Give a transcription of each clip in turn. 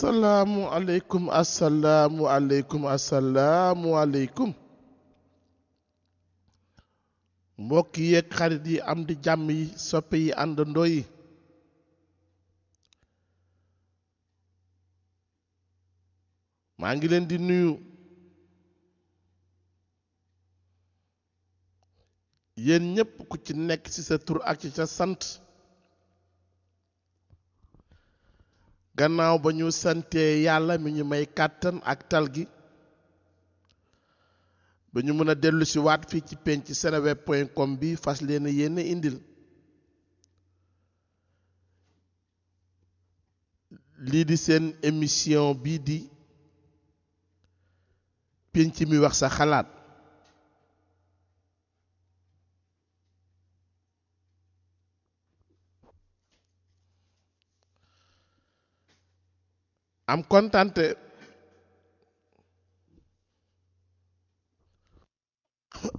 asalaamualeykum asalaamualeykum asalaamualeykum mbokk yeeg xarit yi am di jàmm yi soppe yi àndandoo yi maa ngi leen di nuyu yéen ñépp ku ci nekk ci sa tur ak ci sa sant gannaaw ba ñu santee yàlla mi ñu may kàttan ak tal gi ba ñu mën a dellu waat fii ci penc seneweb point com bi fas leen yéen indil lii di seen émission bii di penc mi wax sa xalaat am kontante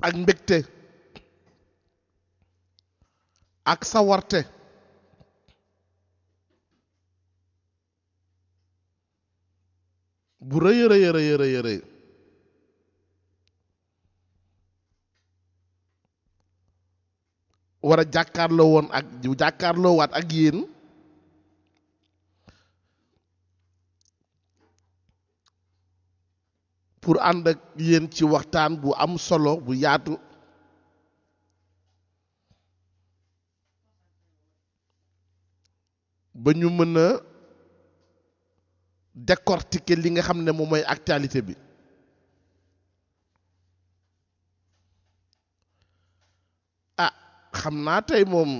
ak mbégte ak sawarte bu rëy rëy rëy rëy rëy war a jàkkaarloo woon ak jàkkaarloo waat ak yéen pour ànd ak yéen ci waxtaan bu am solo bu yaatu ba ñu mën a décortiquer li nga xam ne moom mooy actualité bi ah xam naa tey moom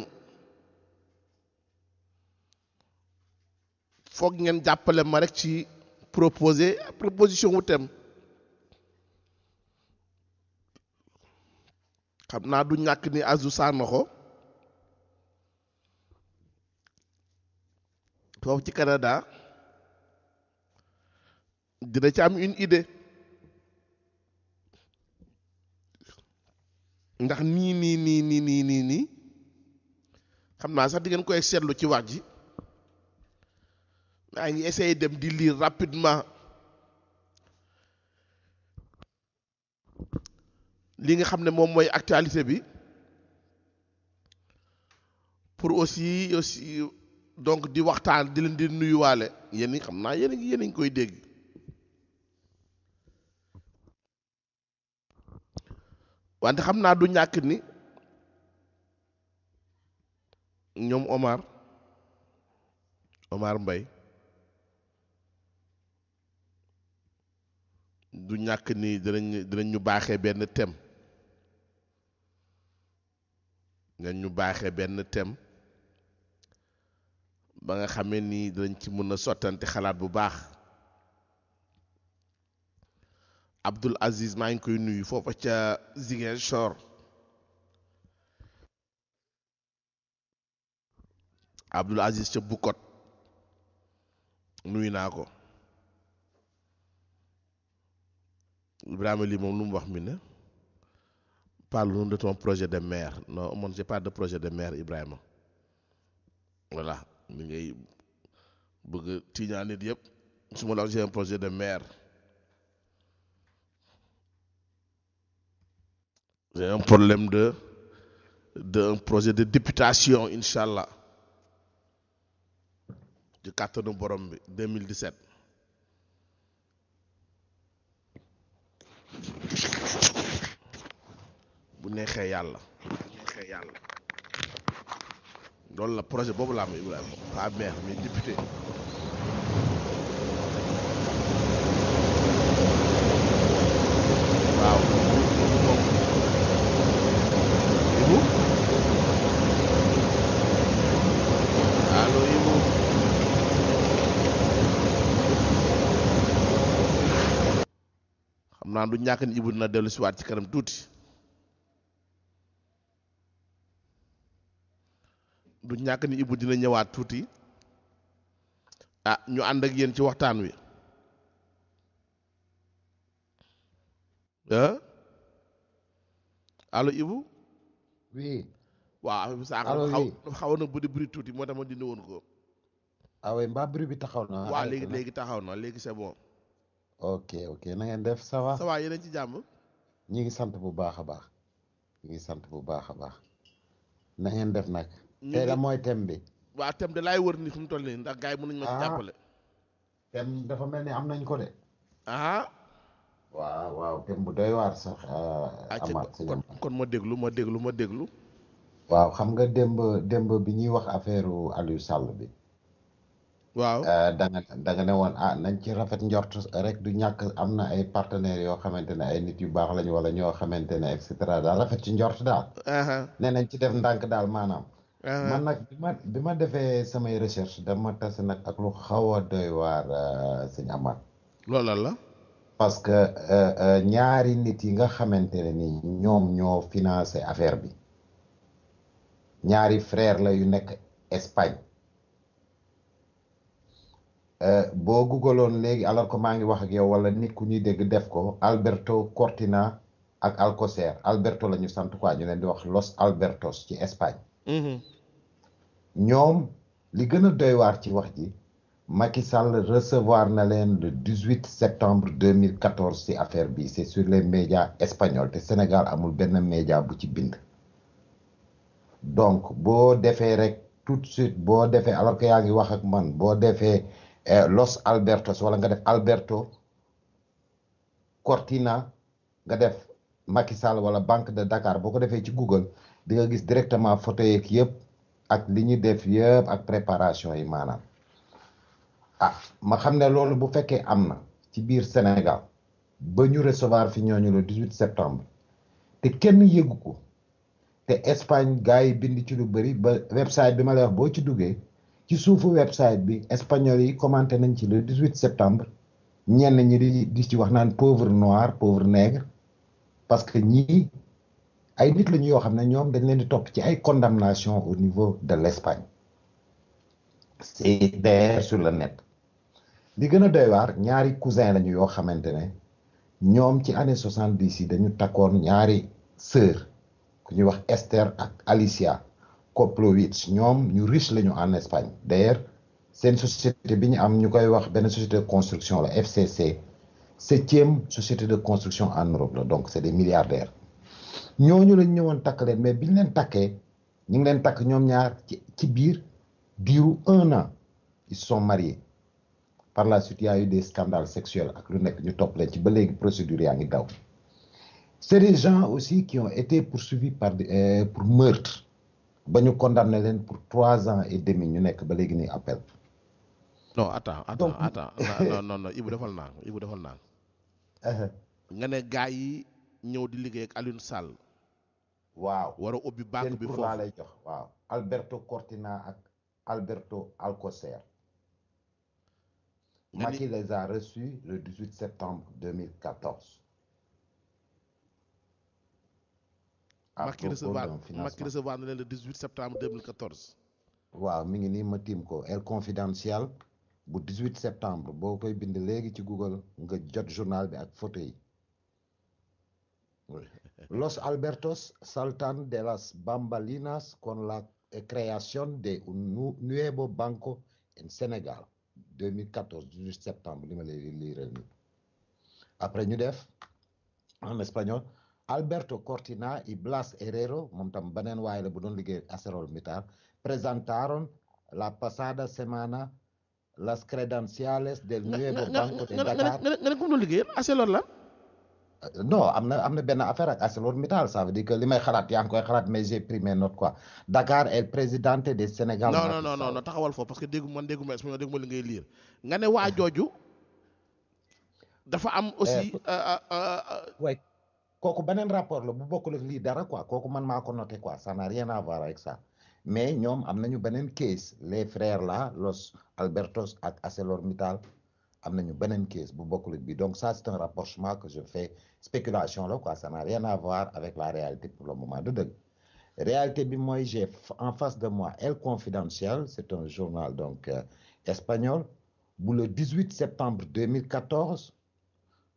foog ngeen jàppale ma rek ci proposer proposition wu xam naa du ñàkk ni azu Sanoxo foofu ci kanadaa dina ci am une idée ndax nii nii nii nii nii nii nii xam naa sax di ngeen koy seetlu ci wax ji maa ngi essayer dem di lii rapidement lii nga xam ne moom mooy actualité bi pour aussi aussi donc di waxtaan di leen di nuyuwaale yéen ñi xam naa yéen ngi yéen ngi koy dégg wante xam naa du ñàkk ni ñoom Omar Omar mbay du ñàkk ni dinañ dinañ ñu baaxee benn thème nga ñu baaxee benn thème ba nga xamee nii dañ ci mën a sottante xalaat bu baax Abdul Aziz maa ngi koy nuyu foofa ca Ziguinchor Abdul Aziz ca Bukot nuyu naa ko Ibrahima lii moom lum wax mi ne parle-nous de ton projet de maire non man j'ai pas de projet de maire Ibrahima voilà li ngay bëgg tiiñaa nit yëpp su ma la j'ai un projet de maire j'ai un problème de d'un projet de députation incha allah ci kàttanu borom bi 2017 bu neexee yàlla bu la projet boobu laa am Ibrahima pas maire mais député. xam naa du ñàkk ni Ibou na dellu si waat ci kanam tuuti du ñàkk ni Ibou dina ñëwaat tuuti ah ñu ànd ak yéen ci waxtaan wi ah allo Ibou. oui. waaw saa xaw xaw na buddi buri tuuti moo tax ma dindi woon ko. ah oui mbaa buri bi taxaw na. waaw léegi léegi taxaw na léegi c'est bon. ok ok na ngeen def ça va. ça ci jàmm. ñi ngi sant bu baax a baax. ñi ngi sant bu baax a baax. na ngeen def nag. tey mooy thème bi. waa thème de laay wër ni fi mu toll nii ndax gars yi mënuñ ma ci ah. dafa mel ni am nañ ko de. ah. waaw waaw thème bu doy waar sax. Euh, ah, amaat si kon ma déglu ma déglu ma déglu. waaw xam nga démb démb bi ñuy wax affaire Aliou Sall bi. waaw euh, da nga da nga ne woon ah nañ ci rafet njort rek du ñàkk am na ay partenaires yoo xamante ne ay nit yu baax lañu wala ñoo xamante ne et cetera daal rafet ci njort daal. Ah, ne nañ ci def ndànk daal maanaam. Ah. man nag bi ma bi ma defee samay recherche dama tase nag ak lu xaw a doy waar ah, sëñ Amath. loolu la. parce que euh, euh, ñaari nit yi nga xamante ne ni ñoom ñoo financé affaire bi ñaari frère la yu nekk Espagne euh, boo gugaloon léegi alors que maa ngi wax ak yow wala nit ku ñuy dégg def ko Alberto Cortina ak Alcocer Alberto la ñu sant quoi ñu leen di wax Los Albertos ci Espagne. Mm-hmm. ñoom li gën a doy ci wax ji Macky Sall recevoir na leen le 18 septembre 2014 ci affaire bi c'est sur les médias espagnols te Sénégal amul benn média bu ci bind donc boo defee rek tout de suite boo defee alors que yaa ngi wax ak man boo defee eh, Los Albertos wala nga def Alberto Cortina nga def Macky Sall wala Banque de Dakar boo ko defee ci Google di nga gis directement photo yeeg yëpp ak li ñu def yëpp ak préparation yi maanaam ah ma xam ne loolu bu fekkee am na ci biir Sénégal ba ñu recevoir fi ñooñu le 18 septembre te kenn yëgu ko te Espagne gars yi bind ci lu bëri ba website bi ma lay wax boo ci duggee ci suufu website bi espagnol yi commenté nañ ci le 18 septembre ñenn ñi di di ci wax naan pauvre noir pauvre nègre parce que ñii ay nit la ñu yoo xam ne ñoom dañ leen di topp ci ay condamnation au niveau de l'Espagne c'est d'ailleurs sur la net li gën a doy waar ñaari cousin lañu yoo xamante ne ñoom ci année soixante dix yi dañu takkoon ñaari sœur ku ñuy wax Esther ak Alicia Koplowitz ñoom ñu riche lañu en Espagne d'ailleurs seen société bi ñu am ñu koy wax benn société de construction la FCC septième société de construction en Europe la donc c'est des milliardaires ñooñu lañ ñëwoon takk leen mais biñ leen takkee ñu ngi leen takk ñoom ñaar ci ci biir diiru un an ils sont mariés par la suite y a eu des scandales sexuels ak lu nekk ñu topp leen ci ba léegi procédure yaa ngi daw c'est des gens aussi qui ont été poursuivis par euh, pour meurtre ba ñu condamné leen pour trois ans et demi ñu nekk ba léegi ni appel. non attends attends attends non non non Ibou defal naa Ibou defal naa uh-huh. nga ne gars ñëw di liggéey ak Alioune Sall. waaw war a ubbi banque bi foofu lay jox waaw. Alberto Cortina ak Alberto Alcocer. Macky les a reçus le 18 septembre 2014. Ah, Macky recevoir Macky recevoir na leen le 18 septembre 2014. waaw mu ngi nii ma tiim ko El Confidentiel bu 18 septembre boo koy bind léegi ci Google nga jot journal bi ak photo yi. Oui. Los Albertos saltan de las bambalinas con la creación de un nuevo banco en Sénégal septembre après ñu def en espagnol Alberto Cortina y Blas Herrero beneen waaye bu doon liggéey ArcelorMittal presentaron la pasada semana las credenciales del nuevo banco de Dakar nga ne nga ne nga la. non am na am na benn affaire ak ArcelorMittal ça veut dire que li may xalaat yaan ngi koy xalaat mais j'ai pris mes notes Dakar est présidente des Sénégal. non non non taxawal foofu parce que déggu man déggu ma expliqué déggu ma nga ne waa jooju. dafa am eh, aussi. way euh, euh, euh, kooku beneen rapport la bu bokkul ak lii dara quoi kooku man maa ko noté quoi ça n'a rien à voir mais ñoom am na ñu beneen case les frères la Los Albertos ak ArcelorMittal am nañu beneen case bu bokkul bi donc ça c'est un rapprochement que je fais spéculation la quoi réalité pour moment du dëgg réalité bi mooy j'ai en face de moi El Confidencial c'est un journal donc euh, bu le 18 septembre 2014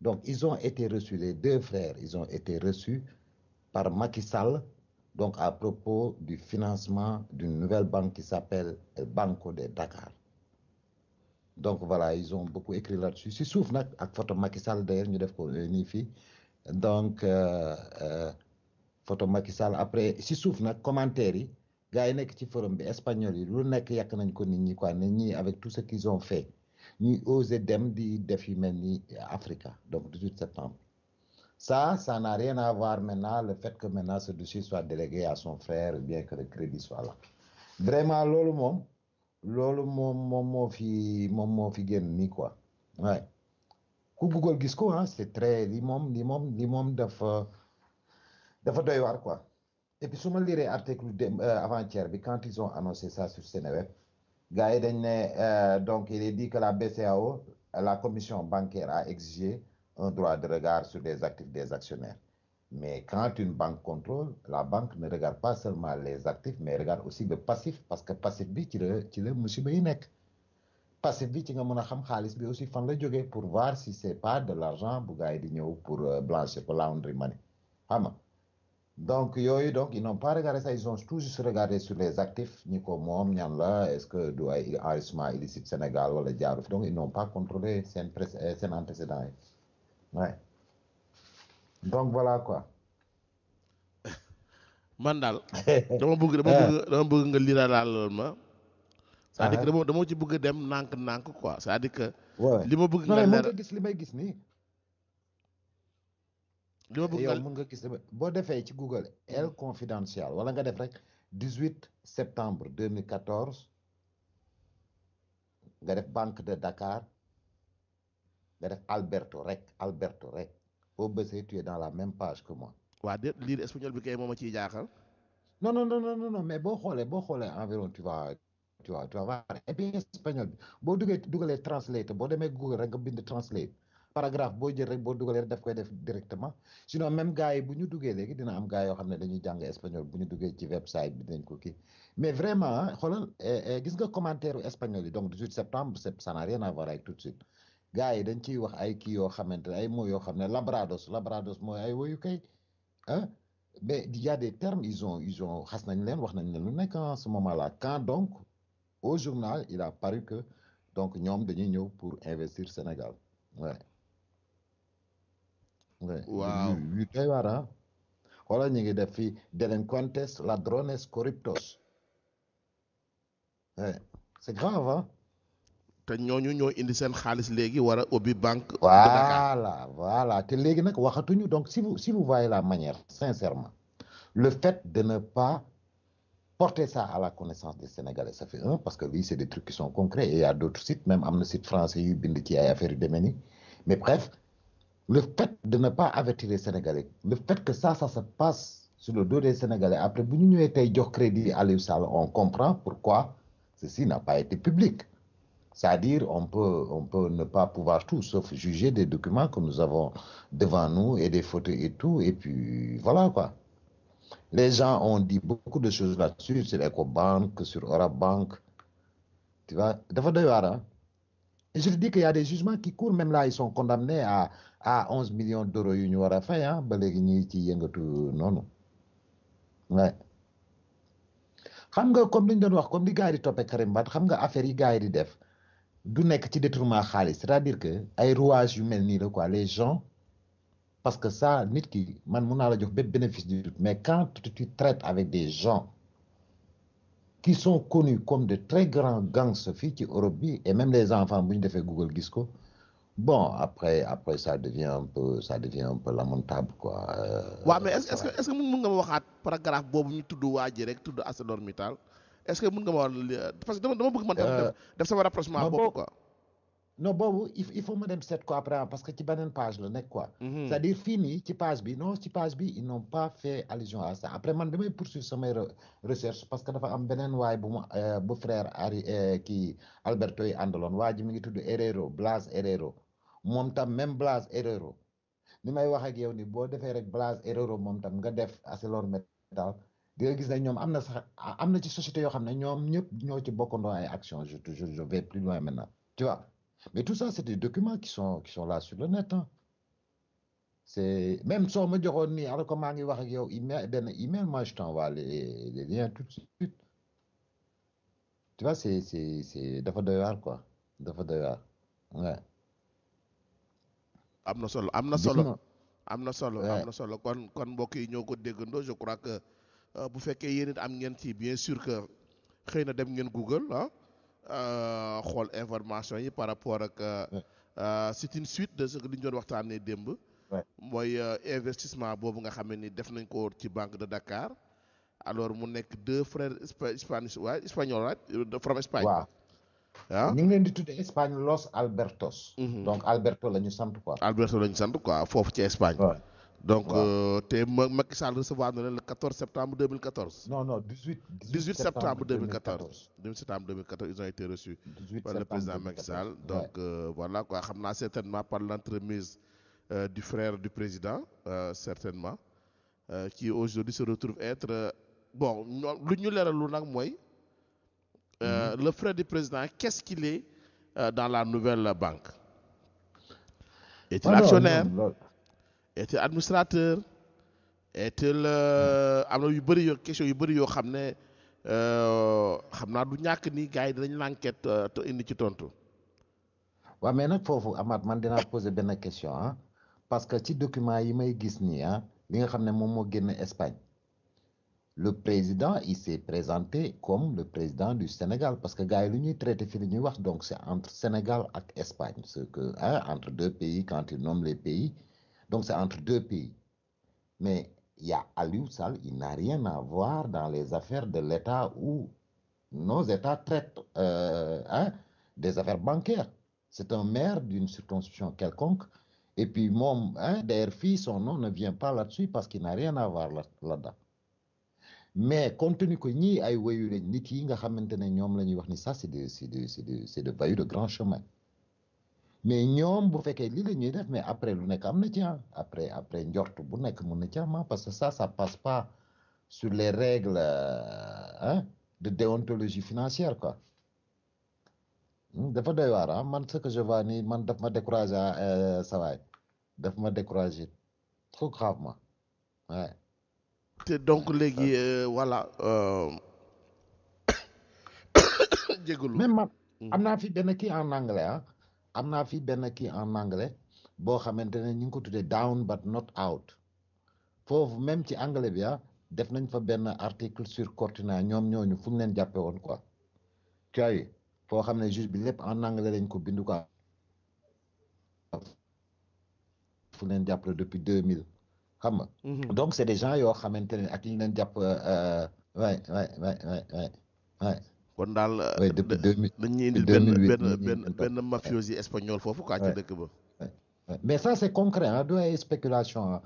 donc ils ont été reçus les deux frères ils ont été reçus par Macky Sall donc à propos du financement d'une nouvelle banque qui de Dakar donc voilà ils ont beaucoup écrit là-dessus si suuf nag ak photo Macky Sall d'ailleurs ñu def ko euh, nii fii donc euh, euh, photo Macky Sall après si suuf nag commentaire yi gars yi nekk ci forum bi espagnol yi lu nekk yàq nañ ko nit ñi quoi nit ñi avec tout ce qu'ils ont fait ñuy osé dem di def yu mel ni Africa donc 18 septembre ça ça n'a rien à voir maintenant le fait que maintenant soit délégué à son frère ou bien que le crédit soit là vraiment loolu moom loolu moom moom moo fi moom moo fi génn nii quoi waay ku google gis ko ah très li moom li moom li moom dafa dafa doy waar quoi et puis su ma liree article dem euh, bi quand ils ont annoncé sur Seneweb gars yi dañ ne euh, donc il est dit que la BCEAO la commission bancaire a exigé un droit de regard sur les actifs des actionnaires Mais quand une banque contrôle, la banque ne regarde pas seulement les actifs, mais regarde aussi le passif, parce que passif bi ci la ci la musiba yi nekk passif bi ci nga mën a xam xaalis bi aussi fan la jógee pour voir si c'est pas de l'argent bu gars yi di ñëw pour euh, blanchir ko laundry money xam nga donc yooyu donc ils n'ont pas regardé ça ils ont tout sur les actifs ñi ko moom ñan la est-ce que du ay enrichissement illicite Sénégal wala jaaru fi donc ils n'ont pas contrôlé seen pré seen antécédent yi donc voilà quoi. man daal dama bëgg dama bëgg dama bëgg nga liiraalaal loolu ma. c'est-à-dire ah. que dama ci bëgg a dem nànk nànk quoi cest di que. li ma bëgg nga leer gis li may gis nii. li ma bëgg nga gis boo defee ci Google El Confidentiel wala nga def rek 18 septembre 2014 nga def banque de Dakar nga def Alberto rek Alberto rek. boo baiser tu es dans la même page que moi. waa déet lire espagnol bi kay moom a ciy jaaxal. non non non non mais boo xoolee boo xoolee environ tu vas tu vas espagnol boo duggee dugalee translate boo demee Google rek nga bind translate paragraphe boo jël rek boo dugalee rek koy def directement sinon même gars yi bu ñu duggee léegi dina am gars yoo xam ne dañuy jàng espagnol bu ñu duggee ci website bi dinañ ko kii mais vraiment xoolal eh, eh, gis nga commentaire espagnol yi donc 18 septembre ça n'a rien tout de gars yi dañ ciy wax ay kii yoo xamante ne ay mots yoo xam ne labrados labrados mooy ay woyu kay mais il a des termes ils ont xas nañ leen wax nañ leen lu nekk en ce moment là quand donc au journal il a paru que donc ñoom dañuy ñëw pour investir Sénégal ouais. waaw yu doy waar ah xoolal ñu ngi def fii delinquentes ladrones corruptos c'est grave ah te ñooñu ñoo indi seen xaalis léegi war a ubbi banque. de voilà voilà te léegi nag waxatuñu donc si vous si vous voyez la manière sincèrement le fait de ne pas porter ça à la connaissance des Sénégalais ça un parce que lui c'est des trucs qui concrets et il a d'autres sites même am na site français yu bind ci ay affaires yu nii mais bref le fait de ne pas avertir les Sénégalais le fait que ça ça se passe sur le dos des Sénégalais après bu ñu ñëwee tey jox crédit Aliou Sall on comprend pourquoi ceci n'a pas été public. C'est-à-dire, on peut, on peut ne pas pouvoir tout, sauf juger des documents que nous avons devant nous et des photos et tout. Et puis, voilà quoi. Les gens ont dit beaucoup de choses là-dessus, sur EcoBank, sur Orabank. Tu vois, hein? Et je te dis qu'il y a des jugements qui courent, même là, ils sont condamnés à, à millions d'euros. Hein? Non, non. Ouais. xam nga comme li ñu doon wax comme li gars yi di toppee Karim Wade xam nga affaire yi gars yi di def du nekk ci détournement xaalis c'est-à-dire que ay rouages yu mel nii la quoi les gens parce que ça nit ki man mun naa la jox bépp bénéfice du doute mais quand tu traites avec des gens qui sont connus comme de très grands gangs fii ci Europe bi et même les enfants bu ñu defee Google gis ko bon après après ça devient un peu ça devient un peu lamentable quoi. waaw euh, mais est-ce que est-ce que mun nga ma waxaat paragraphe boobu ñu tudd waa ji rek tudd ArcelorMittal est-ce que mën nga ma wax parce que dama dama bëgg man euh, def def sama rapprochement boobu il faut ma dem seet ko après parce que ci beneen page la nekk quoi mhm. c'est-à-dire fii nii ci page bi no ci page bi ils n'ont pas fait allusion à après man damay poursuivre samay recherche parce que dafa am beneen waay bu ma euh, bu frère Ari euh, kii Alberto yi àndaloon waa ji mi ngi tudd Herrero Blas Herrero moom tam même Blas Herrero ni may wax ak yow ni boo defee rek Blas Herrero moom tam nga def Arcelor Metal di nga gis ñoom am na sax am na ci société yoo xam ne ñoom ñëpp ñoo ci bokkandoo ay action je toujours je vais plus loin maintenant tu vois mais tout ça c' est des documents qui sont qui sur le net ah est même soo ma joxoon nii alors que maa ngi wax ak yow email benn email moi je t'envoie les les tout de suite tu vois c' est c' est c' est dafa doy waar quoi dafa doy na solo am na solo am na solo am solo kon kon mbokk yi ñoo ko déggandoo je Euh, bu fekkee yéen it am ngeen ci bien sur que xëy na dem ngeen Google ah euh, xool information yi par rapport ak euh, c'est une suite de ce que li ñu doon waxtaanee démb mooy investissement boobu nga xam ne ni def nañ ko ci Banque de Dakar alors mu nekk deux frères spanish waa espagnol right from Espagne waaw ah ñu ngi leen di tuddee Espagne Los Albertos mhm. donc Alberto la ñu sant quoi Alberto la ñu sant quoi foofu ci Espagne donc euh, te Macky Sall recevoir na le 14 septembre 2014. non non 18. 18 septembre 2014 18 septembre 2014 ils ont été reçus. 18 par le président Macky Sall donc euh, voilà quoi xam naa certainement par l'entremise euh, du frère du président certainement qui aujourd'hui se retrouve être bon lu ñu lu nag mooy. Mm-hmm. le frère du président qu'est-ce qu'il est dans la nouvelle banque. est-il ah actionnaire était administrateur était euh, am na yu bëri yoo question yu bëri yoo xam ne euh, xam naa du ñàkk ni gars yi dinañ l'enquête euh, te indi ci tontu. waaw mais nag foofu amaat man dinaa poser benn question parce que ci document yi may gis nii ah li nga xam ne moom moo génn Espagne le président il s'est présenté comme le président du Sénégal parce que gars yi lu ñuy traité fii lu ñuy wax donc c'est entre Sénégal ak Espagne ce que entre deux pays quand ils nomment les pays. Donc c'est entre deux pays. Mais ya y a Aliou Sall, il n'a rien à voir dans les affaires de l'État où nos États traitent euh, des affaires bancaires. C'est un maire d'une circonscription quelconque. Et puis, mon hein, DRFI, son nom ne vient pas là-dessus parce qu'il n'a rien à voir là-dedans. Là mais compte tenu que ñii ay wayu lañ nit yi nga xamante ne ñoom la ñuy wax ni ça c'est de c'est de grand chemin mais ñoom bu fekkee li la ñuy def mais après lu nekk am na ci ah, après après njort bu nekk mun na ci am ah, parce que ça ça passe pas sur les règles euh, de déontologie financière quoi hmm, dafa doy waar ah man ce que je vois nii man def ma découragé sa waay daf ma découragé ah, euh, trop gravement waaye. te donc léegi euh, voilà. jégalu même man hmm. am naa fi benn kii en anglais ah. am naa fi benn kii en anglais boo xamante ne ñu ngi ko tuddee down but not out foofu même ci anglais bi ah def nañ fa benn article sur Cortina ñoom ñooñu fu ñu leen jàppe woon quoi cooy foo xam ne juge bi lépp en anglais lañ ko bindu quoi fu neen leen jàppale depuis deux mille xam nga mm-hmm. donc c'est des gens yoo xamante ne ak li ñu leen jàpp waay waay waay waay kon daal euh, dañ ñuy indi benn benn benn mafiosi espagnol foofu quoi ci dëkk mais c'est concret ah ay spéculation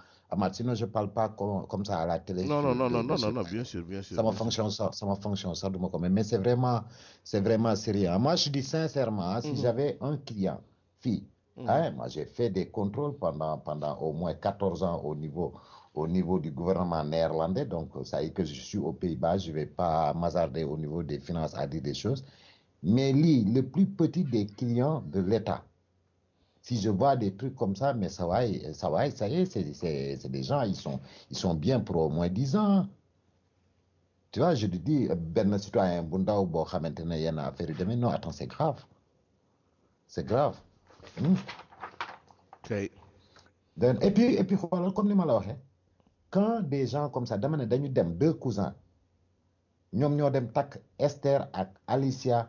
sinon je parle pas comme comme ça à la télé non non non non non non bien sûr bien sûr sama fonction sax sama fonction sax du mais c'est vraiment sérieux moi je dis sincèrement si mhm. j'avais un client fii mhm. ah moi j'ai fait des contrôles pendant au moins ans au niveau au niveau du gouvernement néerlandais. Donc, ça y est que je suis aux Pays-Bas, je ne vais pas m'hasarder au niveau des finances à dire des choses. Mais lui, le plus petit des clients de l'État, si je vois des trucs comme ça, mais ça va, ça va, ça y est, c'est des gens, ils sont, ils sont bien pour au moins 10 ans. Tu vois, je te dis, ben citoyen Bunda ou maintenant il y en a affaire demain. Non, attends, c'est grave. C'est grave. Hmm. Okay. Et puis, et puis, comme je l'ai dit, quand des gens comme ça dama dañu dem deux cousins ñoom ñoo dem takk Esther ak Alicia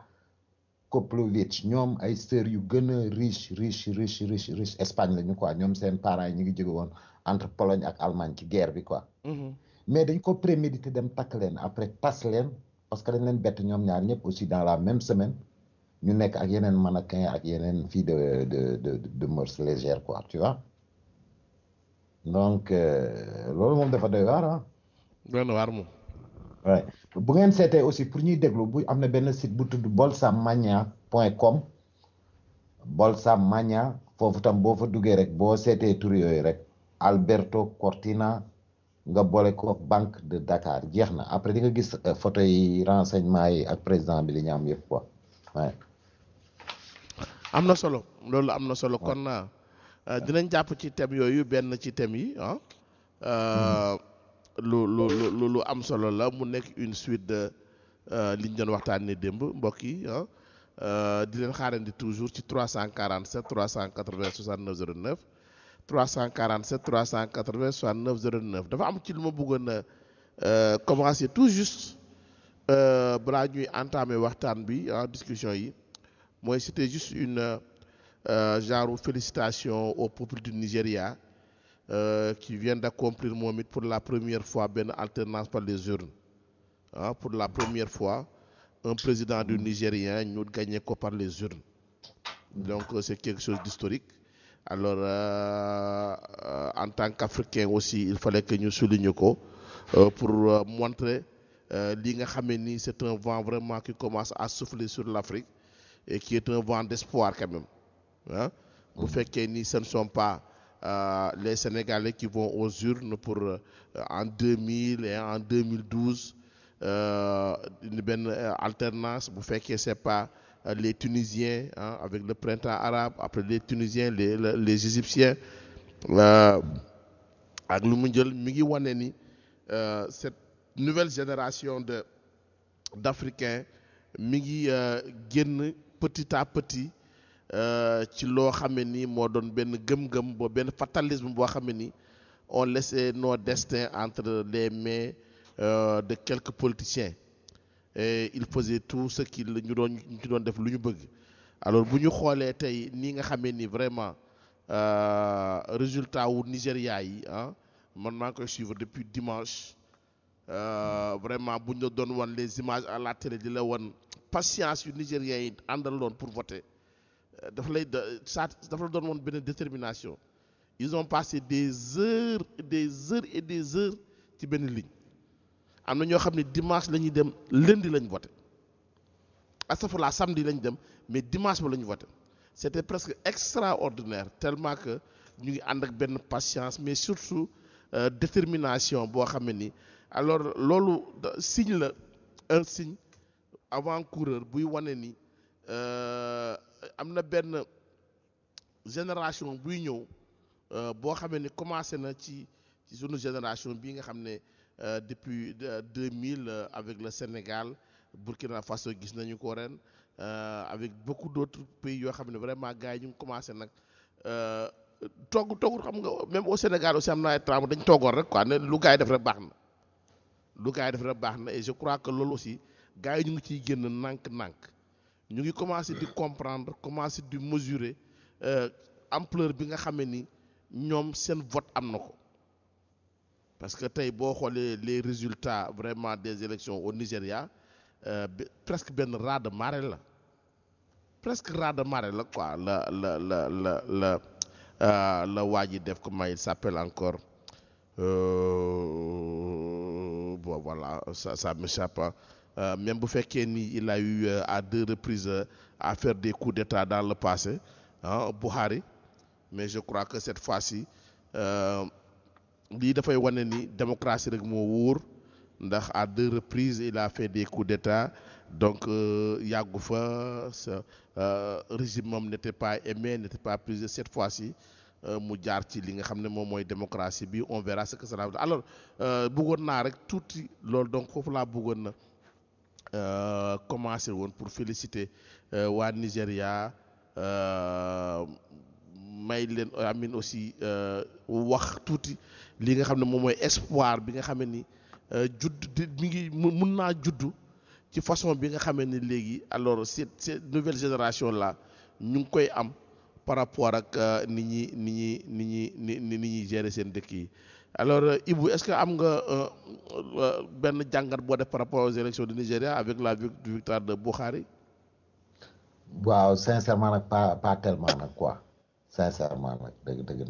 Koplovitch ñoom ay sœurs yu gën a riche riche riche riche riche Espagne lañu quoi ñoom seen parents ñu ngi jóge woon entre Pologne ak Allemagne ci guerre bi quoi. Mm-hmm. mais dañ ko prémédité dem takk leen après tas leen parce que dañ leen bett ñoom ñaar ñëpp aussi dans la même semaine ñu nekk ak yeneen mannequin ak yeneen fii de de de de mœurs légères quoi tu donc euh, loolu moom dafa doy waar ah. doy bu ngeen seetee aussi pour ñuy déglu bu am na benn site bu tudd bolsamania point com bolsamania foofu tam boo fa duggee rek boo seetee tur yooyu rek Alberto Cortina nga boole ko banque de Dakar jeex na après di nga gis euh, photo yi renseignement yi ak président bi li ñu am yëpp quoi. am na solo loolu am na solo kon. Euh, Euh, dinañ jàpp ci thème yooyu benn ci thème yi ah. Euh, lu lu lu lu am solo la mu nekk une suite de euh, li ñu doon waxtaanee démb mbokk yi ah di leen xaarandi toujours ci 347 380 69 09 347 380 69 09 dafa am ci lu ma bëggoon a commencer tout juste balaa ñuy entamer waxtaan bi ah discussion yi mooy c'était juste une. Euh, genre félicitation au peuple du Nigeria euh, qui vient d'accomplir moom it pour la première fois benn alternance par les urnes ah pour la première fois un président du Nigérien ñu gagné ko par les urnes donc euh, c'est quelque chose d'historique alors en tant qu'Africain aussi il fallait que ñu souligne ko euh, pour montrer li nga xamee ni c'est un vent vraiment qui commence à souffler sur l'Afrique et qui est un vent d'espoir quand même bu mm-hmm. fekkee ni ce ne sont pas euh, les Sénégalais qui vont aux urnes pour euh, en 2000 et en 2012 euh, une benn euh, alternance bu fekkee c'est pas euh, les Tunisiens ah avec le printemps arabe après les Tunisiens les les Égyptiens ak lu mu jël mi ngi wane ni cette nouvelle génération de d'Africains mi ngi génn petit à petit Euh, ci loo xam ne nii moo doon benn gëm-gëm boo benn fatalisme boo xam ne nii on laissait nos destins entre les mais euh, de quelques politiciens et ils faisaient tout ce qu'ils ñu doon ñu ci doon def lu ñu bëgg alors bu ñu xoolee tey nii nga xamee ni vraiment euh, résultat wu Nigéria yi ah man maa koy suivre depuis dimanche euh, vraiment bu ñu la doon wan les images à la télé di la wan patience yu Nigéria yi àndaloon pour voter dafa lay saa dafa doon woon benn détermination ils ont passé des heures des heures et des heures ci benn ligne am na ñoo xam ne dimanche la ñuy dem lundi lañ voté astafurla samedi lañ dem mais dimanche ba la ñu voté c'était presque extraordinaire tellement que ñu ngi ànd ak benn patience mais surtout euh, détermination boo xam ne ni alors loolu signe la un signe avant coureur buy wane ni. Euh, am na benn génération buy ñëw euh, boo xamee ni commencé na ci ci sunu génération bii nga xam ne euh, depuis euh, deux mille avec le Sénégal Burkina Faso gis nañu ko ren avec beaucoup d'autres pays yoo xam ne vraiment gars ñu ngi commencé nag togg togg xam nga même au Sénégal aussi am na ay dañ toogoon rek quoi ne lu gars def rek baax na lu gars def rek baax na et je crois que loolu aussi gars yi ñu ngi ciy génn nànk-nànk ñu ngi commencé di comprendre commencé di mesurer euh, ampleur bi nga xamee ni ñoom seen vote am na ko parce que tey boo xoolee les résultat vraiment des élections au Nigéria euh, presque benn raz de la presque raz mare marée la quoi la la la la euh, waa ji def comment il s'appelle encore euh, bon voilà ça ça m'échappe Euh, même bu fekkee ni il a eu euh, à deux reprises euh, à faire des coups d'État dans le passé ah Buhari mais je crois que cette fois si lii dafay wane ni démocratie rek moo wuur ndax à deux reprises il a fait des coups d'État donc yàggu fa sa régime moom n'était pas aimé n'était pas prisé cette fois-ci mu jaar ci li nga xam ne moom mooy démocratie bi on verra ce que ça va alors bëggoon naa rek tuuti lool donc foofu laa buggoon na Euh, commencé woon pour féliciter euh, waa Nigéria euh, may leen amin aussi wax tuuti li nga xam ne moom mooy espoir bi nga xam ni judd di mi ngi mun naa juddu ci façon bi nga xam ni léegi alors cette cette nouvelle génération laa ñu ngi koy am par rapport ak ni ñi ni ñi ni ñi ni ni ñuy gere seen dëkk yi. alors euh, Ibou est-ce que am nga euh, euh, benn jàngat boo def par rapport aux élections du Nigéria avec la victoire de Buhari waaw sincèrement nag pas pas tellement nag quoi sincèrement nag dëgg dëgg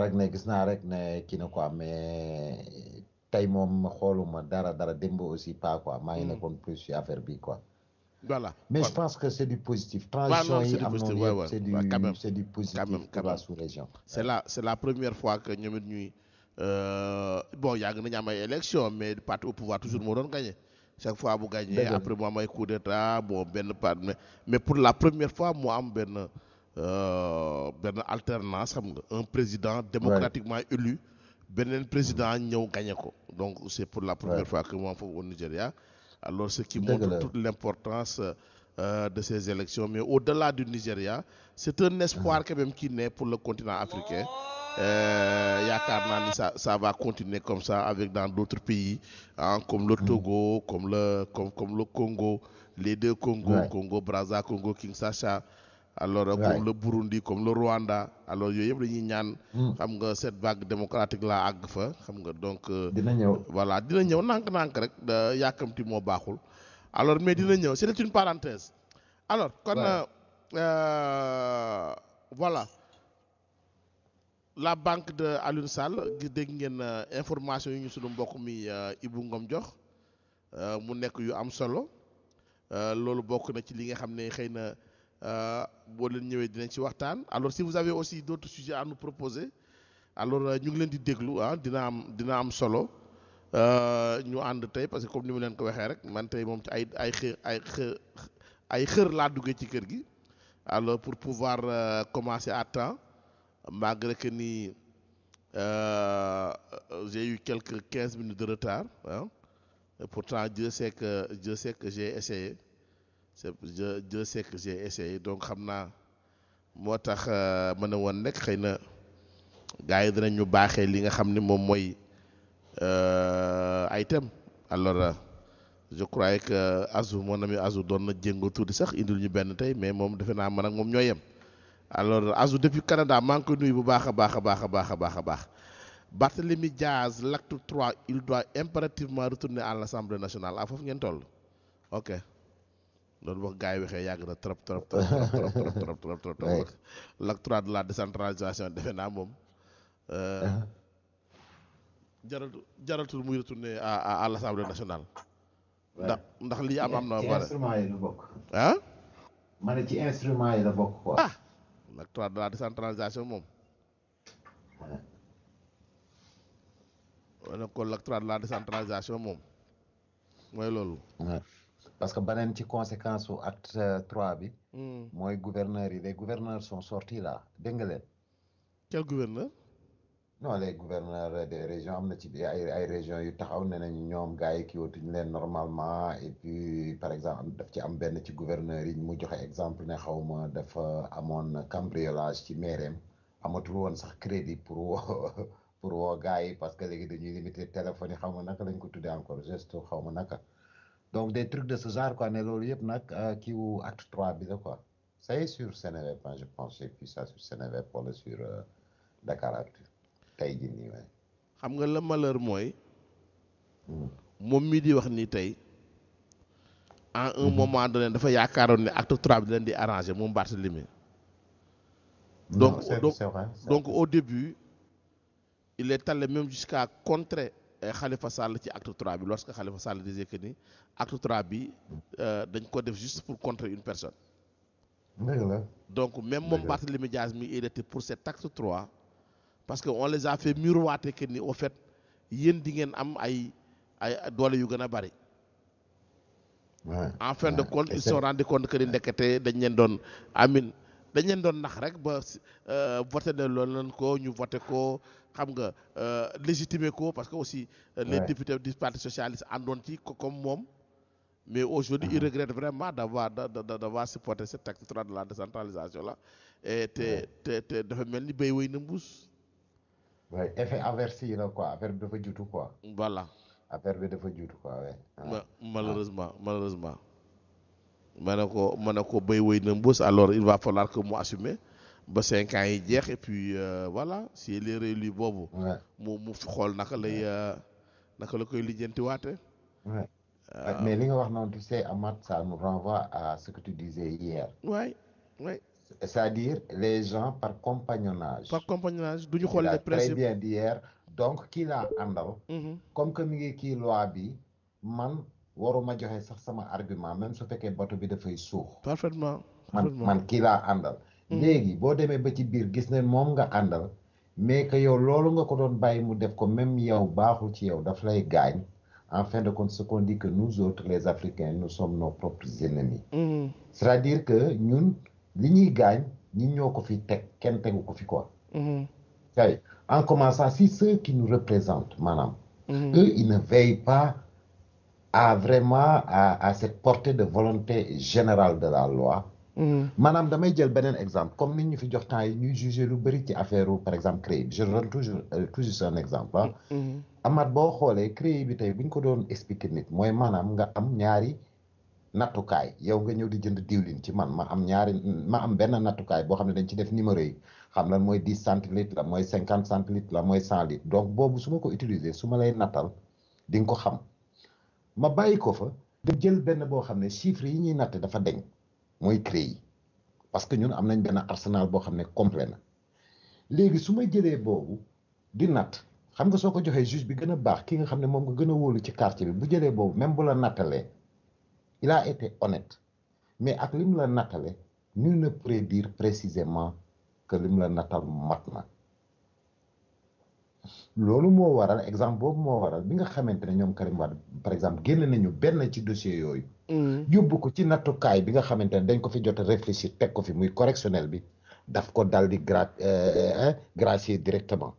rek ne gis naa rek ne kii na quoi mais tey moom xooluma dara dara démb aussi pas quoi maa ngi hmm. nekkoon plus ci affaire bi quoi voilà mais voilà. pense que c'est du positif. transition yi am na c'est du c'est du la sous-région. c'est la c'est la première fois que ñoom ñuy euh, bon yàgg nañu am ay élections mais parti au pouvoir toujours moo doon gagné chaque fois bu gagné après moo am ay coup d'état bon benn part mais pour la première fois moo am benn euh, benn alternance xam nga un président démocratiquement élu beneen président ñëw gagné ko donc c'est pour la première fois que mu am foofu au Nigeria. alors ce qui montre toute l'importance euh, de ces élections mais au-delà du Nigeria c'est un espoir ah. quand même qui naît pour le continent africain oh. euh, yaakaar naa ni ça ça va continuer comme ça avec dans d'autres pays hein, comme le hmm. Togo comme le comme comme le Congo les deux Congos ouais. Congo Brazza Congo Kinshasa alors comme le Burundi comme le Rwanda alors yooyu yëpp dañuy ñaan. Hmm. xam nga cette vague démocratique la àgg fa xam nga donc. Euh, dina ñëw voilà dina ñëw nànk-nànk rek yàkkamti moo baaxul. alors mais dina ñëw c'était une parenthèse. alors kon euh, euh, voilà la banque de Alioune Sall dégg ngeen information yi ñu sunu mbokk mi Ibou Ngom jox mu nekk yu am solo loolu bokk na ci li nga xam ne xëy na. Euh, boo leen ñëwee dinañ ci waxtaan alors si vous avez aussi d'autres sujets à nous proposer alors euh, ñu ngi leen di déglu ah dina am dina am solo euh, ñu ànd tey parce que comme ni mu leen ko waxee rek man tey moom ci ay ay xë xër laa duggee ci kër gi alors pour pouvoir euh, commencer à temps malgré que nii euh, j'ai eu quinze minutes de retard ah pourtant Dieu sait que Dieu sait que c'est je sais que donc xam naa moo tax euh, ma ne woon nekk xëy na gars yi dinañ ñu baaxee li nga xam ni moom mooy ay euh, thèmes alors euh, je croyais que Azou mon ami Azou doon na jéngo tuuti sax indil ñu benn tey mais moom defe naa man ak moom ñoo yem alors Azou depuis Canada maa ngi koy nuyu bu baax a baax a baax a baax a baax a baax Barthélemy Diaz l'acte 3 il doit impérativement retourner à l'Assemblée nationale ah foofu ngeen toll loolu wax gars yi waxee yàgg na trop trop trop trop trop trop de la décentralisation defe naa moom jaratu jaratul muy retourner à à à l'Assemblée nationale. ndax li am am na. ci instruments yi la bokk. ah. ma ci instruments yi la bokk de la décentralisation moom. wala kon l'acte trois de la décentralisation moom mooy loolu. parce que beneen ci conséquence su acte trois bi. Hmm. mooy gouverneurs yi les gouverneurs son sorti la dégg nga leen. quel gouverneur. non les gouverneurs des région am na ci ay ay régions yu taxaw ne nañu ñoom gars yi kiiwatuñu leen normalement et puis par exemple daf ci am benn ci gouverneur yi mu joxe exemple ne xaw ma dafa amoon cambriolage ci maireem amatul woon sax crédit pour woo pour woo gars yi parce que léegi dañuy limité téléphone yi xaw ma naka lañ ko tuddee encore geste xaw ma naka. donc des trucs de ce genre quoi ne yëpp nag kii wu acte trois bi la quoi ça y est sur Seneweb je pense sur Seneweb wala sur euh, Dakaractu xam nga le malheur mooy. Hmm. moom mii di wax nii tey. à un hmm. moment donné dafa yaakaaroon ne acte trois bi leen di arrangé moom Barthélemy. donc donc donc au début. il est allé même jusqu'à contrer Euh, Khalifa Sall ci acte 3 bi lorsque Khalifa Sall disait que ni acte 3 bi euh, dañ ko def juste pour contrer une personne. donc même moom Barthélémy Dias mi il était pour cet acte 3 parce que on les a fait miroiter que ni au di ngeen am ay ay doole yu gën a bari. en fin de compte ils se sont rendu compte que ni ndekete dañ leen doon amin dañ leen doon nax rek ba euh, voté na loolu lañ ko ñu voté ko xam nga euh, légitimer ko parce que aussi euh, les députés du parti socialiste àndoon ci comme moom mais aujourd'hui il uh-huh. regrette vraiment d'avoir d'avoir supporté cet acte trois la décentralisation là et te te te dafa mel ni béy wéy na mbuus waaw effet aversi la quoi affaire bi dafa jutu quoi voilà affaire bi dafa juutu quoi wa malheureusement ma ne ko ma ne ko bay wéy na mbuus alors il va falloir que mu ba cinq ans yi jeex et puis euh, voilà si les réélus boobu. mu xool naka lay euh, naka la koy lijjantiwaate. waaw euh, mais li nga wax na tu sais Amath ça nous renvoie à ce que tu disais hier. oui oui. cest dire les par compagnonnage. du ñu xool les principes très bien donc kii laa àndal. Mm-hmm. comme que mi ngi kii loi bi man waruma joxe sax sama argument même su fekkee bato bi dafay suux. parfaitement man kii laa àndal. Mm. léegi boo demee ba ci biir gis ne moom nga àndal mais que yow loolu nga ko doon bàyyi mu def ko même yow baaxul ci yow dafa lay gaañ en fin de compte ce qu'on dit les Africains nous sommes nos propres ennemis mmh. c'est-à-dire que ñun li ñuy gaañ ñi ñoo ko fi teg kenn tegu ko fi quoi mm. kay en commençant si ceux qui nous représente maanaam mmh. eux ne veillent pas à vraiment à, à cette portée de volonté général de la loi Mm. maanaam damay jël beneen exemple comme nit ñu fi jox temps yi ñuy jugé lu bëri ci affaire par exemple CREI je donne toujours euh, toujours un exemple ah. boo xoolee CREI bi tey bu ñu ko doon expliquer nit mooy maanaam nga am ñaari nattukaay yow nga ñëw di jënd diwlin ci man ma am ñaari ma am benn nattukaay boo xam ne dañ ci def numéro yi xam lan mooy dix centilitres la mooy cinquante centilitres la mooy cent litres boobu su ko utiliser su ma lay nattal di nga ko xam ma bàyyi ko fa. jël benn boo xam ne chiffres yi ñuy natte dafa deñ mooy CREI parce que ñun am nañ benn arsenal boo xam ne complet na léegi su ma jëlee boobu di natt xam nga soo ko joxee juge bi gën a baax ki nga xam ne moom nga gën a wóolu ci quartier bi bu jëlee boobu même bu la nattalee il a été honnête mais ak li mu la nattalee nul ne pourrait dire précisément que li mu la nattal mat na loolu moo waral exemple boobu moo waral bi nga xamante ne ñoom Karim Wade par exemple génn nañu benn ci dossier yooyu Mm. yóbbu ko ci nattukaay bi nga xamante ne dañ ko fi jot a réfléchir teg ko fi muy correctionnel bi daf ko dal di gra euh, gracier directement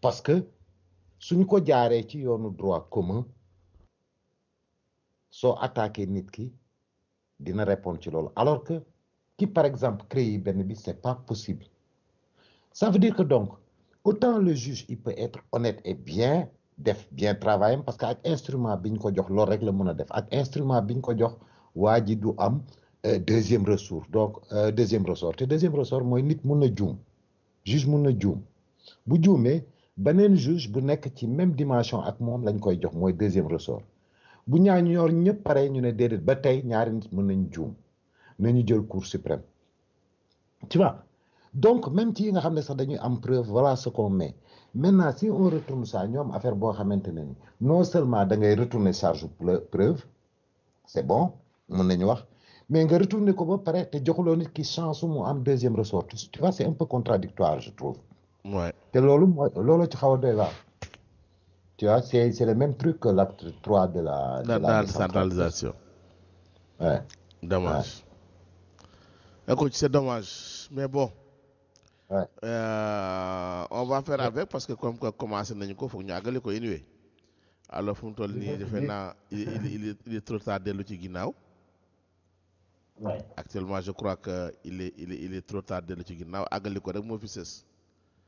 parce que suñ ko jaaree ci yoonu droit commun soo attaqué nit ki dina répondre ci loolu alors que ki par exemple créé benn bi c'est pas possible ça veut dire que donc autant le juge il peut être honnête et bien def bien travail parce que ak instrument bi ñu ko jox loolu rek la mën a def ak instrument bi ñu ko jox waa ji du am euh, deuxième ressort donc euh, deuxième ressort te deuxième ressort mooy nit mun a juum juge mun a juum bu juumee beneen juge bu nekk ci même dimension ak moom lañ koy jox mooy deuxième ressort bu ñaar ñor ñëpp pare ñu ne déedéet ba tey ñaari nit mën nañ juum ñu jël cour suprême tu donc même ci yi nga xam ne sax dañuy am preuve voilà ce qu'on maintenant si on retourne ça ñoom affaire boo xamante ne ni non seulement da ngay retourner charge preuve c'est bon mën nañu wax mais nga retourner ko ba pare te joxuloo nit ki chance mu am deuxième ressort tu vois c'est un peu contradictoire je trouve. te loolu mooy loolu ci xaw a doy waar. tu vois c'est c'est le même truc que l'acte 3 de la. de la décentralisation. ouais dommage. écoute c'est dommage mais bon. Ouais. Euh, on va faire avec parce que comme que commencé nañu ko foog ñu àggale ko anyway alors fu mu toll nii defe naa il il est trop tard dellu ci ginnaaw. actuellement je crois que il il il est trop tard ci ginnaaw àggali ko rek moo fi sës.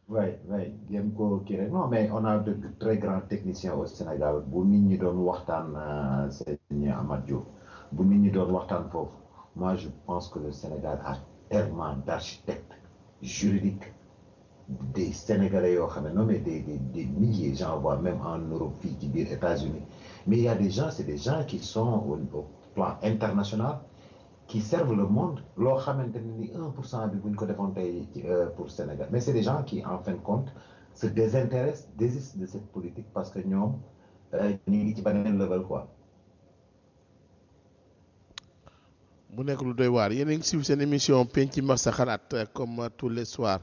oui oui ko kii rek non mais on a de très grands techniciens au Sénégal bu nit ñi doon waxtaan euh, seen Amath Diop bu waxtaan foofu moi je pense que le Sénégal a tellement d'architectes juridique des Sénégalais yoo xam ne non mais des des des milliers gens voire même en Europe fii ci biir États-Unis mais il y a des gens c'est des gens qui sont au, plan international qui servent le monde loo xamante ne ni 1 pour cent bi ñu ko defoon tey euh, pour Sénégal mais c'est des gens qui en fin de compte se désintéressent désistent de cette politique parce que ñoom euh, ñu ngi ci beneen level quoi. mu nekk lu doy waar yéen a ngi suivre seen émission penc mi sa xalaat euh, comme euh, tous les soirs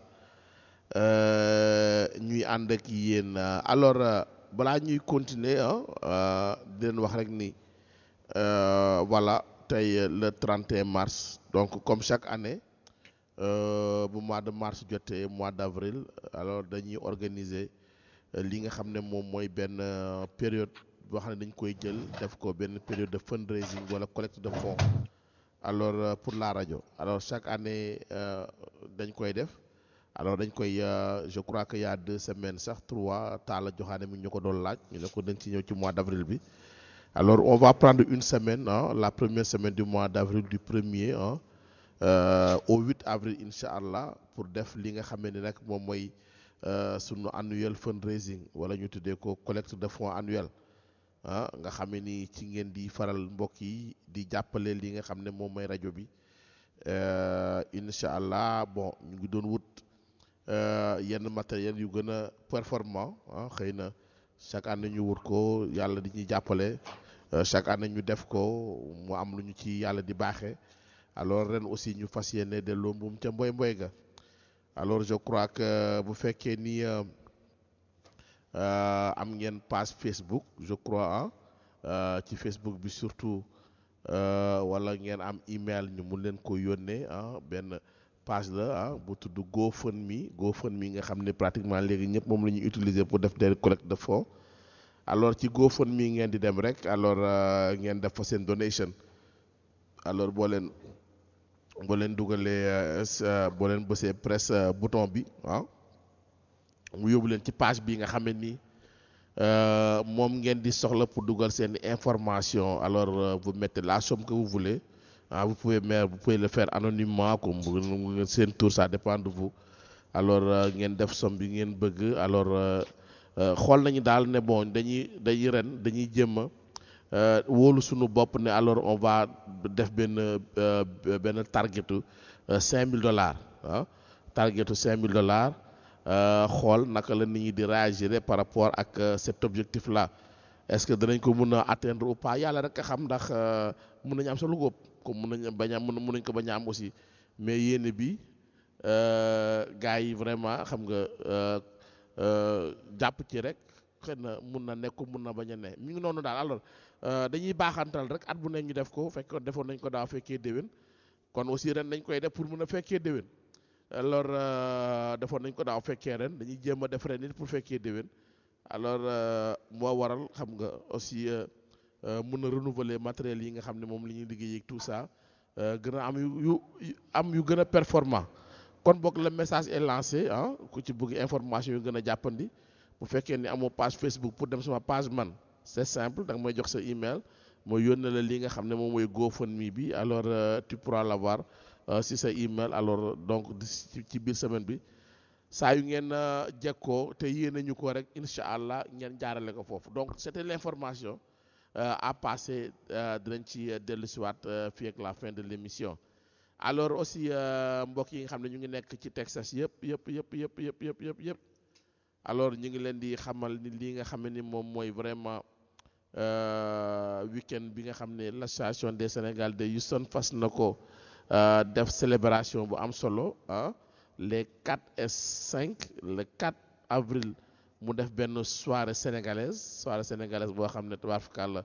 euh, ñuy ànd ak yéen alors balaa ñuy continuer ah di leen wax rek ni voilà tey le 31 mars donc comme chaque année bu mois de mars jotee mois d' avril alors dañuy organiser li nga xam ne moom mooy benn période boo xam ne dañ koy jël def ko benn période de fundraising wala collecte de fonds. alors euh, pour la rajo alors chaque année euh, dañ koy def alors dañ koy euh, je crois que y a deux semaines sax trois taala joxaane mi ñu ko doon laaj ñu ne ko dañ ci ñëw ci mois d'avril bi alors on va prendre une semaine hein, la première semaine du mois d'avril du premier hein, euh, au 8 avril incha allah pour def li nga xam ne nag moom mooy sunu annuel fundraising wala ñu tuddee ko collecte de fonds annuel nga xam ne ni ci ngeen di faral mbokk yi di jàppale li nga xam ne moom mooy rajo bi euh, incha allah bon ñu ngi doon wut euh, yenn matériel yu gën a performant ah, xëy na chaque année ñu wut ko yàlla di ñuy jàppale euh, chaque année ñu def ko mu am lu ñu ci yàlla di baaxe alors ren aussi ñu fas yéene delloo mbuum ca mboy mboy ga alors je crois que bu fekkee ni. Euh, am ngeen page Facebook je crois ah ci Facebook bi surtout euh, wala ngeen am email ñu mun leen ko yónnee ah benn page la ah bu tudd GoFundMe GoFundMe nga xam ne pratiquement léegi ñëpp moom la ñuy utiliser pour def des collecte de foo alors ci GoFundMe ngeen di dem rek alors ngeen def fa seen donation alors boo leen boo leen dugalee boo leen bësee presse bouton bi ah. mu yóbbu leen ci page bi nga xam ne ni euh, moom ngeen di soxla pour dugal seen information alors bu euh, mettez la som que vous voulez ah bu pouvez mais vous pouvez le faire anonymement comme seen tour ça dépend de vous alors euh, ngeen def somme bi ngeen bëgg alors xool nañu daal ne bon dañuy dañuy ren dañuy jéem a wóolu sunu bopp ne alors on va def benn benn targetu cinq mille dollars ah targetu cinq mille Euh, xool naka la nit ñi di réagir par rapport ak euh, cet objectif là est-ce que danañ ko mun a atteindre ou pas yàlla rek a xam ndax euh, mën nañu am solo góob comme mën nañu bañ a mën nañu ko bañ a am aussi mais yéene bi gars yi vraiment xam nga jàpp ci rek xëy na mun na nekk mun na bañ a ne mi ngi noonu daal alors dañuy baaxantal rek at bu ne ñu def ko fekk defoon nañ ko daaw fekkee déwén kon aussi ren nañ koy def pour mun a fekkee déwén. alors euh, defoon nañ ko daaw fekkee ren dañuy jéem a def ren it pour fekkee déwén alors euh, moo waral xam nga aussi euh, mun na renouveler matériel yi nga xam ne moom la ñuy liggéey tout ça gën a am yu yu am yu gën a performant kon boog la message est lancé ah ku ci bëgg information yu gën a jàppandi bu fekkee ni amoo page Facebook pour dem sama page man c'est simple da nga may jox sa email ma yónnee la li nga xam ne moom mooy mii bi alors tu pourras l'avoir Euh, si sa email alors donc ci biir semaine bi saa yu ngeen euh, jekkoo te yéene ñu ko rek incha allah ngeen jaarale ko foofu donc c'était l'information euh, à passer dinañ ci dellusiwaat fii ak la fin de l'émission alors aussi mbokk yi nga xam ne ñu ngi nekk ci Texas yëpp yëpp yëpp yëpp yëpp yëpp yëpp yëpp alors ñu ngi leen di xamal ni li nga xam ne ni moom mooy vraiment week-end bi nga xam ne l'association des Sénégal de son fas na ko Euh, def célébration bu am solo ah les 4 et 5 le avril mu def benn soirée sénégalaise soirée sénégalaise boo xam ne tubaarkalla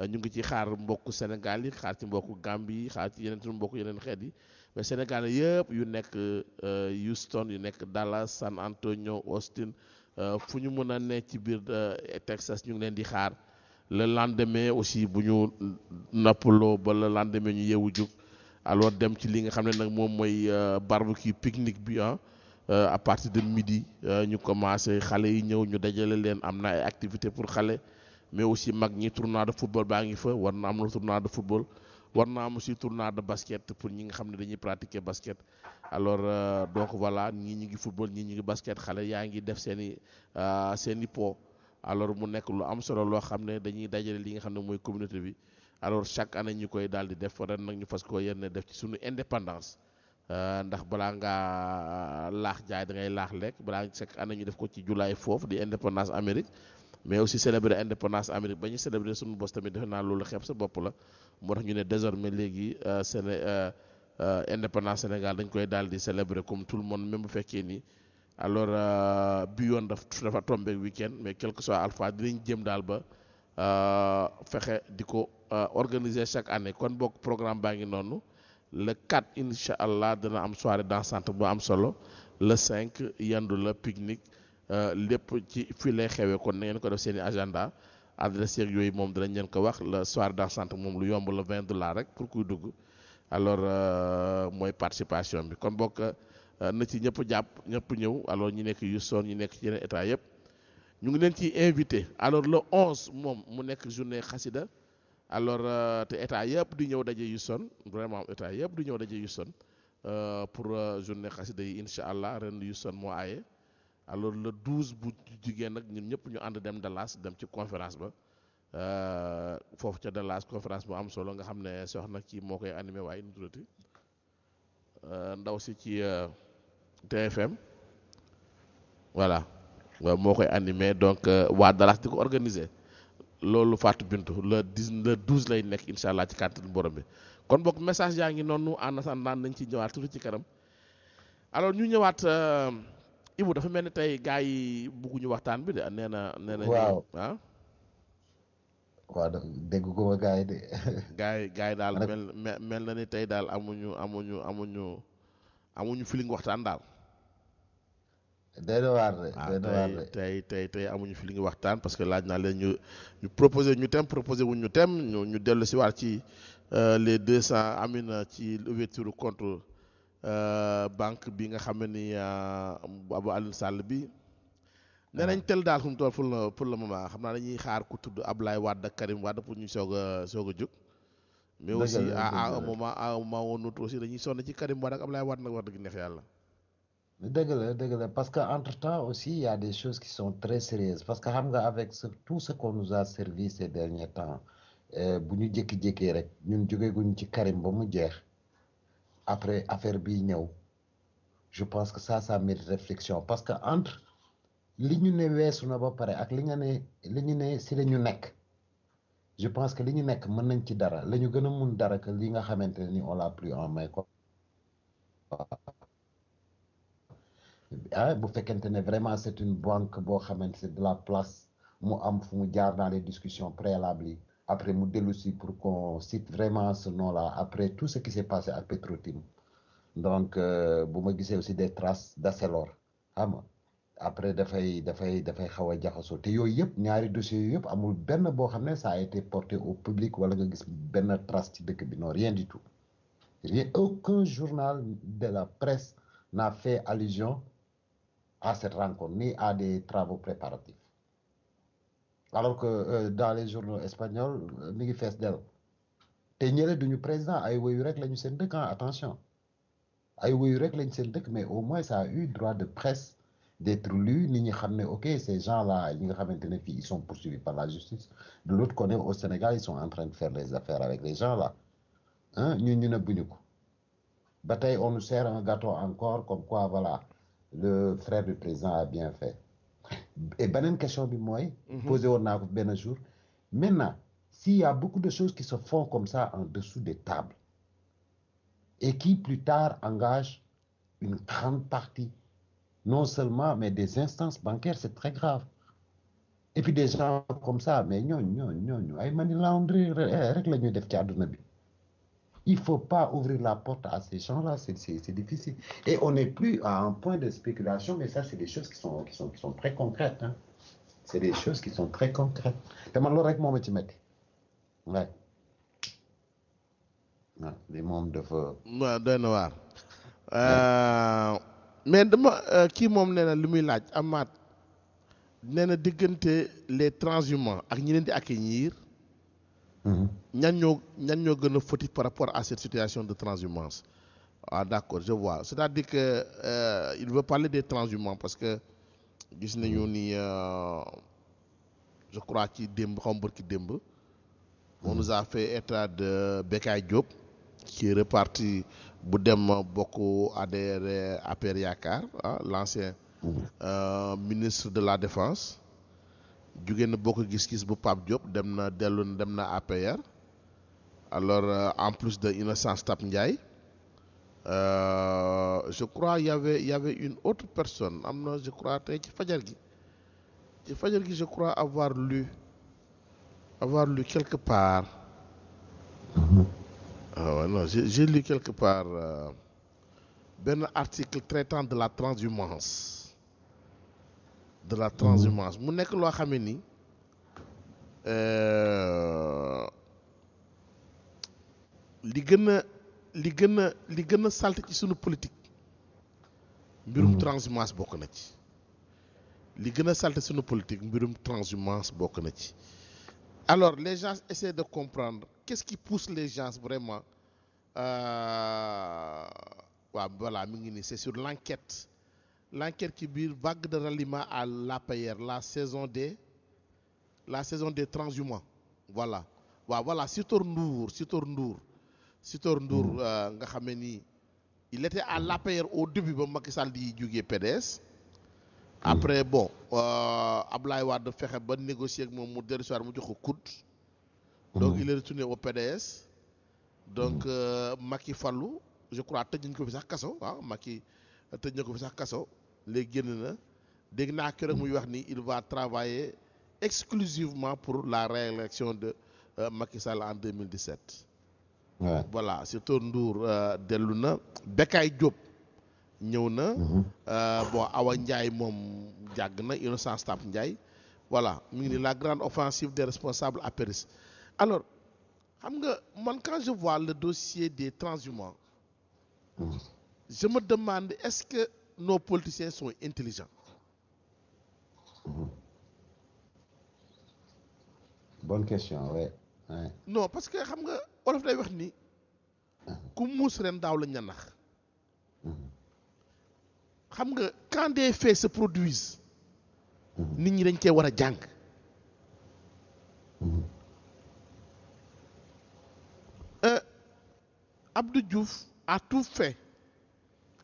euh, ñu ngi ci xaar mbokku Sénégal yi xaar ci mbokku Gambie yi xaar ci yeneen suñu mbokku yeneen xeet yi mais Sénégal yëpp yu nekk euh, Houston yu nekk Dallas San Antonio Austin fu ñu mën a ne ci biir Texas ñu ngi leen di xaar le lendemain aussi bu ñu noppaloo ba le lendemain ñu yeewu jug. alors dem ci li nga xam ne nag moom mooy euh, barbecue pique-nique bi ah à partir de midi euh, ñu commencé xale yi ñëw ñu dajale leen am na ay activité pour xale mais aussi mag ñi tournoi de football baa ngi fa war na am na tournoi de football war na am aussi tournoi de basket pour ñi nga xam ne dañuy pratiquer basket alors donc voilà ñii ñu ngi football ñii ñu ngi basket xale yaa ngi def seeni i seen i po alors mu nekk lu am solo loo xam ne dañuy dajale li nga xam ne mooy communauté bi alors chaque année ñu koy daal di def ren nag ñu fas koo yéene def ci suñu indépendance euh, ndax balaa ngaa euh, laax jaay da ngay laax lekk balaa chaque année ñu def ko ci julaay foofu di indépendance Amérique mais aussi célébrer indépendance Amérique ba ñu célébrer suñu bos tamit defe naa loolu xeeb sa bopp la moo tax ñu ne désormais léegi euh, Séné indépendance Sénégal dañ koy daal di célébrer comme tout le monde bu fekkee nii alors bi yoon dafa dafa tombé week-end mais quel que soit alpha jëm daal ba. Euh, fexe di ko euh, organiser chaque année kon bokk programme baa ngi noonu le 4 incha allah dana am soirée dansante bu am solo le 5 yandu la pique-nique euh, lépp ci fii lay xewee kon na ngeen ko def seen i agenda adresse yeeg yooyu moom danañ leen ko wax le soirée dansante moom lu yomb la 20 dollars rek pour kuy dugg alors mooy participation bi kon bokk na ci ñëpp jàpp ñëpp ñëw alors ñi nekk Houston ñu nekk ci yeneen état yëpp. ñu ngi leen ci invité alors le onze moom mu nekk journée xasida alors euh, te état yëpp di ñëw daje yu son vraiment état yëpp di ñëw daje yu son euh, pour euh, journée xasida yi incha allah ren yu son moo aaye alors le douze bu jigéen nag ñun ñëpp ñu ànd dem Dallas dem ci conférence ba foofu ca Dallas conférence bu am solo nga xam ne soxna kii moo koy animé waaye nu tuddati ndaw si ci TFM voilà. waaw moo koy animé donc euh, waa Dallas di ko organisé loolu Fatou Bintou le dix le douze lay nekk incha allah ci kàttan borom bi kon bokk message yaa ngi noonu en nañ ci ñëwaat tuuti ci karam alors ñu ñëwaat euh, Ibou dafa mel ni tey gars yi bugguñu waxtaan bi de nee na. nee na waaw ah. waaw dafa dégg ko ma gars yi de. yi gars mel na ni tey daal amuñu amuñu amuñu amuñu feeling waxtaan daal. Ah, de tey tey tey amuñu fi li ngi waxtaan parce que laaj naa leen ñu ñu proposé ñu thème proposer wu ñu thème ñu ñu dellu si waat ci euh, les deux cent amina ci ouverture compte euh, banque bi nga xam ne ni euh, Abou Alioune sàll bi ah. nee nañ tel daal fu mu toll fu le pour le moment xam naa dañuy xaar ku tudd Ablaye Wade ak Karim Wade pour ñu soog a soog a jóg mais aussi à un moment à un aussi dañuy sonn ci Karim Wade ak Ablaye Wade nag wax dëgg neex yàlla dëgg la dëgg la parce que entre temps aussi il y a des choses qui sont très sérieuses parce que xam nga avec tout ce qu'on nous a servi ces derniers temps euh, bu ñu jékki-jékkee rek ñun jógeeguñ ci Karim ba mu jeex après affaire bi ñëw je pense que ça ça mérite réflexion parce que entre li ñu ne weesu na ba pare ak li nga ne li ñu ne si la ñu nekk je pense que li ñu nekk mën nañ ci dara la ñu gën a mun dara que li nga xamante ne nii on l'a plus en main quoi ah bu fekkente ne vraiment c'est une banque boo xamante c'est de la place mu am fu mu jaar dans les discussions préalables yi après mu dellu pour qu'on cite vraiment ce nom-là après tout ce qui s'est passé ak Petrotim donc euh, bu ma gisee aussi des traces d'Arcelor xam nga après dafay dafay dafay xaw a jaxasoo te yooyu yëpp ñaari dossiers yooyu yëpp amul benn boo xam ne ça a été porté au public wala nga gis benn trace ci dëkk bi non rien du tout aucun journal de la presse n'a fait allusion à cette rencontre ni à des travaux préparatifs alors que euh, dans les journaux espagnols euh, mi ngi fees del te ñële duñu président ay woyu rek lañu seen dëkk ah, attention ay woyu rek lañu seen dëkk mais au moins ça a eu droit de presse d'être lu ni ñi xam ne ok ces gens là yi nga xamante ne fii ils sont poursuivis par la justice de l'autre côté au Sénégal ils sont en train de faire les affaires avec les gens là ah ñun ñu ne buñu ko ba tey on nous sert un gâteau encore comme quoi voilà le frère du président a bien fait et beneen question bi mooy mhm. posé woon naa ko benn jour maintenant s'il y a beaucoup de choses qui se font comme ça en dessous des tables et qui plus tard engagent une grande partie non seulement mais des instances bancaires c'est très grave et puis des gens comme ça mais ñooñu ñooñu ñooñu ay mani laundry rek la ñuy def ci àdduna bi Il ne faut pas ouvrir la porte à ces gens-là, c'est difficile. Et on n'est plus un point de spéculation, mais c'est des choses qui sont, qui sont, qui sont très concrètes. Hein. C'est des choses qui sont très concrètes. Dama loolu rek moo ma ci métti waay waaw li moom dafa waaw doy na waar euh, mais dama euh, kii moom nee na lu muy laaj amaat nee na diggante les transhumants ak ñi leen di accueillir Mm-hmm. ñan ñoo ñan ñoo gën a fautif par rapport à cette situation de transhumance ah d'accord je vois c'est-à-dire que euh, il veut parler des transhumants parce que gis nañu mm-hmm. ni euh, je crois ci démb xaw ma ci démb. on mm-hmm. nous a fait état de Bekay Diop. qui est bu dem bokk ADR APR Yaakaar ah l'ancien. Euh, ministre de la défense. jugee na bokk gis-gis bu Pape Diop dem na dellu dem na APR alors euh, en plus de Innocence Tap Ndiaye euh, je crois y avait une autre personne am na je crois tey ci fajar gi ci fajar gi je crois avoir lu avoir lu quelque part ah non j'ai lu quelque part euh, benn article traitant de la transhumance de la transhumance mu nekk loo xam ne ni euh, li gën a li gën a li gën a salte sunu suñu politique mbirum mm-hmm. transhumance bokk na ci li gën a salte suñu politique mbirum transhumance bokk na ci alors les gens essaient de comprendre qu'est-ce qui les gens vraiment euh, waaw euh... mu ngi nii c'est sur l'enquête l'enquête qui biir vague de ralliement à la l'APR la saison des la saison des transhumants voilà waaw voilà Sitor Ndour Sitor Ndour nduur Ndour hmm. euh, nga xam ne nii il était à l'APR au début ba Macky Sall di jógee PDS hmm. après bon euh, Ablaye Wade fexe ba négocier ak moom mu dellu soir mu jox ko coude donc hmm. il est retourné au PDS donc euh, Macky fallu je crois tëj nañ ko fi sax kaso waaw Macky tëj na ko fi sax kaso léegi génn na dégg naa keroog muy wax nii il va travailler exclusivement pour la réélection de euh, Macky Sall en 2017. waaw voilà surtout Ndour euh, dellu na Bekay Diop ñëw na. Mhm. Euh, bon Awa Ndiaye moom jàgg na Innocence Ntap Ndiaye. voilà mu ngi ni la grande offensive des responsables à Paris alors xam nga man quand je vois le dossier des transhumants. Mhm. je me demande est-ce que. nos politiciens sont intelligents. Mmh. bonne question parce que xam nga olof day wax ni. ku muus ren daaw la ñu nax mm-hmm. xam nga quand des faits se produisent. Mm-hmm. nit ñi dañ cee war a jàng. Mm-hmm. Euh, Abdou Diouf a tout fait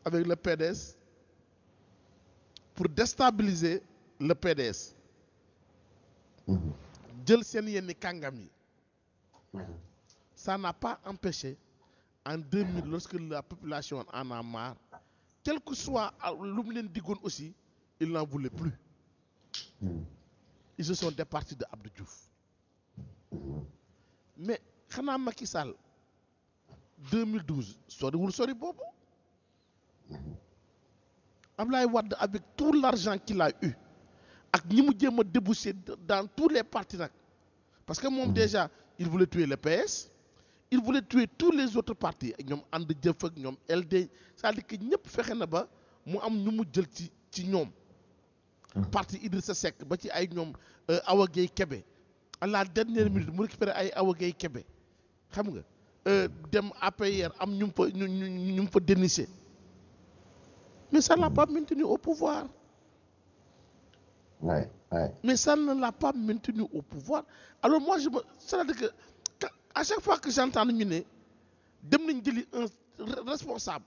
avec le PDS pour déstabiliser le PDS. jël seen yenn kàngam yi. ça n'a pas empêché en 2000 lorsque la population en a marre quel soit ah, lu mu leen diggoon aussi il n'en voulaient plus. ils se sont départis de Abdou Diouf. mais xanaa Macky Sall 2012 soriwul sori boobu. Ablaye Wade avec tout l'argent qu'il a eu ak ñi mu jéem a débouché dans tous les partis nag parce que moom mmh. déjà il voulait le PS il voulait tuer tous les autres partis ñoom ànd jëf ak ñoom LD c'est-à-dire ñëpp fexe na ba mu am ñu mu jël ci ci ñoom mmh. parti sa Seck ba ci ay ñoom euh, Awa Gueye Kébé à la dernière mmh. minute mu récupéré ay Awa kebe xam nga euh, dem APR am ñu mu fa ñu ñu mu fa déniché mais ça ne l'a pas maintenu au pouvoir. Ouais, ouais. Mais ça ne l'a pas maintenu au pouvoir. Alors moi, je me... c'est-à-dire que à chaque fois que j'entends ñu ne dem nañ jëli un responsable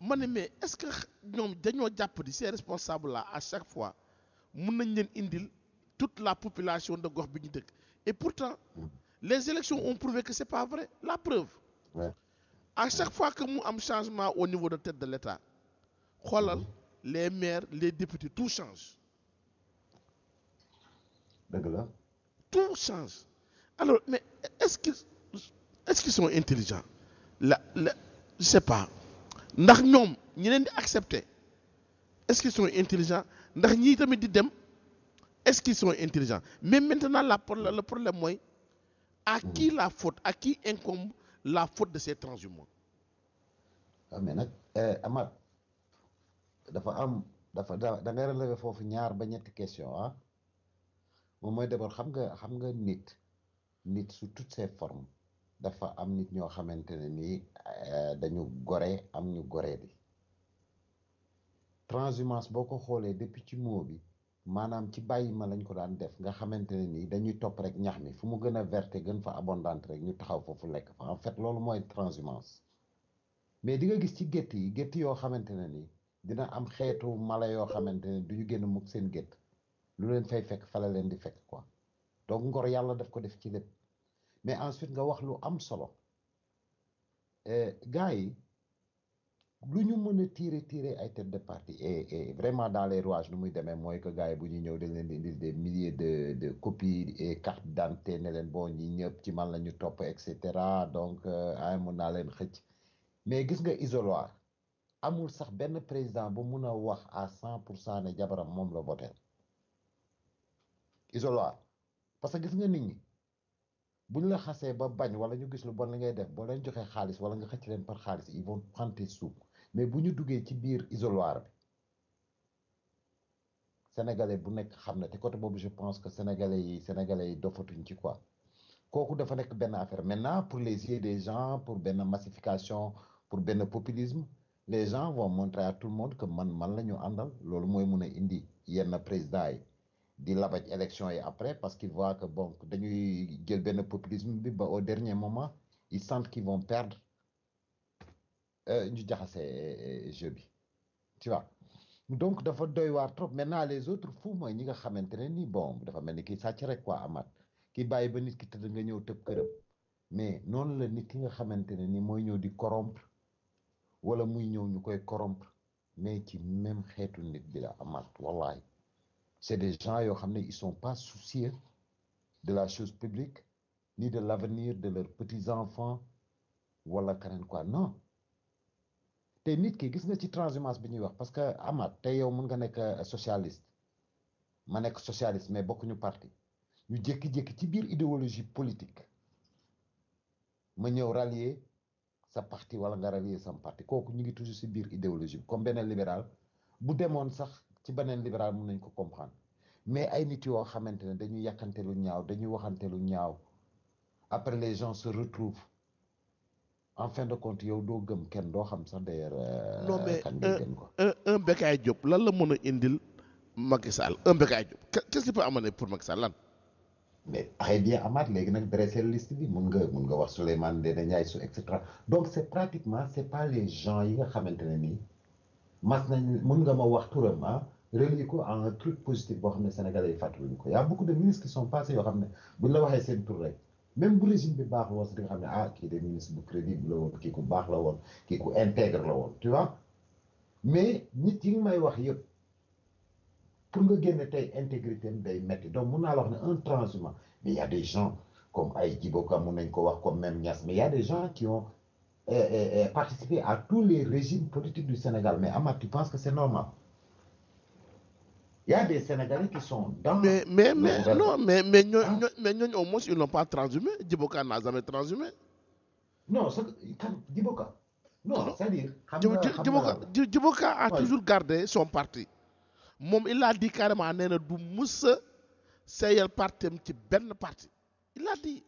ma ne mais est-ce que ñoom dañoo jàpp di ces responsables là à chaque fois mun nañ leen indil toute la population de gox bi ñu dëkk et pourtant mm. les élections ont prouvé que c'est pas vrai la preuve. à chaque fois que mu am changement au niveau de tête de l'État xoolal les maires les députés tout change. la. tout change alors mais est-ce que est-ce qu'ils sont intelligents la la je sais pas ndax ñoom ñi leen di accepter est-ce qu'ils sont intelligents ndax ñii tamit di dem est-ce qu'ils sont intelligents mais maintenant la le problème mooy à mmh. qui la faute à qui incombe la faute de ces transhumants. waaw ah, mais nag eh, Amath dafa am dafa da da ngay relever foofu ñaar ba ñetti question ah moom mooy d'abord xam nga xam nga nit nit sous toutes ses formes dafa am nit ñoo xamante ne nii eh, dañu gore am ñu goree di transhumance boo ko xoolee depuis ci moo bi. maanaam ci bàyyi ma lañ ko daan def nga xamante ne nii dañuy topp rek ñax mi fu mu gën a verte gën fa abondante rek ñu taxaw foofu lekk fa en fait loolu mooy transhumance mais di nga gis ci gétt yi gétt yoo xamante ne nii dina am xeetu mala yoo xamante ne du ñu génn mukk seen gétt lu leen fay fekk fala leen di fekk ko donc ngor yàlla def ko def ci lépp mais ensuite nga wax lu am solo eh, gars yi lu ñu mën tiire tirer tirer ay tête de parti et vraiment dans les rouages nu muy demee mooy que gars yi bu ñuy ñëw de leen di indil des milliers de de copies et carte d'identité ne leen boo ñi ñëpp ci man la ñu topp et cetera donc euh, ay naa leen xëcc mais gis nga isoloir amul sax benn président ba mun a wax a cent pour cent ne jabaram moom la voté isoloir parce que gis nga nit ñi bu ñu la xasee ba bañ wala ñu gis lu bon la ngay def boo leen joxee xaalis wala nga xëcc leen par xaalis ils vont prendre mais bu ñu duggee ci biir isoloir bi sénégalais bu nekk xam na te côté boobu je pense que sénégalais yi sénégalais yi dofatuñ ci quoi kooku dafa nekk benn affaire maintenant pour les yeux des gens pour benn massification pour benn populisme les gens vont montrer à tout le monde que man man la ñu àndal loolu mooy mun a indi yenn président yi di labaj élection yi après parce qu'ils voient que bon dañuy jël benn populisme bi ba au dernier moment ils sentent qu'ils vont perdre Euh, ñu jaxase euh, jeu bi tu vois donc dafa doy waar trop maintenant les autres fous mooy ñi nga xamante ne nii bon dafa mel ni kii sàcc rek quoi amaat kii bàyyi ba nit ki tëdd nga ñëw tëb këram mais noonu la nit ki nga xamante ne nii mooy ñëw di corrompre wala muy ñëw ñu koy corrompre mais ci même xeetu nit bi la amaat wallahi c'est des gens yoo xam ne ils sont pas soucieux de la chose publique nii de l'avenir de leurs petits enfants wala keneen quoi non te nit ki gis na ci transhumance bi ñuy wax parce que amaat tey yow mun nga nekk euh, socialiste ma nekk socialiste mais bokkuñu parti ñu jékki-jékki ci biir idéologie politique ma ñëw rallier sa parti wala nga rallier sam parti kooku ñu ngi toujours si biir idéologie bi comme beneen libéral bu demoon sax ci beneen libéral mun nañ ko comprendre mais ay nit yoo xamante ne dañuy yàkkante lu ñaaw dañuy waxante lu ñaaw après les gens se retrouvent en fin de compte yow doo gëm kenn doo xam sax d'ailleurs. Euh, non mais un un un lan la mën a indil Macky Sall un Bécaye Diop qu'est-ce qui peut amener pour Macky Sall lan. mais na amaat léegi nag bi mun nga mun nga wax Souleymane Ndéné Ndiaye su et cetera donc c'est pratiquement c'est pas les gens yi nga xamante ne nii mas nañ mun nga ma wax turam ah relier ko boo xam ne Sénégalais yi fàttaliwuñu ko y a yoo xam ne buñ la waxee seen tur rek. même bu régime bi baax woon si di nga ah, kii de ministre bu crédible la kii ku baax la woon kii ku intègre la woon tu vois mais nit yi nga may wax yëpp pour nga génne tey intégrité am day metti donc mun naa la wax ne un transhumant mais y a des gens ay Djibo Ka mun nañ ko wax comme même Niass mais y a des gens qui ont euh, euh, euh, participé à tous les régimes politiques du Sénégal mais Amath tu penses que c'est normal y a des Sénégalais qui sont mais mais mais non mais mais ah. mais ñooñu au moins ils pas transhumé Djibo Ka n'a jamais transhumé. non c'est kan Djibo Ka. Ah non c'est-à-dire. xam nga Djibo Ka a toujours gardé son parti. moom il di dit carrément nee na du mus a seeyal ci benn parti il a dit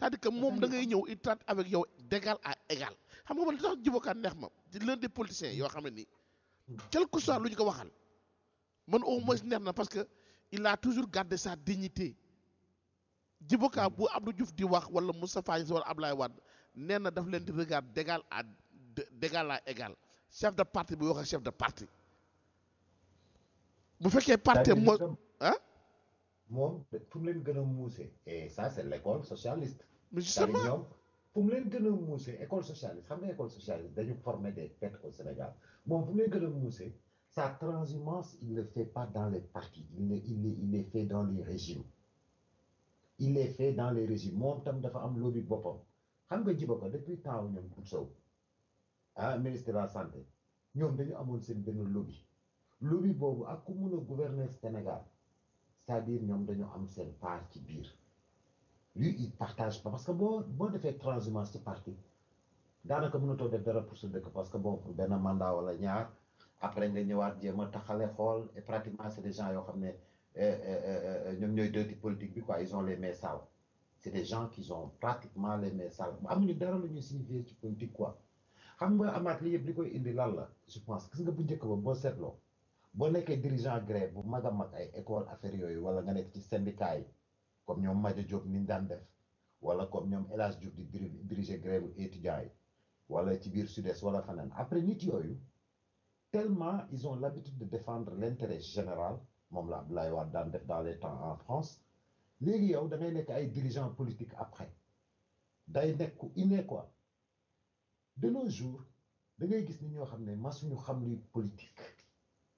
dire que moom da ngay ñëw il avec yow d'égal à égal xam nga man li tax Djibo Ka neex ma ci l'un des politiciens yoo xam ne nii. quel que lu ñu ko waxal. man au moins neex na parce que il a toujours gardé sa dignité Djibo Ka bu Abdou juf di wax wala Moustapha Niasse wala Abdoulaye Wade nee na daf leen di regard d'égal à d'égal à égal chef de parti bu wax ak chef de parti bu fekkee parti moo ah moom fu gën a muuse et ça c'est l'école socialiste mais justement ñoom leen gën a école socialiste xam nga école socialiste dañu former des leen gën a muuse Sa transhumance, il ne fait pas dans les partis, il ne il ne il est fait dans les régimes il est fait dans les régimes moom tamit dafa am lobby boppam xam nga jiba ko depuis temps ñoom Doudou Sow ah ministre la santé ñoom dañu amoon seen benn lobby lobby boobu ak ku mun a gouverner Sénégal cest à ñoom dañu am seen part ci biir lu il partage pas parce que boo boo defee transhumance ci parti daanaka mënatoo def dara pour sa dëkk parce que bon benn mandat wala ñaar. après nga ñëwaat jéem a taxale xool et pratiquement c' est des gens yoo xam ne euh, euh, euh, ñoom ñooy deux types politique bi quoi ils ont les mains sales c' est des gens qui ont pratiquement les mains sales amuñu dara lu ñuy signifier ci politique quoi xam nga amaat li yëpp li koy indi laal la je pense gis nga bu njëkk ba boo seetloo boo nekkee dirigeant gré bu mag a mag ay école affaire yooyu wala nga nekk ci syndicat yi comme ñoom Madio Diop ni ñu daan def wala comme ñoom El Hadj Diouf di diriger grève étudiants yi wala ci biir Sud-Est wala fanaan après nit yooyu tellement ils ont l'habitude de défendre l'intérêt général moom la Abdoulaye Wade daan def dans les temps en France léegi yow da ngay nekk ay dirigeants politiques après day nekk ku inné quoi de nos jours da ngay gis ni ñoo xam ne masuñu xam luy politique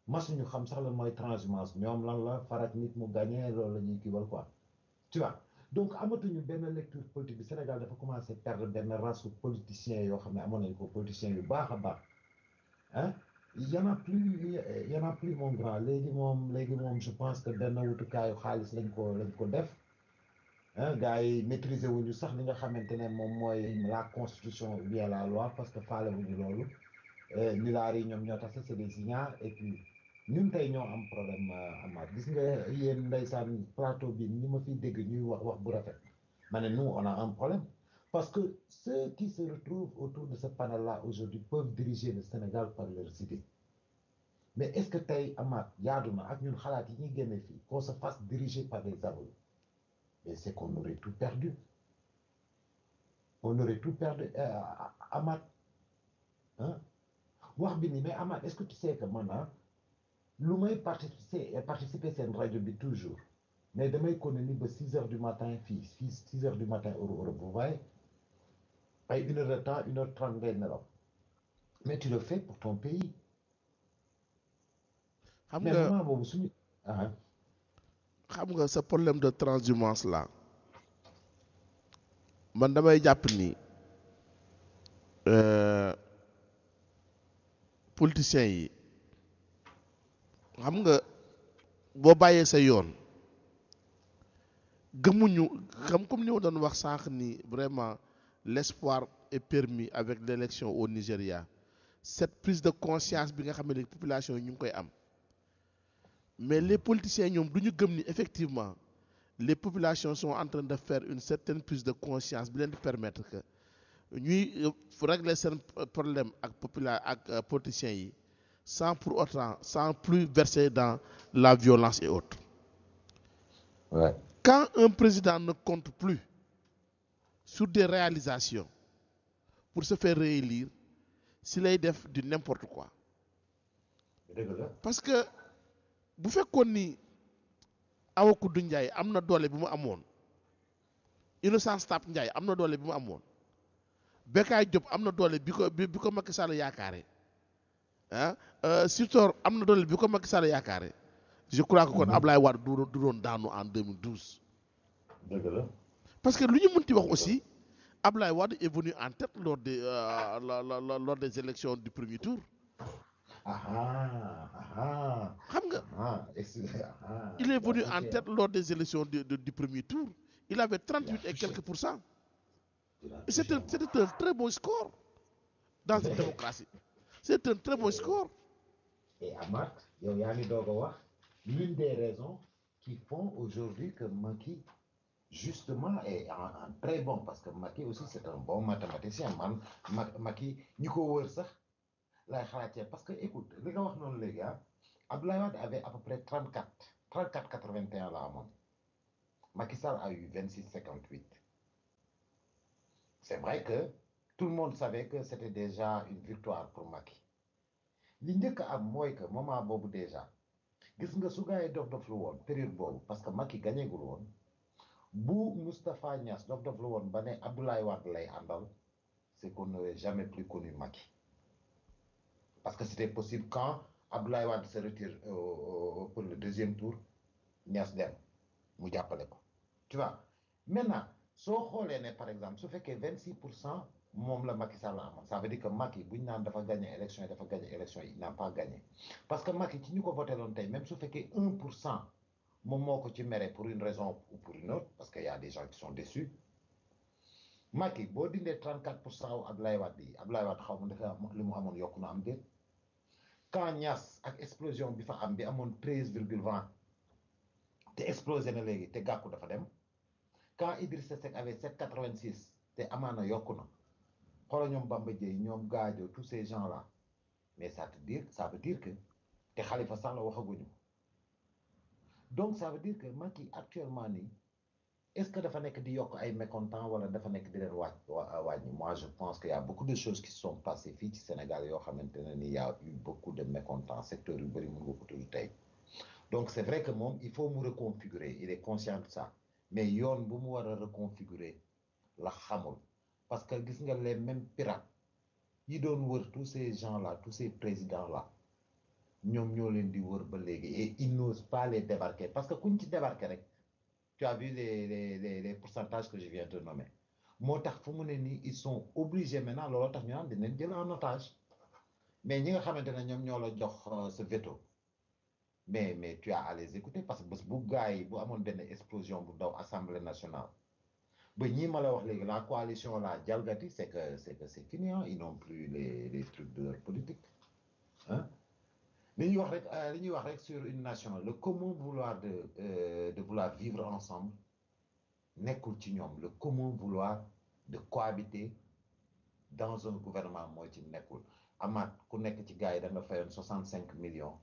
masuñu xam sax la mooy transhumance ñoom lan la farat nit mu gagné loolu la ñuy kiiwal quoi tu donc amatuñu benn lecture politique bi Sénégal dafa commencé perdre benn race politicien yoo xam ne amoon nañu ko politiciens yu baax a baax y en a plus y a plus mon grand léegi moom léegi moom je pense que benn wutukaayu xaalis lañ ko lañ ko def ah gars yi maîtriser wuñu sax li nga xamante ne moom mooy la constitution ou bien la loi parce que faale loolu eh, ni yi ñoom ñoo tax c'est des ignares et puis ñun tey ñoo am problème euh, amaat gis nga yéen ndeysaan plateau bi ni ma fiy dégg ñuy wax wax bu rafet ma ne nous on a un problème Parce que ceux qui se retrouvent autour de ce panel-là aujourd'hui peuvent diriger le Sénégal par leurs idées. Mais est-ce que tey amaat yaadu na ak ñun xalaat yi ñuy génne fii qu'on se fasse diriger par les aveugles mais c'est qu'on aurait tout perdu on aurait tout perdu euh, amaat ah wax bi ni mais amat est-ce que tu sais que maintenant lu may participer participer seen rajo bi toujours mais damay continuer ba 6 heures du matin fii fii 6 heures du matin Europe à une heure de temps, nga mais nga sa problème de transhumance là man damay jàpp ni politiciens yi xam nga boo bàyyee sa yoon gëmuñu xam comme ni ma doon wax sànq ni vraiment. l'espoir est permis avec l'élection au Nigeria cette prise de conscience bi nga xam ne population yi ñu ngi koy am mais les politiciens ñoom du ñu gëm ni effectivement les populations sont en train de faire une certaine prise de conscience bi leen di permettre que ñuy euh, régler seen problème ak popula ak euh, politiciens yi sans pour autant sans plus verser dans la violence et autres quand un président ne compte plus sur des réalisation pour se faire réélire si lay def di nemporte quoi parce que bu fekkoon ni Awa Koudou njaay am na doole bi mu amoon Innocence Ntap Ndiaye am na doole bi mu amoon Bekaay Diop am na doole bi ko bi ko Macky Sall yaakaare ah euh, Sitor am na doole bi ko Macky Sall yaakaare je crois que kon mhm. Ablaye Wade du doon daanu en 2012. dëgg la. parce que lu ñu mënti wax aussi Ablaye Wade est venu en tête lors des euh, la, la, élections du premier tour. Ah, ah, ah. xam nga. il est venu en tête lors des élections du, du, du premier tour il avait trente huit et quelques pour cent. c'était c'était un très bon score dans une démocratie c'est un très bon score. et Amath yow yaa ngi a wax l'une des justement est un très bon parce que Macky aussi c'est un bon mathématicien man ma Macky ñi ko wër sax lay xalaatee parce que écoute li nga wax noonu léegi ah Abdoulaye Wade avait à peu près 34 34 81 la amoon Macky Sall a eu 26 58 c'est vrai que tout le monde savait que c'était déjà une victoire pour Macky li njëkk a am mooy que moment boobu déjà gis nga su gars yi dof dof lu woon période boobu parce que Macky gagné gul woon bu Moustapha Niass dof dof la woon ba ne Abdoulaye Wade lay àndal c'est qu'on n'aurait jamais plus connu Macky parce que c'était possible quand Abdoulaye Wade se retire pour le deuxième tour ñas dem mu jàppale ko tu vois soo xoolee ne par exemple su fekkee vingt six pour cent moom la Macky Sall amoon ça veut dire que Macky bu ñu naan dafa gagné élection yi dafa gagné élection yi il n'a pas gagné parce que Macky ci ñu ko voté loon tey même su fekkee moom moo ko ci mere pour une raison ou pour une autre parce que y a des gens qui sont déçus Macky boo dindee 34 pour cent wu Abdoulaye Wade yi Abdoulaye Wade xaw ma dafa li mu amoon yokk na am déet camp Niass ak explosion bi fa am bi amoon 13 virgule 20 te explosé na léegi te gàkku dafa dem camp Idrissa Seck avait 7,86 te amaana yokku na xoolal ñoom Bamba Dièye ñoom Gadio tous ces gens la mais ça te dire ça veut dire que te Khalifa Sall waxaguñu. donc ça veut dire que Macky actuellement nii est-ce que dafa nekk di yokk ay mécontents wala dafa nekk di leen wàcc wàññi moi je pense que y a beaucoup de choses qui se sont passées fii ci Sénégal yoo xamante ne ni y a eu beaucoup de mécontents secteur yu bëri mun nga ko tudd tey donc c'est vrai que moom il faut mu reconfigurer il est conscient de ça mais yoon bu mu war a reconfigurer la xamul parce que gis nga les mêmes pirates yi doon wër tous ces gens là tous ces présidents là ñoom ñoo leen di wër ba léegi et ils pas les débarquer parce que kuñ ci débarquer rek tu as vu les les les les pourcentages que je viens de nommer moo tax fu mu ne nii son obligé obligés maintenant looloo tax ñu naan dinañ jël en otage mais ñi nga xamante ne ñoom ñoo la jox euh, ce veto mais mais tu as à les écouter parce que bu gars yi bu amoon benn explosion bu ndaw assemblée nationale ba ñii ma la wax léegi la coalition la jalgati c'est que c'est que c'est fini ils n'ont plus les les dañuy wax rek euh, dañuy wax rek sur une nation le commun vouloir de euh, de vouloir vivre ensemble nekkul ci ñoom le commun vouloir de cohabiter dans un gouvernement moo ci nekkul amat ku nekk ci gars yi da nga fayoon soixante cinq millions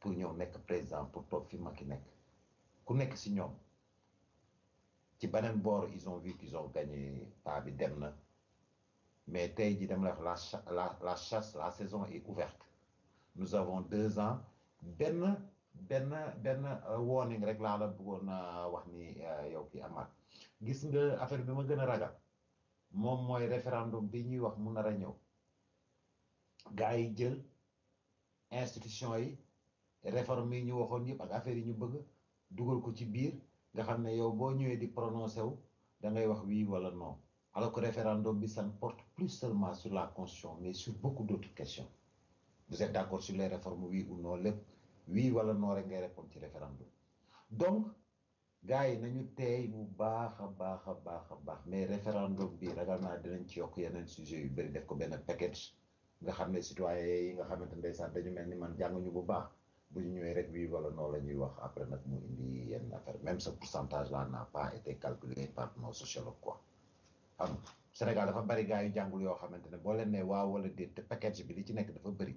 pour ñëw nekk président pour toog fi ki nekk ku nekk si ñoom ci beneen bor ils ont vu qu'ils ont gagné pas bi dem na mais tey ji dem la la la chasse la saison est ouverte nous avons deux ans benn benn benn euh, warning rek laa la a euh, wax ni euh, yow kii Amath gis nga affaire bi ma gën a ragal moom mooy référendum bi ñuy wax mu nar a ñëw gars yi jël institution yi réforme yi ñu waxoon yëpp ak affaire yi ñu bëgg dugal ko ci biir nga xam ne yow boo ñëwee di prononcé wu da ngay wax oui wala non alors que référendum bi ça ne porte plus seulement sur la constitution mais sur beaucoup d'autres questions vous êtes d'accord sur les réformes oui ou non wii oui wala non rek ngay répondre ci référendum donc gaa yi nañu teey bu baax a baax a baax a baax mais référendum bi ragal naa dinañ ci yokk yeneen sujet yu bëri def ko benn package nga xam ne citoyen yi nga xamante ndeysaan dañu mel ni man jànguñu bu baax bu ñu ñëwee rek oui wala noo la ñuy wax après nag mu indi yenn affaire même ce pourcentage là n'a pas été calculé par nos sociologues ko xam Sénégal dafa bëri gars yu jàngul yoo xamante ne boo leen ne waaw wala déet te bi li ci nekk dafa bëri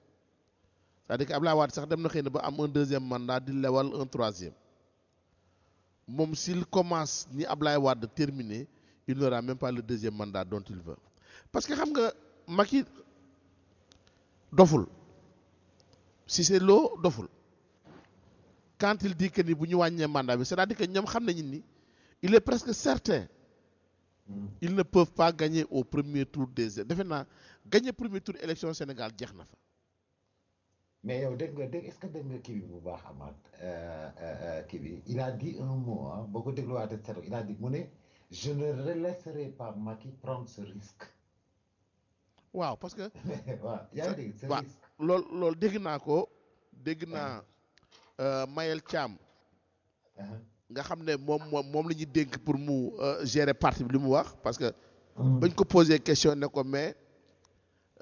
c'est-à-dire que Abdoulaye sax dem na xëy na ba am un deuxième mandat di lewal un troisième moom s'il commence ni Abdoulaye Wade terminé il n'aura même pas le deuxième mandat dont il veut parce que xam nga yi doful si Cissé Lo doful quand il dit que ni bu ñu wàññee mandat bi c'est-à-dire ñoom xam nañu ni il est presque certain ils ne peuvent pas gagner au premier tour des defe naa gagner premier tour élection Sénégal jeex na fa mais yow dégg nga dégg est kii bi bu baax Amath euh, euh, euh, kii bi il a boo ko dégluwaatee seetlu il a dit mu ne je ne laisserai pas Macky prendre ce waaw parce que. waaw lool dégg loolu dégg naa ko. dégg ah. naa Mayel Thiam. Uh-huh. nga xam ne moom moom moom la ñuy dénk pour mu gérer parti bi li mu wax parce que. Mm. bañ ko posé question ne ko mais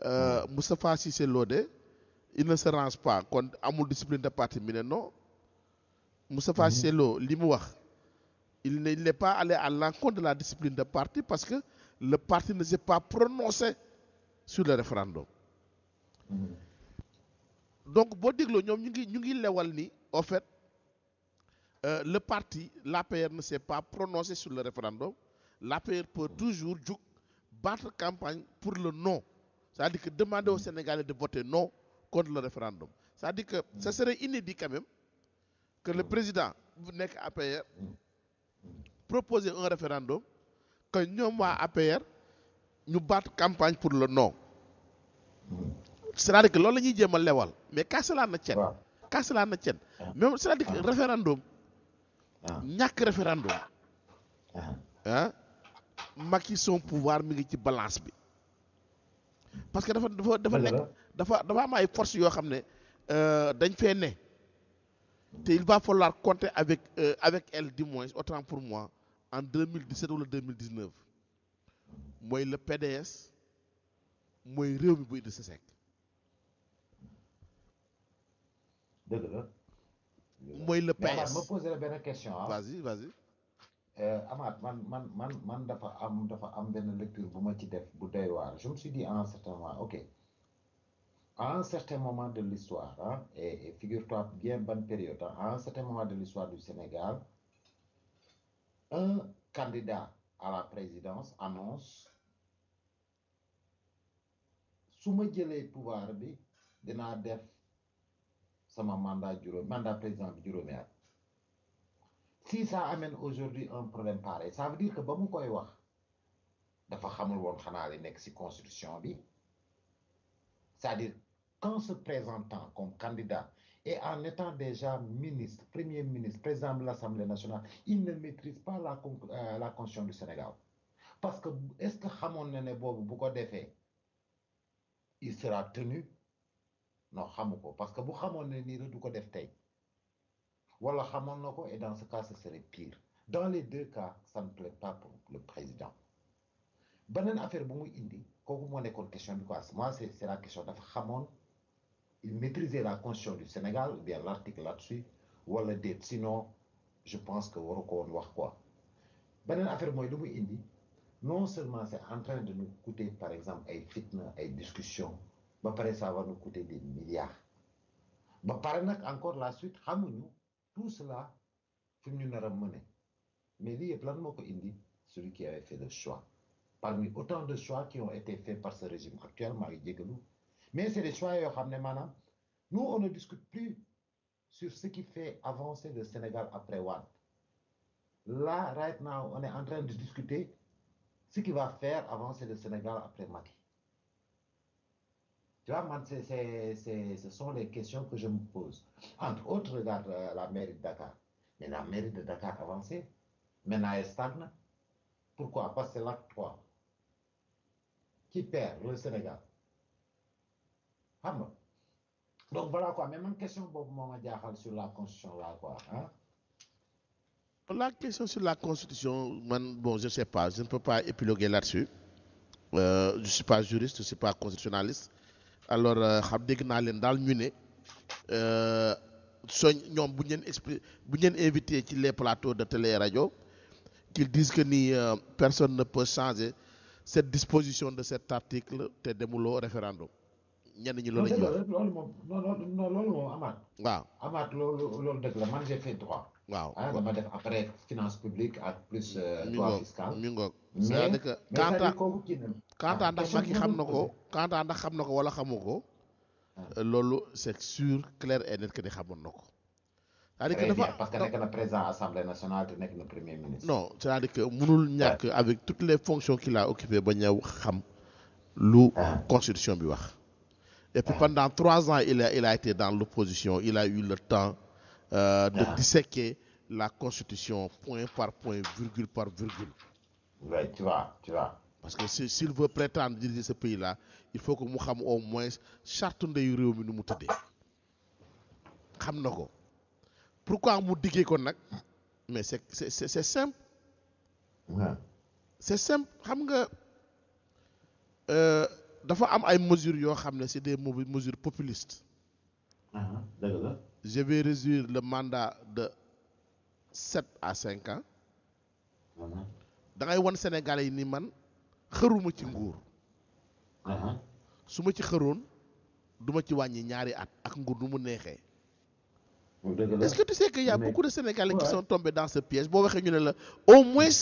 mm. Moustapha Cissé Lodé. il ne se range kon amul discipline de parti mi ne non Moustapha mhm. Chello li mu wax il ne il n'est pas allé à de la discipline de parti parce que le parti ne s'est pas prononcé sur le référendum mhm. donc boo dégloo ñoom ñu ngi ñu ngi lewal ni au fait euh, le parti l'APR ne s'est pas prononcé sur le référendum l'APR peut toujours jug battre campagne pour le non c'est-à-dire que demander aux mhm. Sénégalais de voter non contre le référendum c'est-à-dire que ça mm. serait inédit quand même que le mm. président bu nekk APR proposer un référendum que ñoom waa APR ñu baat campagne pour le non mm. c'est-à-dire que loolu la ñuy jéem lewal mais kaasalaan na cen kaasalaan na cen même c'est-à-dire que ah. référendum ah. ñàkk référendum ah, ah. Macky son pouvoir mi ngi ci balance bi parce que dafa dafa dafa nekk dafa dafa am ay force yoo xam ne euh, dañ fee ne te il va falloir compter avec euh, avec elle du moins autant pour moi en 2017 wala 2019 mooy le PDS mooy réew mi bu Idrissa Seck. dëgg mooy le PS ma la benn question ah. vas-y euh, man man man dafa am dafa am benn lecture bu ma ci def bu doy waar je me suis dit en un certain moment a un certain moment de l'histoire, hein, et, et figure-toi bien bonne période, hein, à un certain moment de l'histoire du Sénégal, un candidat à la présidence annonce su ma jëlee pouvoir bi dina def sama mandat juróom mandat président bi juróomi at si ça amène aujourd'hui un problème pareil ça veut dire que ba mu koy wax dafa xamul woon xanaa li nekk ci constitution bi cest dire qu'en se présentant comme candidat et en étant déjà ministre, premier ministre, président de l'Assemblée nationale, il ne maîtrise pas la, euh, la constitution du Sénégal. Parce que est-ce que Hamon Nene Bob, beaucoup d'effets, il sera tenu Non, Hamouko. Parce que bu Hamon Nene Bob, d'effets, voilà Hamon Noko, et dans ce cas, ce serait pire. Dans les deux cas, ça ne plaît pas pour le président. Bonne affaire, bon, Indi, quand vous m'en question, moi, c'est la question de Hamon. maîtriser la constitution du Sénégal ou bien l'article là-dessus wala déet sinon je pense que waru ko woon wax quoi beneen affaire mooy lu muy indi non seulement c'est en train de nous coûter par exemple ay fitnes ay discussion ba pare ça va nous coûter des milliards ba pare nag encore la suite xamuñu tout cela fi ñu nar a mëne mais lii yëpp lan moo ko indi celui qui avait fait le choix parmi autant de choix qui ont été faits par ce régime actuel mais c'est des choix yoo xam ne maanaam nous on ne discute plus sur ce qui fait avancer le Sénégal après Wade là right now on est en train de discuter ce qui va faire avancer le Sénégal après Macky tu vois man c'est c'est ce sont les questions que je me pose entre autres regarde la, euh, la mairie de Dakar mais la mairie de Dakar avancée maintenant elle stagne pourquoi parce que c'est l'acte 3 qui perd le Sénégal xam nga question boobu moom a jaaxal sur la constitution là quoi la question sur la constitution man bon je sais pas je ne peux pas épiloguer là-dessus euh, je suis pas juriste je suis pas constitutionnaliste alors euh, xam dégg naa leen daal ñu ne euh, soñ ñoom bu ñu leen expli bu ñu invité ci les plateaux de télé rajo qu'ils disent que ni euh, personne ne peut changer cette disposition de cet article te demuloo référendum ñenn ñi loolu la wax waaw amaat loolu loolu la man j'ai fait droit. waaw ah dama def après finance publique ak plus. Euh, mi ngoog mi ngoog. c'est-à-dire que Kantaa ah, xam na ko Kantaa ndax xam na ko wala xamu ko. Ah. Euh, loolu c'est sûr clair et xamoon na ko. cest à dafa parce que nekk na président assemblée nationale na premier ministre. non mënul ñàkk avec toutes les fonctions qu'il a occupées ba ñëw xam lu ah. constitution bi wax. Et puis ah. pendant trois ans, il a, été dans l'opposition. Il a eu le temps euh, de ah. disséquer la Constitution point par point, virgule par virgule. Ouais, Parce que s'il si, veut prétendre diriger ce pays-là, il faut que mu xam au moins charte ndeyu réew mi nu mu tëddee. xam na ko pourquoi mu diggee ko nag mais c'est c'est c'est simple. c'est simple xam nga. Euh, dafa am ay mesures yoo xam ne c'est des mobile populistes. Uh-huh. dëgg la. je vais réduire le mandat de sept à cinq ans. Uh-huh. da ngay wan Sénégalais yi ni man xëruma ci nguur. Uh-huh. su ma ci xëroon du ma ci wàññi ñaari at ak nguur nu mu neexee. est-ce que tu sais que y a beaucoup de Sénégalais qui dans ce piège boo waxee ñu ne la au moins.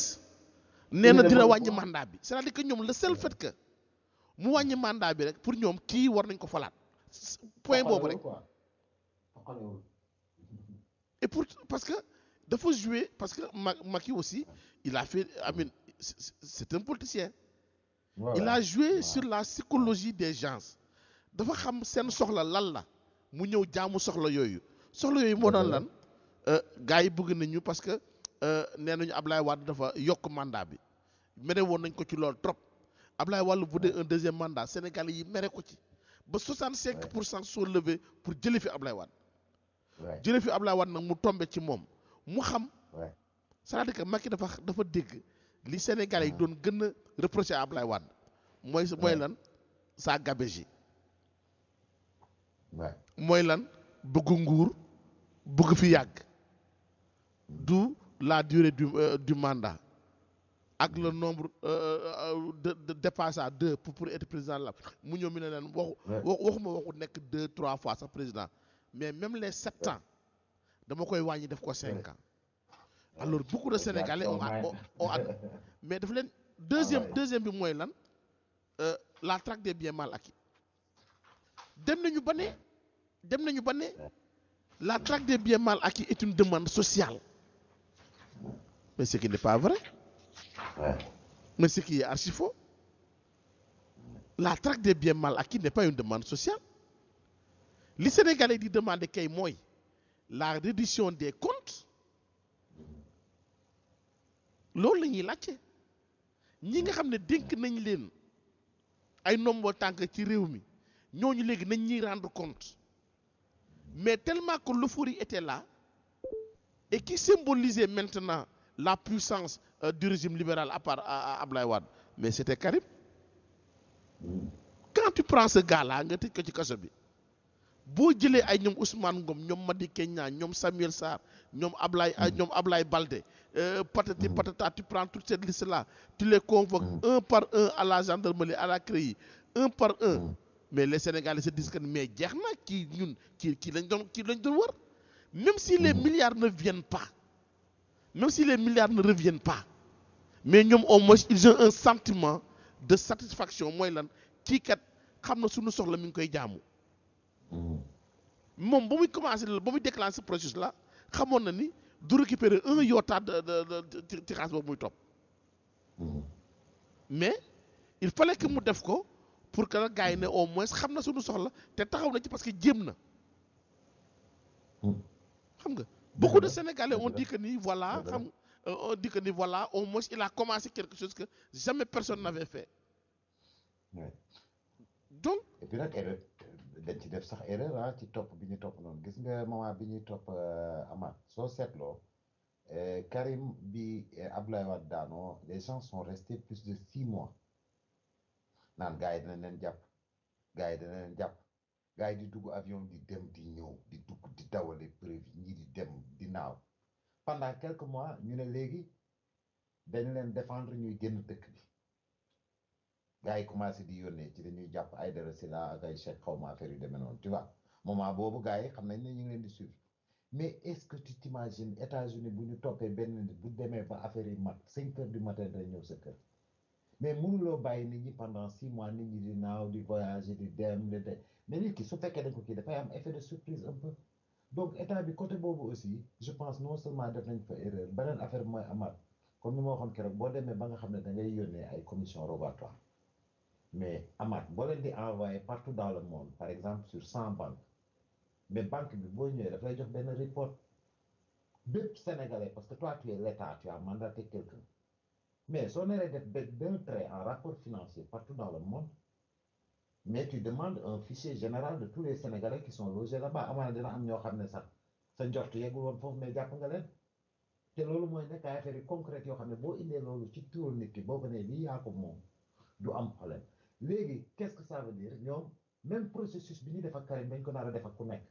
neena na dina wàññi mandat bi c'est-à-dire ñoom le seul fait que. mu wàññi mandat bi rek pour ñoom kii war nañ ko falaat point boobu rek et pour parce que dafa jouer parce que Macky aussi il a fait amin c'est un politicien voilà. il a joué sur la psychologie des gens dafa xam seen soxla lan la mu ñëw jaamu soxla yooyu soxla yooyu moo doon lan euh, gars yi bëgg nañu parce que euh, nee nañu Ablaye Wade dafa yokk mandat bi mere woon nañ ko ci loolu trop Ablaye Wàllu bu dee un deuxième mandat Sénégalais yi mere ko ci ba 65 pour cent sont levés pour jële fi Ablaye Wade jële fi Ablaye Wade nag mu tombe ci moom mu xam c'est-à-dire que Macky dafa dafa dégg li Sénégalais yi doon gën a reproché Ablaye Wade mooy mooy lan sa gabegie mooy lan bëgg nguur bëgg fi yàgg du la durée du euh, du mandat ak le nombre euh, euh, de de dépasse à deux pour pour être président la mu ñëw mi ne leen waxu. waxuma waxu nekk deux trois fois sax président mais même les sept ans dama koy wàññi def ko cinq ans. alors beaucoup de Sénégalais ont ont mais daf leen deuxième ah deuxième bi mooy lan euh, la traque des biens mal acquis dem nañu ba ne dem nañu ba ne la traque des biens mal acquis est une demande sociale mais ce qui n'est pas vrai. Ouais. Mais ce qui La traque des biens mal acquis n'est pas une demande sociale. Li Sénégalais di demander kay mooy la réduction des comptes loolu lañuy ñuy ñi nga xam ne dénk nañ leen ay nombo tànk ci réew mi ñooñu léegi nañ ñuy rendre compte mais tellement que l'euphorie était là et qui symbolisait maintenant la puissance Euh, du régime libéral à part à Ablaye Wade mais c'était Karim quand tu prends ce nga tëj ko ci kaso bi boo jëlee ay ñoom Ousmane Ngom ñoom Madi Kenya ñoom Samuel Sarr ñoom Ablaye ñoom Ablaye Baldé euh, patati patata tu prends toute cette liste-là tu les convoques un par un à la gendarmerie à la CREI un par un mais les Sénégalais se disent mais jeex na kii ñun kii kii lañ doon kii lañ doon wër même si les milliards ne viennent pas même si les milliards ne reviennent pas mais ñoom au moins ils un sentiment de satisfaction mooy lan kii kat xam na suñu soxla mi ngi koy jaamu moom ba muy commencé la ba muy déclenché processus la xamoon na ni du récupérer un iota de de ci muy topp mais il fallait que mu def ko pour que la gars yi ne au moins xam na suñu soxla te taxaw na ci parce que jéem na xam nga beaucoup de Sénégalais euh, ont dit que ni voilà xam on dit voilà au moins il a commencé quelque chose que jamais personne n'avait fait. donc. et puis nag erreur euh, dañ ci def sax erreur ah ci topp bi ñu topp noonu gis nga moment bi ñuy topp euh, Amath soo seetloo Karim bi Abdoulaye Wade daanoo les gens sont restés plus de six mois naan gars yi dana leen jàpp gars yi dana leen jàpp. gars yi di dugg avion di dem di ñëw di dugg di dawale prévu ñii di dem di naaw pendant quelques mois ñu ne léegi dañ leen défendre ñuy génn dëkk bi gars yi commencé di yónnee ci dañuy jàpp ay dara si la ak ay chèque xaw ma affaire yu demee noonu tu vois moment boobu gars yi xam nañ ne ñu ngi leen di suivre mais est-ce que tu t'imagines États-Unis bu ñu toppee benn nit bu demee ba affaire yi mat cinq heures du matin day ñëw sa mais mais loo bàyyi ni ñi pendant six mois ni ñi di naaw di voyager di dem de mais nit ki su fekkee dañ ko kii dafay am effet de surprise un peu donc état bi côté boobu aussi je pense non seulement def nañ fa erreur beneen affaire bi mooy amaat comme ni ma waxoon keroog boo demee ba nga xam ne da ngay yónnee ay commission rogatoire mais amaat boo leen di envoyé partout dans le monde par exemple sur cent banques mais banque bi boo ñëwee daf lay jox benn report bépp sénégalais parce que toi tu es l'état tu as mandaté quelqu'un mais soo naree def benn trait en rapport financier dans le monde. mais tu demandes un fichier général de tous les sénégalais qui sont logés là-bas amaana dina am ñoo xam ne sax sa njort yeggul woon foofu mais jàpp nga leen te loolu mooy nekk ay affaires yu concrètes yoo xam ne boo indee loolu ci tuur nit ki boo ko nee lii yaa ko même processus bi ñuy def ak Karim ko nar a def ak ku nekk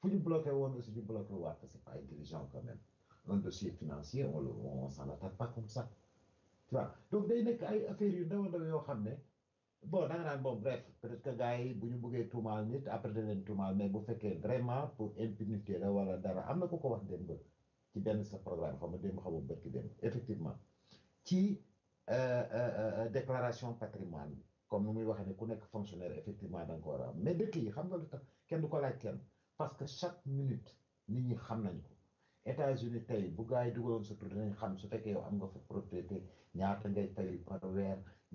fu ñu bloqué woon aussi ñu bloqué waat parce que c'est pas intelligent quand même un dossier financier yoo xam ne. bon da nga naan bon bref peut-être que gars yi bu ñu buggee tuumaal nit après da leen tuumaal mais bu fekkee vraiment pour impunité la wala dara am na ku ko wax démb ci benn sa programme xam nga démb xamu bërki démb effectivement ci euh, euh, euh, déclaration patrimoine comme nu muy waxee ne ku nekk fonctionnaire effectivement da nga ko war a am mais dëkk yi xam nga lu tax kenn du ko laaj kenn parce que chaque minute nit ñi xam nañ ko États-Unis tey bu gaa yi dugaloon surtout tur dinañ xam su fekkee yow am nga fa propriété ñaata ngay fay par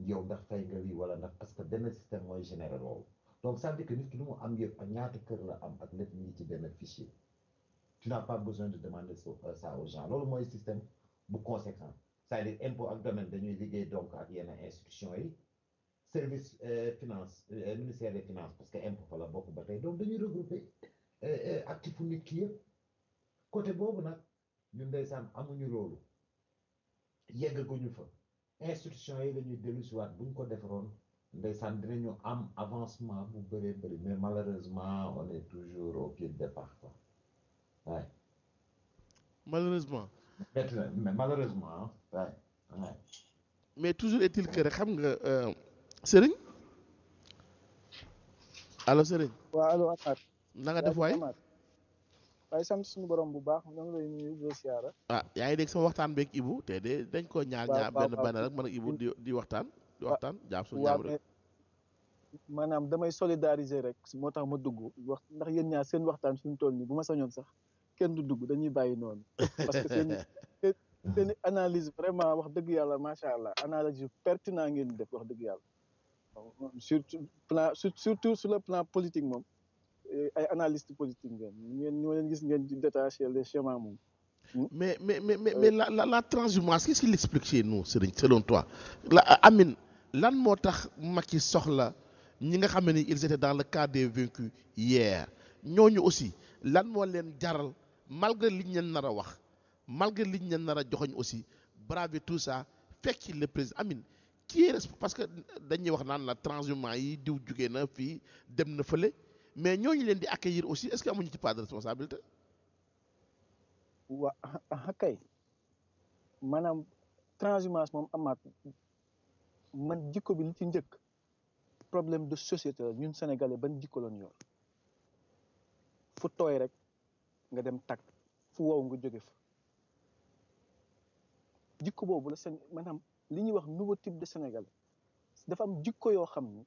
yow ndax fay nga lii wala ndax parce que benn système mooy généré loolu donc ça veut nit ki lu mu am yëpp ak ñaata kër la am ak lépp ñu ngi ci benn fichier tu n'as pas besoin de demander euh, ça aux loolu mooy système bu conséquent c'est-à-dire impôt ak domaine dañuy liggéey donc ak yenn institution yi service euh, finance euh, ministère des finances parce que impôt fa la bokk ba tey donc dañuy regrouper actifu nit ki yëpp côté boobu nag ñun ndeysaan amuñu loolu yeggaguñu fa institution yi la ñuy dellu si waat bu ñu ko defaroon ndeysaan dinañu am avancement bu bëree bëri mais malheureusement on est toujours au pied de départ quoi malheureusement. mais toujours est-il rek xam nga euh, Serigne allo Serigne. waaw allo Amath. na def waay. waaye sant suñu borom bu baax ñoo ngi lay nuyu di siyaara. ah yaa ngi dégg sama waxtaan beeg Ibou te de dañ koo ñaar ñaar benn benn rek man di waxtaan. di waxtaan jaam suñu jaam maanaam damay solidariser rek moo tax ma dugg wax ndax yéen ñaar seen waxtaan suñu tool nii bu ma sañoon sax kenn du dugg dañuy bàyyi noonu. parce que seen analyse vraiment wax dëgg yàlla macha allah analyse yu pertinent ngeen def wax dëgg yàlla. surtout plan surtout sur le plan politique moom. ay analyste politique ngeen ngeen ñoo leen gis ngeen di détaché les schémas moom. Hmm? mais mais mais mais la la la transhumance qu'est-ce qu'il explique chez nous Serigne selon toi la euh, lan moo tax Macky soxla ñi nga xam ne ils étaient dans le cas des vaincus hier ñooñu aussi lan moo leen jaral malgré liñ leen nar a wax malgré liñ leen nar a joxoñ aussi braver tout ça fekk le président amin kii parce que dañuy wax naan la transhumance yi diw jugee na fii dem na fële. mais ñoo ñooñu leen di accueillir aussi est-ce que amuñu ci part de responsabilité. wa ah, kay maanaam transhumance moom amaat man jikko bi li ci njëkk problème de société la ñun sénégalais ba jikko lañ yor fu tooy rek nga dem tag fu wow nga jóge fa jikko boobu la seen maanaam li ñuy wax nouveau type de sénégalais dafa am jikko yoo xam ni.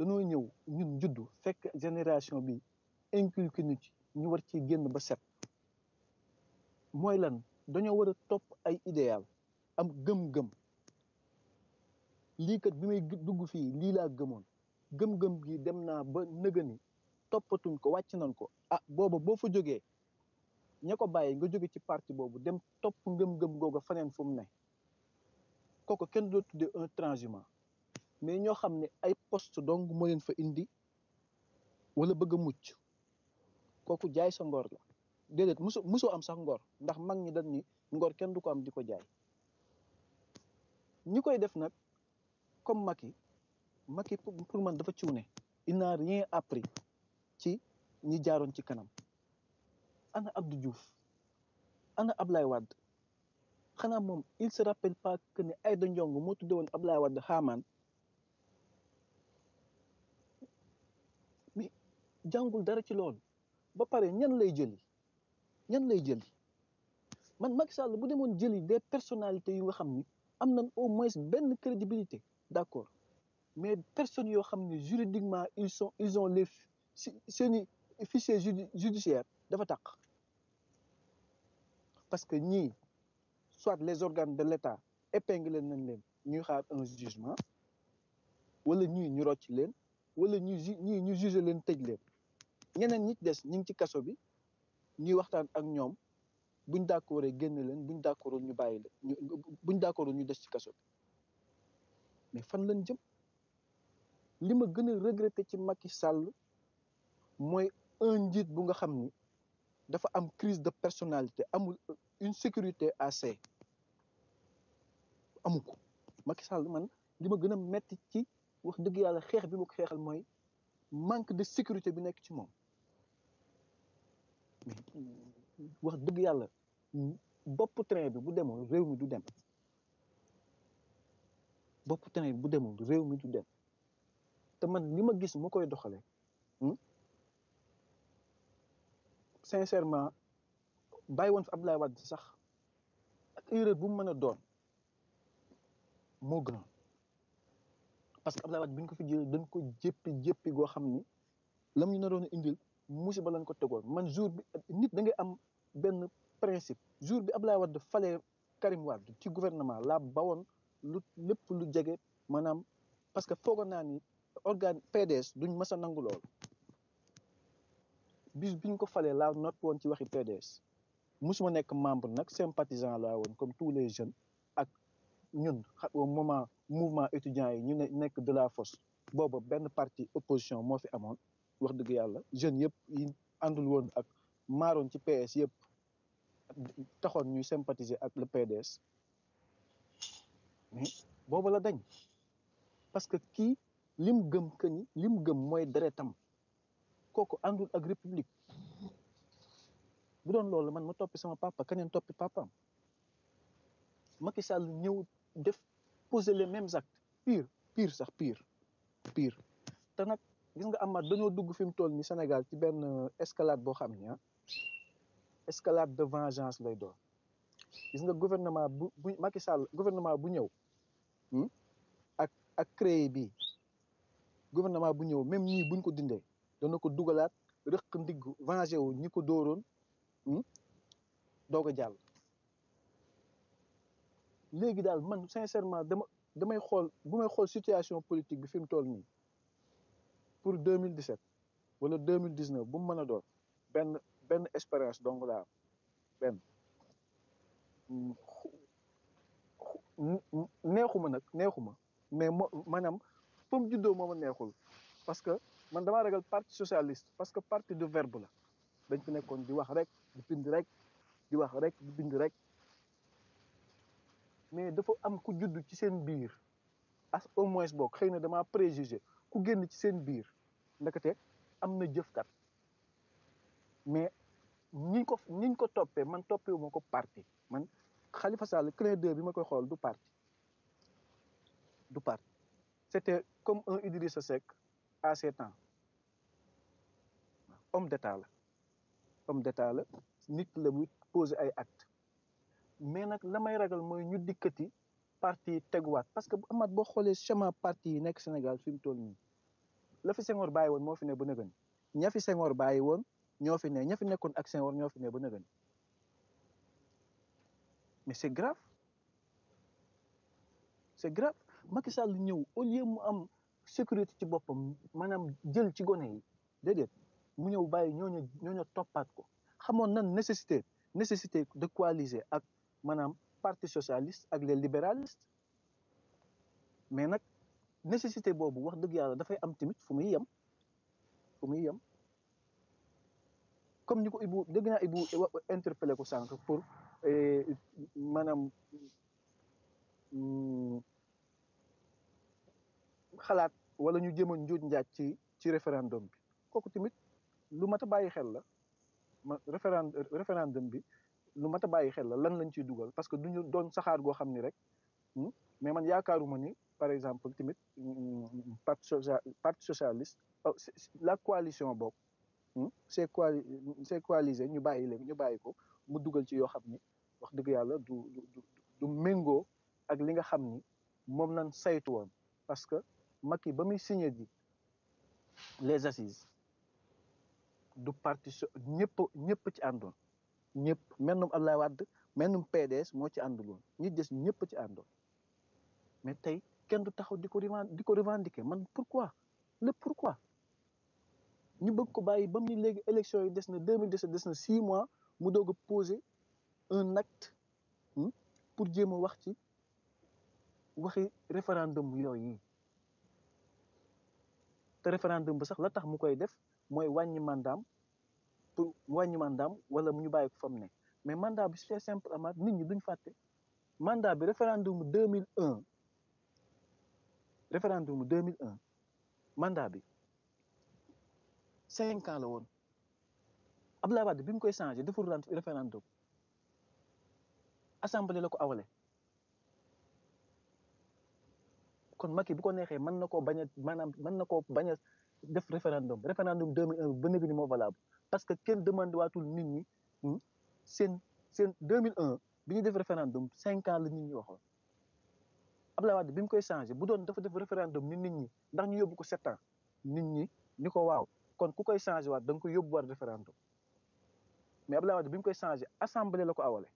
dañoo ñëw ñun judd fekk génération bi inculqué ñu ci ñu war ci génn ba set mooy lan dañoo war a topp ay idéal am gëm-gëm lii kat bi may dugg fii lii laa gëmoon gëm-gëm gi dem naa ba nëgëni toppatuñ ko wàcc nañ ko ah booba boo fa jógee ña ko bàyyi nga jóge ci partie boobu dem topp ngëm-ngëm googa faneen fu mu ne kooku kenn doo tuddee un transhumant mais ñoo xam ne ay post dong moo leen fa indi wala bëgg a mucc kooku jaay sa ngoor la déedéet musu musoo am sax ngoor ndax mag ñi dañ ñi ngoor kenn du ko am di ko jaay ñi koy def nag comme Macky Macky pour man dafa cuune il n'a rien appris ci ñi jaaroon ci kanam ana Abdou Diouf ana Ablaye Wade xanaa moom il se rappelle pas que ne Aïda Ndiongo moo tudde woon Ablaye Wade xaamaan jàngul dara ci loolu ba pare ñan lay jëli ñan lay jëli man Macky Sall bu demoon jëli des personnalités yu nga xam ni am nañ au moins benn crédibilité d'accord mais personnes yoo xam ne juridiquement ils son ils ont les seeni fichier judiciaire dafa tàq parce que ñii soit les organes de l'État leen nañ leen ñuy xaar un jugement wala ñii ñu rocc leen wala ñu ñii ñu juger leen tëj leen ñeneen ñi des ñu ngi ci kaso bi ñuy waxtaan ak ñoom buñ d'accord génn leen buñ d'accordul ñu bàyyi la ñu buñ d'accordul ñu des ci kaso bi mais fan lañ jëm li ma gën a regretter ci Macky Sall mooy un njiit bu nga xam ni dafa am crise de personnalité amul une sécurité assez amu ko Macky Sall man li ma gën a metti ci wax dëgg yàlla xeex bi ma ko xeexal mooy manque de sécurité bi nekk ci moom wax dëgg yàlla bopp train bi bu demoon réew mi du dem bopp train bi bu demoon réew mi du dem te man li ma gis mu koy doxale hmm? sincèrement bàyyi woon fi Abdoulaye Wade sax ak erreur bu mu mën a doon moo gënoon parce que Abdoulaye Wade bi ñu ko fi jëlee dañ ko jéppi jéppi goo xam ni lam ñu doon a indil ba lañ ko tegoon man jour bi nit da ngay am benn principe jour bi Abdoulaye Wade falee Karim Wade ci gouvernement laa bawoon lu lépp lu jege maanaam parce que foogoon naa ni organe PDS duñ mës a nangu lool bi biñ ko falee laa not woon ci waxi PDS musuma nekk membre nag sympathisant laa woon comme tous les jeunes ak ñun au moment mouvement étudiant yi ñu ne nekk de la force booba benn partie opposition moo fi amoon wax dëgg yàlla jeunes yëpp yi àndul woon ak maaroon ci PS yëpp taxoon ñuy sympathiser ak le PDS mais la dañ parce que kii lim gëm que ni lim gëm mooy deretam kooku àndul ak république bu doon loolu man ma toppi sama papa keneen toppi papam Macky Sall ñëw def poser le mêmes actes pire pire sax pire te nag gis nga Amath dañoo dugg fi mu toll ni Sénégal ci benn euh, escalade boo xam ni ah escalade de vengeance lay doon gis nga gouvernement bu bu Macky Sall gouvernement bu ñëw hmm, ak ak créé bi gouvernement bu ñëw même ñii buñ ko dindee dana ko dugalaat rëq ndigg vengé wu ñi ko dóoroon hmm, doog a jàll léegi daal man sincèrement dama damay xool bu may xool situation politique bi fi mu toll nii pour deux mille 2017 wala 2019 bu mu mën a doon benn benn expérience donc la am benn neexuma nag neexuma mais ma maanaam fa mu juddoo moo ma neexul parce que man dama ragal partie socialiste parce que partie de verbe la dañ fi nekkoon di wax rek di bind rek di wax rek di bind rek mais dafa am ku judd ci seen biir au moins boog xëy na damaa préjugé ku génn ci seen biir ndekete am na jëfkat mais niñ ko niñ ko toppee man toppee wu ko parti man xalifa Sall CREI 2 bi ma koy xool du parti du parti c'était comme un Seck à ses temps homme d'état la homme d'état la nit la muy poser ay acte mais nag la may ragal mooy ñu dikkati parti teguwaat parce bu Amath boo xoolee chemin parti yi nekk Sénégal fi mu toll nii la fi Senghor bàyyi woon moo fi ne ba nëgën ña fi Senghor bàyyi woon ñoo fi nee ña fi nekkoon ak Senghor ñoo fi ne ba nëgën mais c'est grave c'est grave Macky Sall ñëw au lieu mu am sécurité ci boppam maanaam jël ci gone yi déedéet mu ñëw bàyyi ñoo ñooñu toppaat ko xamoon nan nécessité nécessité de coaliser ak maanaam. parti socialiste ak les libéralistes mais nag nécessité boobu wax dëgg yàlla dafay am tamit fu muy yem fu muy yem comme ni ko Ibou dégg naa Ibou interpellé ko sànq pour eh, maanaam hmm, xalaat wala ñu jëm a njuuj njaaj ci ci référendum bi kooku tamit lu mat a bàyyi xel la ma référendum bi lu mat a bàyyi xel la lan lañ ciy dugal parce que duñu doon saxaar goo xam ni rek hmm, mais man yaakaaruma ni par exemple tamit hmm, parti social parti socialiste oh, la coalition bokk hmm, c'est coali c'est ñu bàyyi leen ñu bàyyi ko mu dugal ci yoo xam ni wax dëgg yàlla du du méngoo ak li nga xam ni moom lañ saytu woon parce que Macky ba muy signé ji les assises du parti ñëpp ñëpp ci àndoon ñëpp mennum Abdoulaye Wade mennum PDS moo ci ànduloon ñi des ñëpp ci àndoon mais tey kenn du taxaw di ko di ko revendiquer man pourquoi pour pourquoi ñu bëgg ko bàyyi ba mu ni léegi élection yi des na 2017 des na six mois mu doog a poser un acte hmm, pour jéem a wax ci waxi référendum yooyu te référendum ba sax la tax mu koy def mooy wàññi mandaam pour wàññi mandaam wala mu ñu bàyyi ko fa ne mais mandat bi c'est simple amaat nit ñi duñ fàtte mandat bi référendum 2001 référendum 2001 mandat bi cinq ans la woon Abdoulaye Wade bi mu koy changé deful référendum assemblée la ko awale kon Macky bu ko neexee mën na ko bañ a maanaam na koo bañ a def référendum référendum 2001 ba léegi ni moo valable parce que kenn demandé waatul nit ñi hmm, seen seen mille un bi ñu def référendum cinq ans la nit ñi waxoon Abdoulaye Wade bi mu koy changé bu doon dafa def référendum ni nit ñi ndax ñu yóbbu ko sept ans nit ñi ni ko waaw kon ku koy changé waat da nga koy yóbbu war référendum mais Abdoulaye Wade bi mu koy changé assemblée la ko awale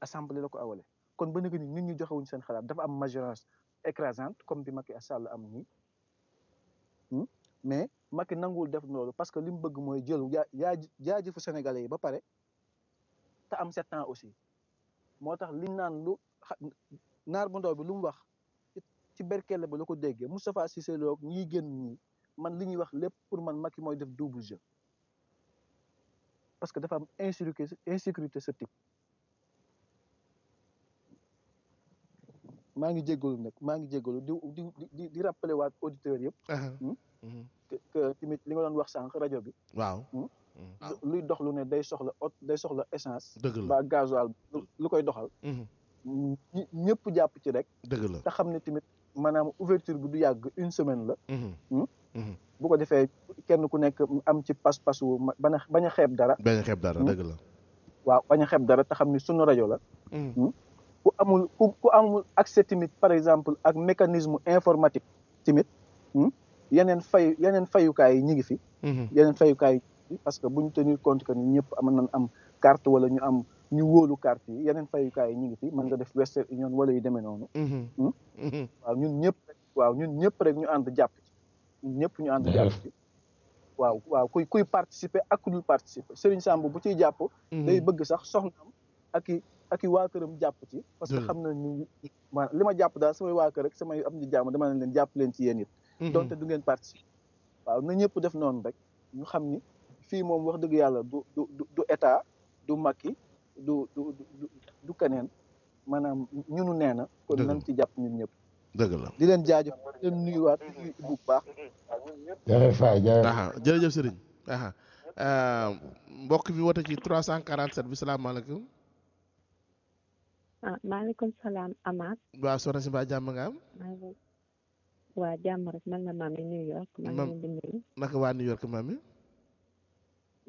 assemblée la ko awale kon ba nag ni nit ñi joxewuñ seen xalaat dafa am majorité écrasante comme bi Macky Sall am nii hmm. mais makki nanguwul def loolu parce que li mu bëgg mooy jël yaa jaajëfu sénégalais yi ba pare te am set temps aussi moo tax liñ naan lu naar bu ndaw bi lu mu wax ci berkelle ba la ko déggee Moustapha Cissé Lo ñiy génn ñi man li ñuy wax lépp pour man Macky mooy def double jeu parce que dafa am insécurité insécurité ce maa ngi jégalu nag maa ngi jégalu di di di di rappeler waat auditeurs yëpp. Uh-huh. Hmm? Mm-hmm. que li nga doon wax sànq rajo bi. waaw. Hmm? Mm-hmm. luy dox lu ne day soxla ot day soxla essence. dëgg la ba gasoil lu mm-hmm. koy doxal. ñëpp jàpp ci rek. dëgg la te xam ne tamit maanaam ouverture bi du yàgg une semaine la. Hmm? bu ko defee kenn ku nekk am ci pas-pas wu bañ a bañ a xeeb dara. bañ a xeeb dara dëgg la. waaw bañ a xeeb dara te xam ni suñu rajo la. ku amul ku amul accès tamit par exemple ak mécanisme informatique tamit hmm, yeneen fay yeneen fayukaay yi ñu ngi fi. Mhm. yeneen fayukaay yi parce que bu ñu ñëpp am nañ am carte wala ñu am ñu yi yeneen fayukaay yi ñu ngi fi man nga def Western Union wala yu demee noonu. Mhm. Hmm? Mhm. waaw ñun ñëpp rek ñu ànd jàpp ci ñun ñëpp ñu ànd jàpp ci. waaw waaw kuy kuy participer ak ku dul participer Serigne Samb bu ciy jàpp. day bëgg sax soxnaam ak i ak i waa këram jàpp ci. parce que hmm. xam nañ ni maanaam li ma jàpp daal samay waa kër rek samay am ñu jàmm dama leen leen jàpp leen ci yéen it. Hmm. donte du ngeen participer. waaw na ñëpp def noonu rek ñu xam ni fii moom wax dëgg yàlla du du du état du Macky du du du du maanaam ñunu nee na. kon nañ ci jàpp ñun ñëpp. dëgg la di leen jaajëf di leen nuyuwaat nuyu bu baax. jërëjëf Faye jërëjëf jërëjëf Serigne euh, mbokk bi woote ci 347 bi salaamaaleykum. ah maaleykum salaam Amath. waaw soxna si mbaa jàmm nga am. waa jàmm rek man la maam yi New York. maa ngi leen di nuyu. naka waa New York maam yi.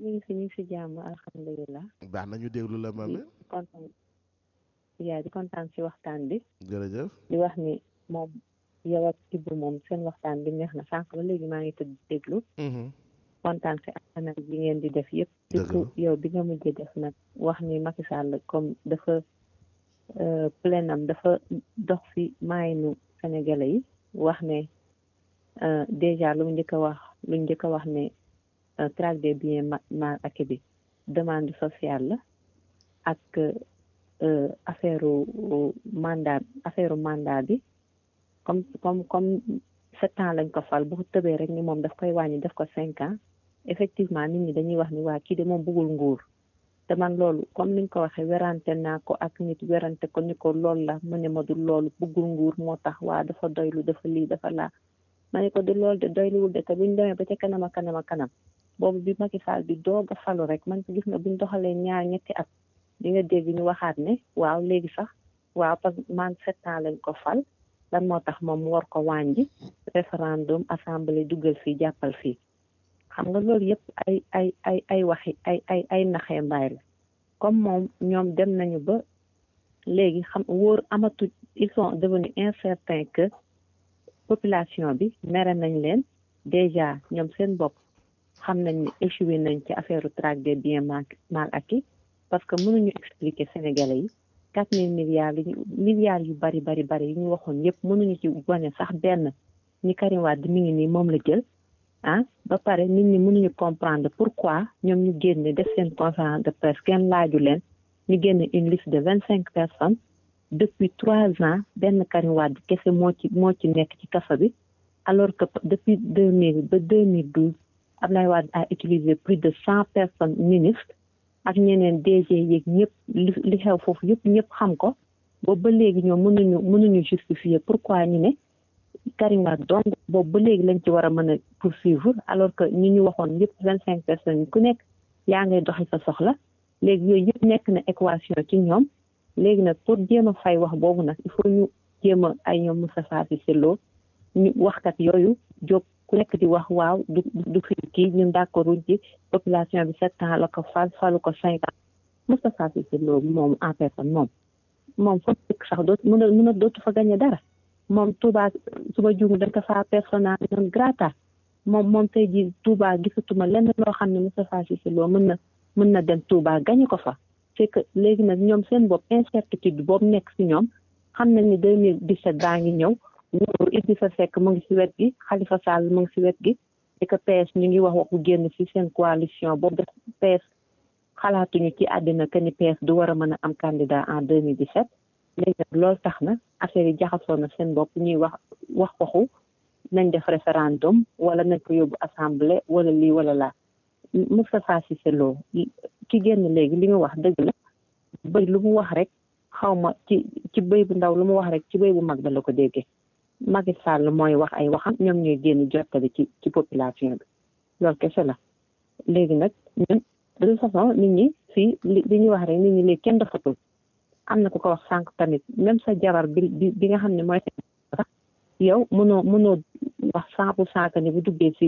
ñu ngi fi jàmm alhamdulilah. baax na ñu déglu la maam kontaan si waxtaan bi. jërëjëf. di wax ni moom yow ak moom seen waxtaan bi neex na sànq ba léegi maa ngi tëdd déglu. Mm-hmm. kontaan si ak bi ngeen di def yëpp. surtout yow bi nga mujjee def nag wax ni Macky Sall comme dafa. Euh, plein am dafa dox si maayinu sénégalais yi wax ne euh, déjà lu mu njëkk a wax lu njëkk a wax ne euh, traque des biens mal acquis demande sociale la ak affaire mandat affaire mandat bi comme comme comme sept ans lañ ko fal bu tëbee rek ni moom daf koy wàññi def ko cinq ans effectivement nit ñi dañuy wax ni waa kii de moom bëggul nguur te man loolu comme niñ ko waxee werante naa ko ak nit werante ko ni ko loolu la mu ne ma du loolu buggul nguur moo tax waa dafa doylu dafa lii dafa laa ma ne ko di loolu de doyluwul de te buñ demee ba ca kanam a kanam a kanam boobu bi Macky Sall bi doog a falu rek man gis nga buñ doxalee ñaar ñetti at di nga dégg ñu waxaat ne waaw léegi sax waaw parce que man sept ans lañ ko fal lan moo tax moom war ko wàññi référendum assemblée duggal fii jàppal fii xam nga loolu yëpp ay ay ay ay waxi ay ay ay naxee mbaay la comme moom ñoom dem nañu ba léegi xam wóor amatu ils sont devenus incertains que population bi mere nañ leen déjà ñoom seen bopp xam nañ ne échoué nañ ci affaire traque des biens mal acquis parce que mënuñu expliquer sénégalais yi quatre mille milliards yi yu bari bari bari yi ñu waxoon yëpp mënuñu ci wane sax benn ñi Karim Wade mi ngi nii moom la jël ah ba pare nit ñi mënuñu comprendre pourquoi ñoom ñu génne def seen conférence de presse kenn laaju leen ñu génne une liste de vingt cinq personnes depuis trois ans benn Karim Wade kese moo ci moo ci nekk ci kaso bi alors que depuis deux mille ba deux mille douze Abdoulaye Wade à utilisé plus de cent personnes ministres ak ñeneen DG yeeg ñëpp li xew foofu yëpp ñëpp xam ko ba ba léegi ñoom mënuñu mënuñu justifier pourquoi ñu ne Karim Wade donc boobu ba léegi lañ ci war a mën a poursuivre alors que ñi ñu waxoon yëpp vingt cinq personnes yi ku nekk yaa ngay doxi sa soxla léegi yooyu yëpp nekk na équation ci ñoom léegi nag pour jéem a fay wax boobu nag il faut ñu jéem a ay ñoom Moustapha Cissé Lo ñu waxkat yooyu jóg ku nekk di wax waaw du du fi kii ñun d'accord wuñ ci population bi sept ans la ko fal falu ko cinq ans Moustapha Cissé Lo moom en personne moom moom foofu sax dootu mën a mën a dootu fa moom Touba suba jungu dañ ko faa persona non grata moom moom tey ji Touba gisatuma lenn loo xam ne Moustapha Cissé loo mën na mën na dem tuubaa gañu ko fa c'est léegi nag ñoom seen bopp incertitude boobu nekk ci ñoom xam nañ ni 2017 baa ngi ñëw ñëw Idrissa Seck mu ngi si wet gi Khalifa Sall mu ngi si wet gi c'est que ñu ngi wax waxu génn si seen coalition boobu def PS xalaatuñu ci àddina ka ni PS du war a mën a am candidat en 2017 léegi nag tax na affaire yi jaxasoo na seen bopp ñuy wax wax waxu nañ def référendum wala nañ ko yóbbu assemblée wala lii wala laa Moustapha si Lo ki génn léegi li mu wax dëgg la bëy lu mu wax rek xawma ci ci bëy bu ndaw lu mu wax rek ci bëy bu mag ba la ko mag Macky Sall mooy wax ay waxam ñoom ñooy génn jottali ci ci population bi loolu kese la nag ñun de toute façon nit ñi fii li ñuy wax rek ni ñi léegi kenn dafatul am na ku ko wax sànq tamit même sa jabar bi bi nga xam ne mooy sax yow mënoo mënoo wax cent pour cent ni bu duggee ci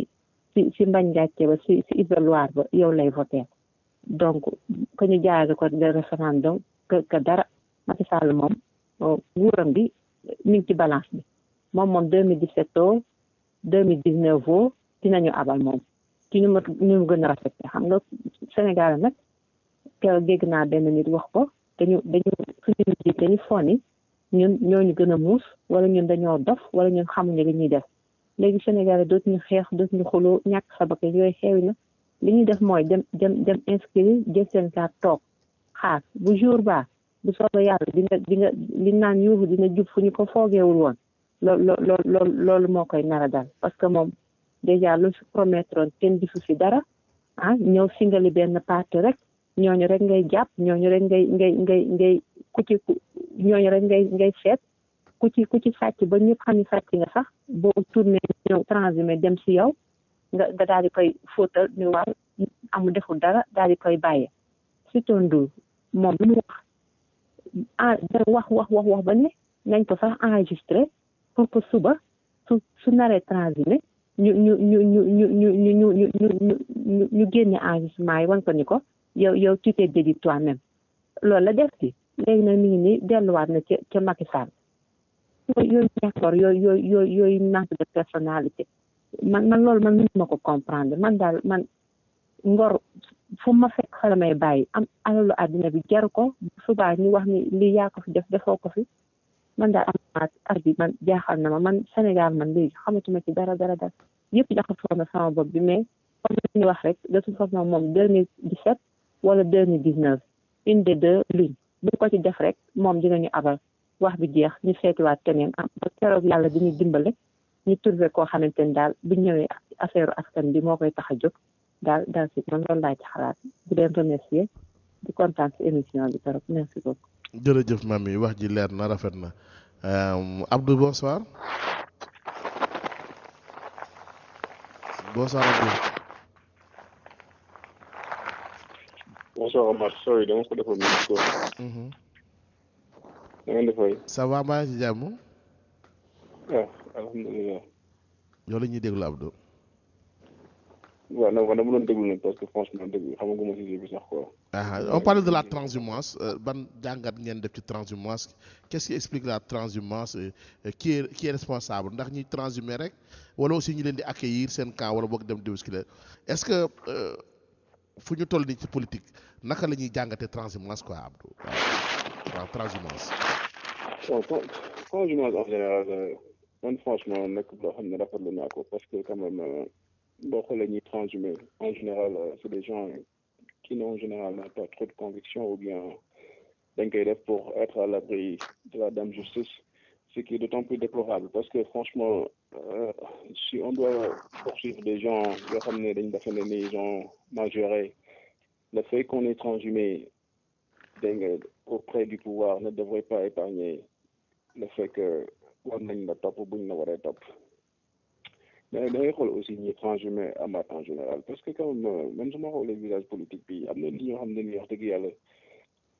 ci si mbañ njàcce ba si si isoloir ba yow lay voté donc que ñu jaarale ko de référendum que dara Macky Sall moom oh, nguuram bi mi ngi ci balance bi moom moom 2017 oo 2019 oo dinañu abal moom ci ñu ma ñu mu gën a rafetee xam nga Sénégal nag keroog dégg naa benn nit wax ko dañu dañu suñu njiit dañu foni ñun ñooñu gën a muus wala ñun dañoo dof wala ñun xamuñu li ñuy def léegi Sénégal dootuñu xeex dootuñu xuloo ñàkk sabake yooyu xeewi na li ñuy def mooy dem dem dem inscrire jël seen carte toog xaar bu jour ba bu soobee yàlla dina dina li naan yuuxu dina jub fu ñu ko foogeewul woon lool loolu moo koy nar a dal parce que moom déjà lu fi promettoon kenn fi dara ah ñëw singali benn parti rek ñooñu rek ngay jàpp ñooñu rek ngay ngay ngay ngay ku ci ñooñu rek ngay ngay seet ku ci ku ci sàcc ba ñëpp xam ni sàcc nga sax boo tourné ñëw transhumé dem si yow nga nga daal di koy fóotal ni waaw amul deful dara daal di koy bàyyi surtout Ndour moom lu mu wax ah wax wax wax wax ba ne nañ ko sax enregistré pour que suba su su naree transhumé ñu ñu ñu ñu ñu ñu ñu ñu ñu ñu ñu génne enregistrement yi wan ko ni ko yow yow tu t'es dédié toi-même la def ci léegi nag mi ngi delluwaat na ca ca Macky Sall yooyu d'accord yooyu yooyu yooyu yooyu manque de man loolu man mënuma ko comprendre man daal man ngor fu ma fekk fa la may bàyyi am alalu àddina bi jaru ko subaa ñu wax ni li yaa ko fi def defoo ko fi man daal am naa at bi man jaaxal na ma man Sénégal man léegi xamatuma ci dara dara dara yëpp jaxasoo na sama bopp bi mais comme ni wax rek de toute façon moom 2017 wala deux mille dix une des deux lignes buñ ko ci def rek moom dinañu abal wax bi jeex ñu seetiwaat keneen am ah, ba keroog yàlla dañuy dimbale ñu trouvé koo xamante ni daal bu ñëwee affaire askan bi moo koy tax a jóg daal daal si man loolu laa xalaat di leen remercier di kontaan si émission bi trop merci beaucoup. jërëjëf mami wax ji leer na rafet na euh, Abdou bonsoir. bonsoir Abdou. bonsoir Omar sooy dama ko defal mu ko. na ngeen ci jàmm. waaw alhamdulilah. yow la ñuy déglu Abdou. waaw non man dama doon déglu nag parce que franchement déglu xamaguma si ji sax quoi. Ah, on parle de la transhumance euh, ban jàngat ngeen def ci transhumance qu'est-ce qui explique la transhumance euh, qui est qui est responsable ndax ñuy transhumer rek wala aussi ñu leen di accueillir seen camp wala boog dem débousculer est-ce que. Euh, fu ñu toll nii ci politique naka la ñuy jàngatee transhumance quoi Abdou waaw transhumance. bon transhumance en général euh, man franchement nekk loo xam ne rafetlu naa ko parce que quand même euh, boo xoolee ñuy transhumé en général euh, c'est des gens qui n'ont en général pas trop de conviction ou bien dañ koy def pour être à l'abri de la dame justice ce qui est d'autant plus déplorable parce que franchement. Euh, si on doit poursuivre des gens yoo xam ne dañ defe ne ni ils ont majoré le fait qu'on est transhumé dégg nga euh, auprès du pouvoir ne devrait pas épargner le fait que war nañ la topp buñ la waree topp mais da ngay xool aussi ñi transhumé amaat en général parce que quand même euh, même su ma xoolee visage politique bi am na li ñoo xam ne ni dëgg yàlla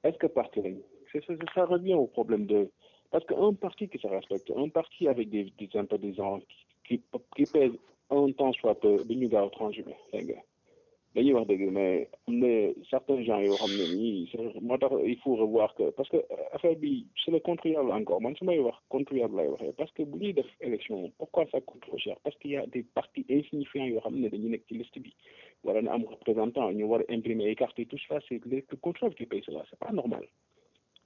est-ce que parti lañ c'est ça revient au problème de Parce qu'un parti qui se respecte, un parti avec des, des sympathisants qui, qui pèsent un temps soit peu, du ñu gaaw transhumé dégg nga dañuy wax dëgg mais am na certains gens yoo xam ne nii moo tax il faut revoir que parce que euh, affaire bi c'est le contribuable encore man su may wax contribuable lay waxee parce que bu ñuy def élection pourquoi ça coûte trop cher parce qu'il y a des partis insignifiants yoo xam ne dañu nekk ci liste bi wala na am représentant ñu war a imprimer écarter tout ça c'est le contrôle qui paye cela c'est pas normal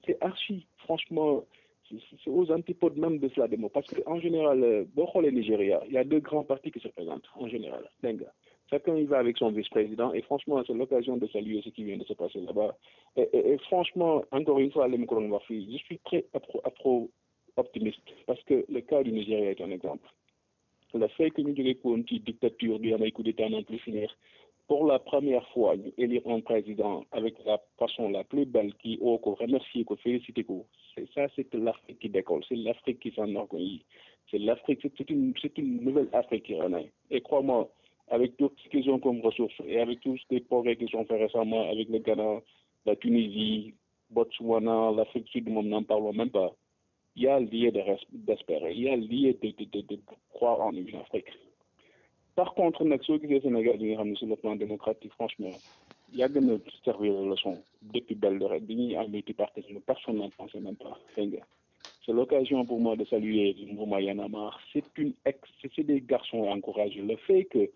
c'est archi franchement c'est aux antipodes même de cela des mots. Parce qu'en général, euh, bon, le Nigeria, il y a deux grands partis qui se présentent, en général. Denga. Chacun y va avec son vice-président. Et franchement, c'est l'occasion de saluer ce qui vient de se passer là-bas. Et, franchement, encore une fois, les je suis très optimiste. Parce que le cas du Nigeria est un exemple. La fait que nous avons une la première fois ñu élire un président avec la façon la plus belle kii oo oh, ko remercier ko féliciter C'est ça, c'est que l'Afrique qui décolle, c'est l'Afrique qui s'enorgueillit. C'est l'Afrique, c'est une, une, nouvelle Afrique qui renaît. Et crois-moi, avec tout ce qu'ils ont comme ressources et avec tous les progrès qu'ils ont fait récemment avec le Ghana, la Tunisie, Botswana, l'Afrique du Sud, nous n'en parlons même pas. Il y a lieu d'espérer, il y a lieu de, de, de, de, croire en une Afrique. Par contre, nous avons le Sénégal, sur le plan démocratique, franchement, yàgg na servir le leçon depuis belle lurette bi ñuy am multipartisme personne n'en pensait même pas c'est l'occasion pour moi de saluer le mouvement Y'en a marre c'est une ex c'est des garçons à encourager le fait que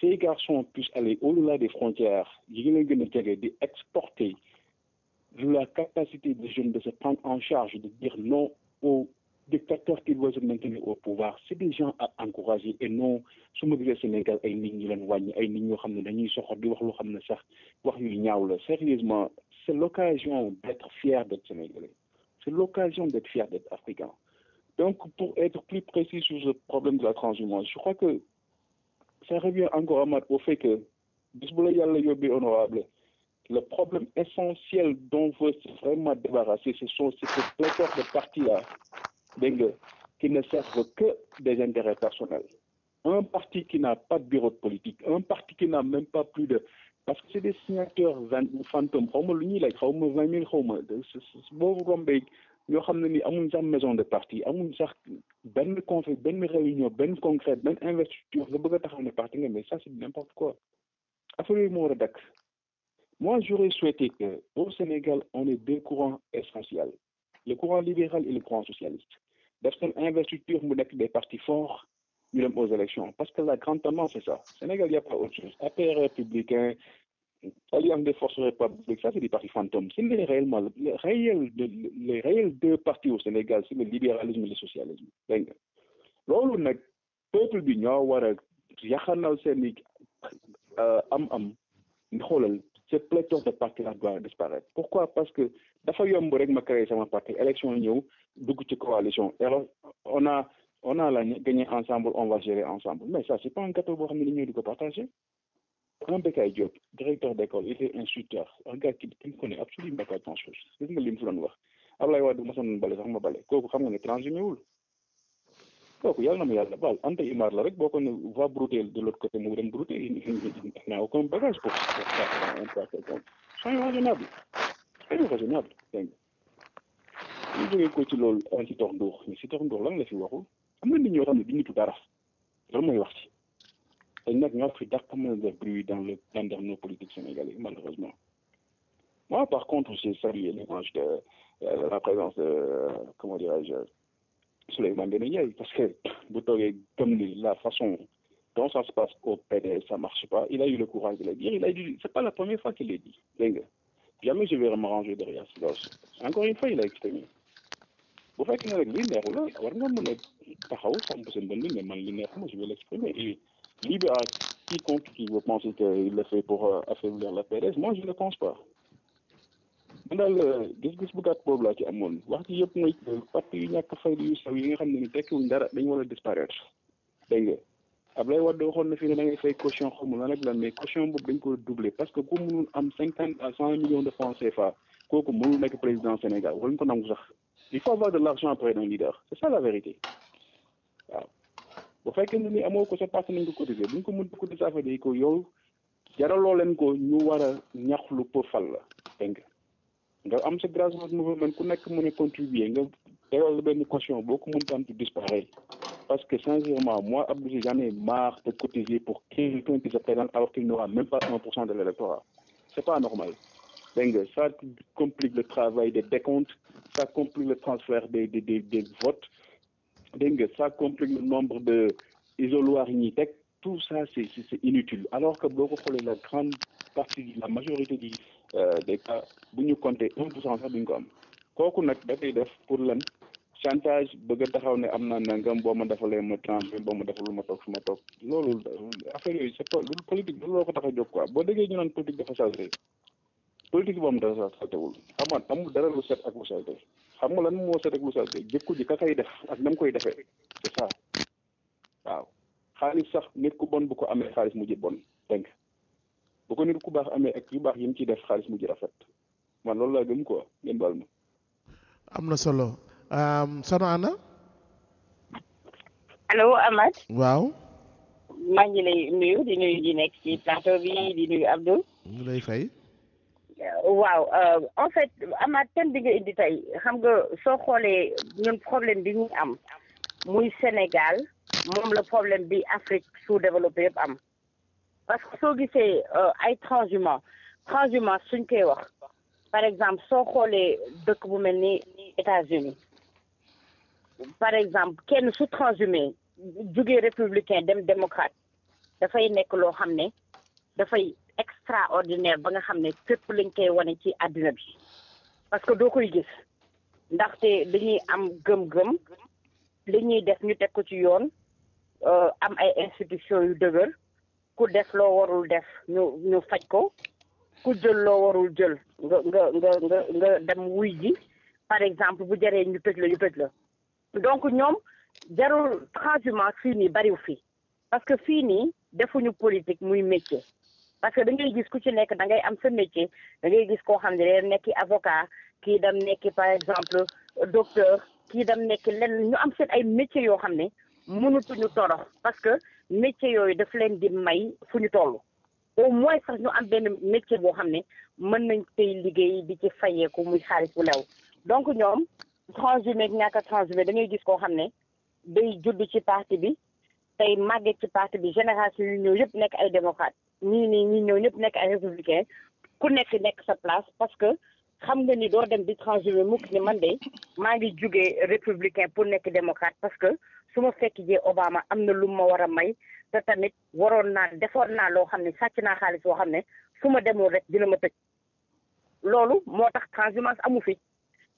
ces garçons puissent aller au-delà des frontières yi ngi leen gën a jege di exporter la capacité des jeunes de se prendre en charge de dire non au dictateur qui doit se maintenir au pouvoir c'est des gens à encourager et non su ma gisee Sénégal ay nit ñu leen wàññi ay nit ñoo xam ne dañuy soxor di wax loo xam ne sax wax yu ñaaw la sérieusement c'est l'occasion d'être fier d'être sénégalais c'est l'occasion d'être fier d'être africain donc pour être plus précis sur ce problème de la transhumance je crois que ça revient encore Amath au fait que bis bu la yàlla yóbbee honorable le problème essentiel dont on veut vraiment débarrasser ce sont dégg nga qui ne servent que des intérêts personnels un parti qui n'a pas de bureau de politique un parti qui n'a même pas plus de parce que c'est des signatures fantômes xaw ma lu ñuy laaj xaw ma vingt mille xaw ma boobu rombee yoo xam ne ni amuñ sax maison de parti amuñ sax benn conflit benn réunion benn congrès benn investiture nga bëgg a taxaw ne parti nga mais ça c'est n'importe quoi affaire yooyu moo war a dakk moi j'aurais souhaité que Sénégal on ait deux courants essentiels le courant libéral et le courant socialiste nekk des partis forts ñu dem élections parce que la grande tendance c'est ça Sénégal y a pas autre chose APR républicain alliance des forces républicaines ça c'est des partis fantômes c'est les réellement les réels deux partis au Sénégal c'est le libéralisme et le socialisme dégg nga loolu nag peuple bi ñoo war a yaxanal seen i euh, am-am xoolal ce pléthore de partis là doit disparaître pourquoi parce que dafa yomb rek ma créé sama parti élection ñëw dugg ci coalition alors on a on a la gagné ensemble on va gérer ensemble mais ça c'est pas boo xam ne ni ñoo di ko partagé un Bécaye Diop directeur d'école était un gars qui qui ne connaît absolument pas grand chose gis nga li fi doon wax Ablaye Wade ma sonn bale sax ma bale kooku xam nga ne transhumé wul kooku yàlla na ma yàlla baal Anta Imar la rek boo ko ne va brouter de l'autre côté mu dem brouter il n'a très raisonnable dégg nga ñu jógee ko ci loolu si tox nduux mais si tox nduux lan la fi waxul am na nit ñoo xam ne duñu tudd dara loolu mooy wax ci dañ nag ñoo fi dàq mën a def bruit dans le dans nos politiques sénégalais malheureusement moi par contre j'ai salué l'image de euh, la présence de euh, comment dirais-je Souleymane Ndéné Ndiaye parce que bu toogee comme ni la façon dont ça se passe au PDS ça marche pas il a eu le courage de le dire il a dit c'est pas la première fois jamais je vais me de derrière si encore une fois il a exprimé bu fekkee nag lii neexu la war nga mën a taxaw samp sa ndënd ne man li neexu ma je vais l'exprimer et libre à quiconque qui veut penser que il le fait pour euh, affaiblir la PDS moi je ne pense pas man daal euh, gis-gis bu gàtt boobu laa ci amoon wax ci yëpp mooy parti yu ñàkk fay yu saw yi nga xam ne ni tekkiwuñ dara dañ war a disparaître dégg nga Abdoulaye Wade waxoon na fi ne da ngay fay caution xamul lan ak lan mais caution boobu dañ ko doubler parce que ku mënul am cinquante à cent millions de francs CFA kooku mënul nekk président Sénégal waruñu ko nangu sax il faut avoir de l'argent après d'un leader c'est ça la vérité waaw bu fekkee ne ni amoo ko sa parti nañ ko cotiser bu ñu ko mun di cotiser affaire yi ko yow jaraloo leen ko ñu war a lu pour fal la dégg nga nga am sa grassroots mouvement ku nekk mën a contribuer nga teewal benn caution boo ko mënut a am tu parce que sincèrement, moi, Abdou, j'ai jamais marre de cotiser pour quelqu'un qui se présente alors qu'il n'aura même pas de l'électorat. C'est pas normal. Donc, ça complique le travail des décomptes, ça complique le transfert des, des, des, des votes, complique le nombre de isoloirs Tout ça, c'est inutile. Alors que beaucoup de la grande partie, la majorité des, euh, des cas, vous nous comptez 1% de l'income. Quand on a pour l'année, chantage bëgg a taxaw ne am naa nangam boo ma defalee ma transfert boo ma lu ma toog su ma toog loolu affaire yooyu c'est pas politique loolu ko tax a jóg quoi boo déggee ñu naan politique dafa salté politique moom dafa saltéwul xamaan amul dara lu set ak lu xam nga lan moo set ak lu salté jëkku ji ka kay def ak na koy defee c'est ça sax nit ku bon bu ko amee xaalis mujj bon dégg bu ko nit ku baax amee ak yu baax yi mu ciy def xaalis mujj rafet man loolu laa gëm quoi ngeen baal am na solo. sono ana allo Amath. waaw. maa ngi lay nuyu di nuyu di nekk ci plateau bi di nuyu Abdou. ñu lay fay. waaw euh, en fait Amath thème bi nga indi tey xam nga soo xoolee ñun problème bi ñuy am muy Sénégal moom la problème bi Afrique sous-développée yëpp am parce que soo gisee euh, ay transhumants transhumants suñ koy wax par exemple soo xoolee dëkk bu mel ni États-Unis par exemple kenn su transhumé jógee républicain dem démocrate dafay nekk loo xam ne dafay extraordinaire ba nga xam ne fépp lañ koy wane ci àddina bi parce que doo koy gis ndaxte dañuy am gëm-gëm li ñuy def ñu teg ko ci yoon euh, am ay institution yu dëgër ku def loo warul def ñu ñu faj ko ku jël loo warul jël nga nga nga nga nga dem wuy ji par exemple bu jaree ñu tëj la ñu tëj la donc ñoom jarul transhumance fii nii bariw fii parce que fii nii defuñu politique muy métier parce que da ngay gis ku ci nekk da ngay am sa métier da ngay gis koo xam ne day nekki avocat kii dam nekki par exemple docteur kii dem nekki lenn ñu am seen ay métiers yoo xam ne mënutuñu torox parce que métiers yooyu daf leen di may fu ñu toll au moins sax ñu am benn métier boo xam ne mën nañ koy liggéey di ci fayeeku muy xaalis bu lew donc ñoom transhumé ak ñàkk a da ngay gis koo xam ne day judd ci parti bi tey màgget ci parti bi génération yu ñëw yëpp nekk ay démocrate ñii nii ñi ñëw ñëpp nekk ay républicain ku nekk nekk sa place parce que xam nga ni doo dem di transhumé mukk ni man de maa ngi jugee républicain pour nekk démocrate parce que su ma fekk jee Obama am na lu ma war a may te tamit waroon naa defoon naa loo xam ne sàcc naa xaalis boo xam ne su ma demoon rek dina ma tëj loolu amu fi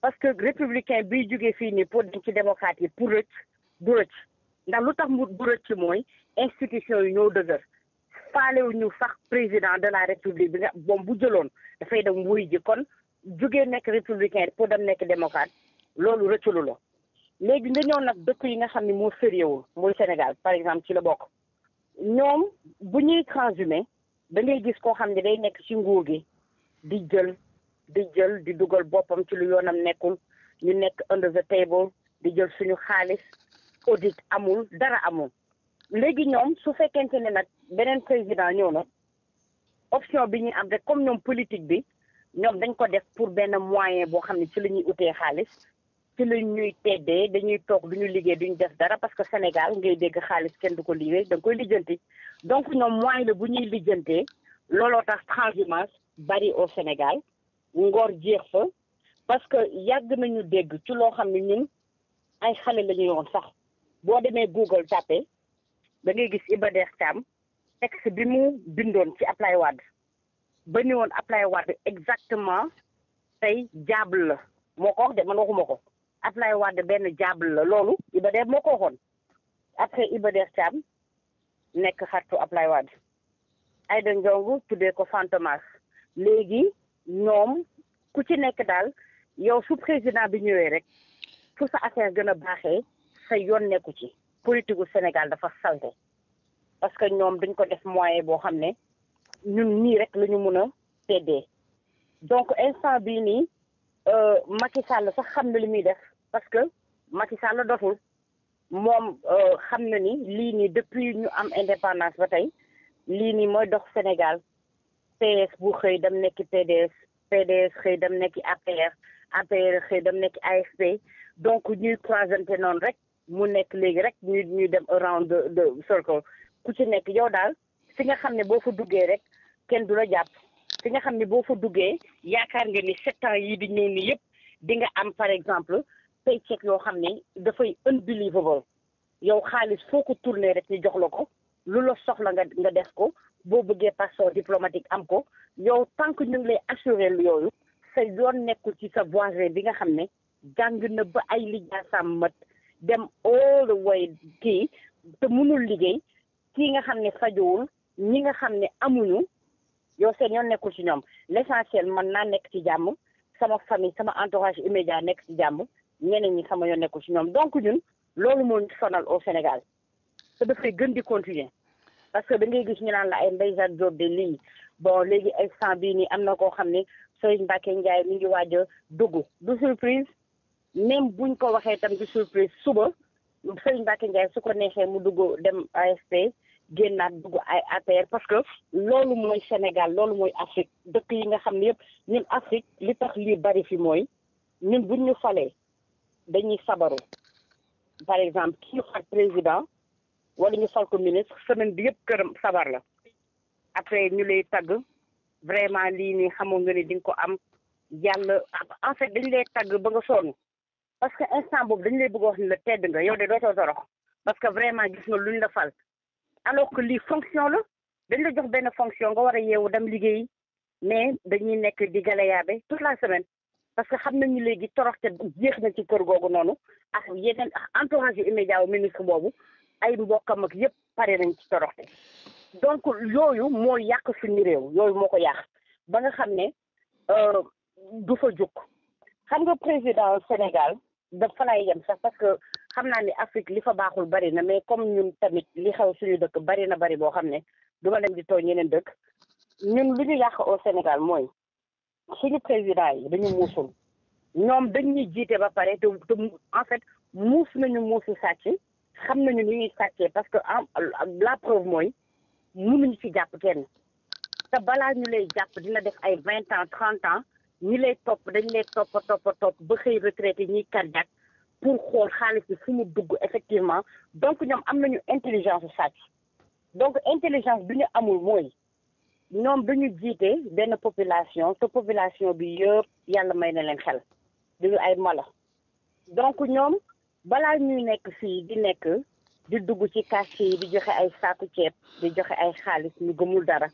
parce que républicain biy jóge fii nii pour dem ci démocrate yi pour rëcc du rëcc ndax lu tax bu rëcc mooy institution yi ñoo dëgër ñu sax président de la république bi nga moom bu jëloon dafay dem wuy ji kon jógee nekk républicain pour dem nekk démocrate loolu rëcculu la léegi nga ñëw nag dëkk yi nga xam ni moo sérieuxul muy Sénégal par exemple ci la bokk ñoom bu ñuy transhumé da ngay gis koo xam ne day nekk ci nguur gi di jël di jël di dugal boppam ci lu yoonam nekkul ñu nekk under the table di jël suñu xaalis audit amul dara amul léegi ñoom su fekkente ne nag beneen président ñëw na option bi ñuy am rek comme ñoom politique bi ñoom dañ ko def pour benn moyen boo xam ne ci la ñuy utee xaalis ci la ñuy teddee dañuy toog duñu liggéey duñu def dara parce que Sénégal ngay dégg xaalis kenn du ko liggéey danga koy lijjanti donc ñoom moyen la bu ñuy lijjantee looloo tax transhumance bari au Sénégal ngor jeex fa parce que yàgg nañu dégg ci loo xam ne ñun ay xale la ñu yoon sax boo demee Google tapé da ngay gis Iba Der Thiam texte bi mu bindoon ci Ablaye Wade ba ni woon Ablaye Wade exactement tey jaabal la moo ko wax de man waxuma ko Ablaye Wade benn jaabal la loolu Iba Der moo ko après Iba Der nekk xaritu Ablaye Wade Aïda Ndiongue tuddee ko Fantomas léegi ñoom ku ci nekk daal yow su président bi ñëwee rek fu sa affaire gën a baaxee sa yoon nekku ci politique gu Sénégal dafa salte parce que ñoom dañ ko def moyen boo xam ne ñun nii rek la ñu mun a teddee donc instant bii nii euh, Macky Sall sax xam na li muy def parce que Macky Sall doxul moom euh, xam na ni lii nii depuis ñu am indépendance ba tey lii nii mooy dox Sénégal PS bu xëy dam nekki PDS PDS xëy dem nekki APR APR xëy dam nekki AFP donc ñuy croisante noonu rek mu nekk léegi rek ñuy dem around de de circle ku ci nekk yow daal fi nga xam ne boo fa duggee rek kenn du la jàpp fi nga xam ne boo fa duggee yaakaar nga ni sept yi di ñëw ni yëpp di nga am par exemple paycheck yoo xam ni dafay unbelievable yow xaalis foo ko tourné rek ñu jox la ko lu la soxla nga nga def ko boo bëggee passeport diplomatique am ko yow tant que ñu ngi lay assuré yooyu sa yoon nekkul ci sa voisin bi nga xam ne jàng na ba ay lijaasam mat dem all the way kii te mënul liggéey kii nga xam ne fajuwul ñi nga xam ne amuñu yow seen yoon nekkul ci ñoom l'essentiel man naa nekk ci jàmm sama famille sama entourage immédiat nekk ci jàmm ñeneen ñi sama yoon nekkul ci ñoom donc ñun loolu moo ñu sonal au Sénégal te dafay gën di continuer parce que da ngay gis ñu naan la ay Ndeye Jacques Diop de lii bon léegi instant bii nii am na koo xam ne Serigne Mbacke Ndiaye mi ngi waaj a dugg du surprise même buñ ko waxee tam du surprise suba Serigne Mbacke Ndiaye su ko neexee mu dugg dem a AFP génnaat dugg ay APR parce que loolu mooy Sénégal loolu mooy Afrique dëkk yi nga xam ne yëpp ñun Afrique li tax lii bari fi mooy ñun buñ ñu falee dañuy sabaru par exemple kii xar président wala ñu fal ko ministre semaine bi yëpp këram sabar la après ñu lay tagg vraiment lii nii xamoo nga ne di nga ko am yàlla en fait dañu lay tagg ba nga sonn parce que instant boobu dañu lay bëgg wax ne la tedd nga yow de dootoo torox parce que vraiment gis nga ñu la fal alors que lii fonction la dañ la jox benn fonction nga war a yeewu dem liggéey mais dañuy nekk di galayaabe toute la semaine parce que xam nañu léegi toroxte jeex na ci kër googu noonu ak yeneen entourage yu immédiat ministre boobu ay mbokkam ak yëpp pare nañ ci toroxte donc yooyu moo yàq suñu réew yooyu moo ko yàq ba nga xam ne euh, du fa jóg xam nga président Sénégal dafa lay yem sax parce que xam naa ni Afrique li fa baaxul bari na mais comme ñun tamit li xew suñu dëkk bari na bari boo xam ne du ma di tooñ yeneen dëkk ñun lu ñu yàq au Sénégal mooy suñu président yi dañu muusul ñoom dañuy jiite ba pare te en fait muus nañu muusu sàcc xam nañu ni ñuy sàccee parce que la preuve mooy mënuñu ci jàpp kenn te balaa ñu lay jàpp dina def ay vingt ans trente ans ñu lay topp dañ lay topp topp topp ba xëy retraité ñiy cardiaque pour xool xaalis bi fu dugg effectivement donc ñoom am nañu intelligence sàcc donc intelligence bi ñu amul mooy ñoom dañu jiite benn population te population bi yëpp yàlla may na leen xel duñu ay mala donc ñoom balaa ñuy nekk fii di nekk di dugg ci quartier yi di joxe ay saaku ceeb di joxe ay xaalis ñu gëmul dara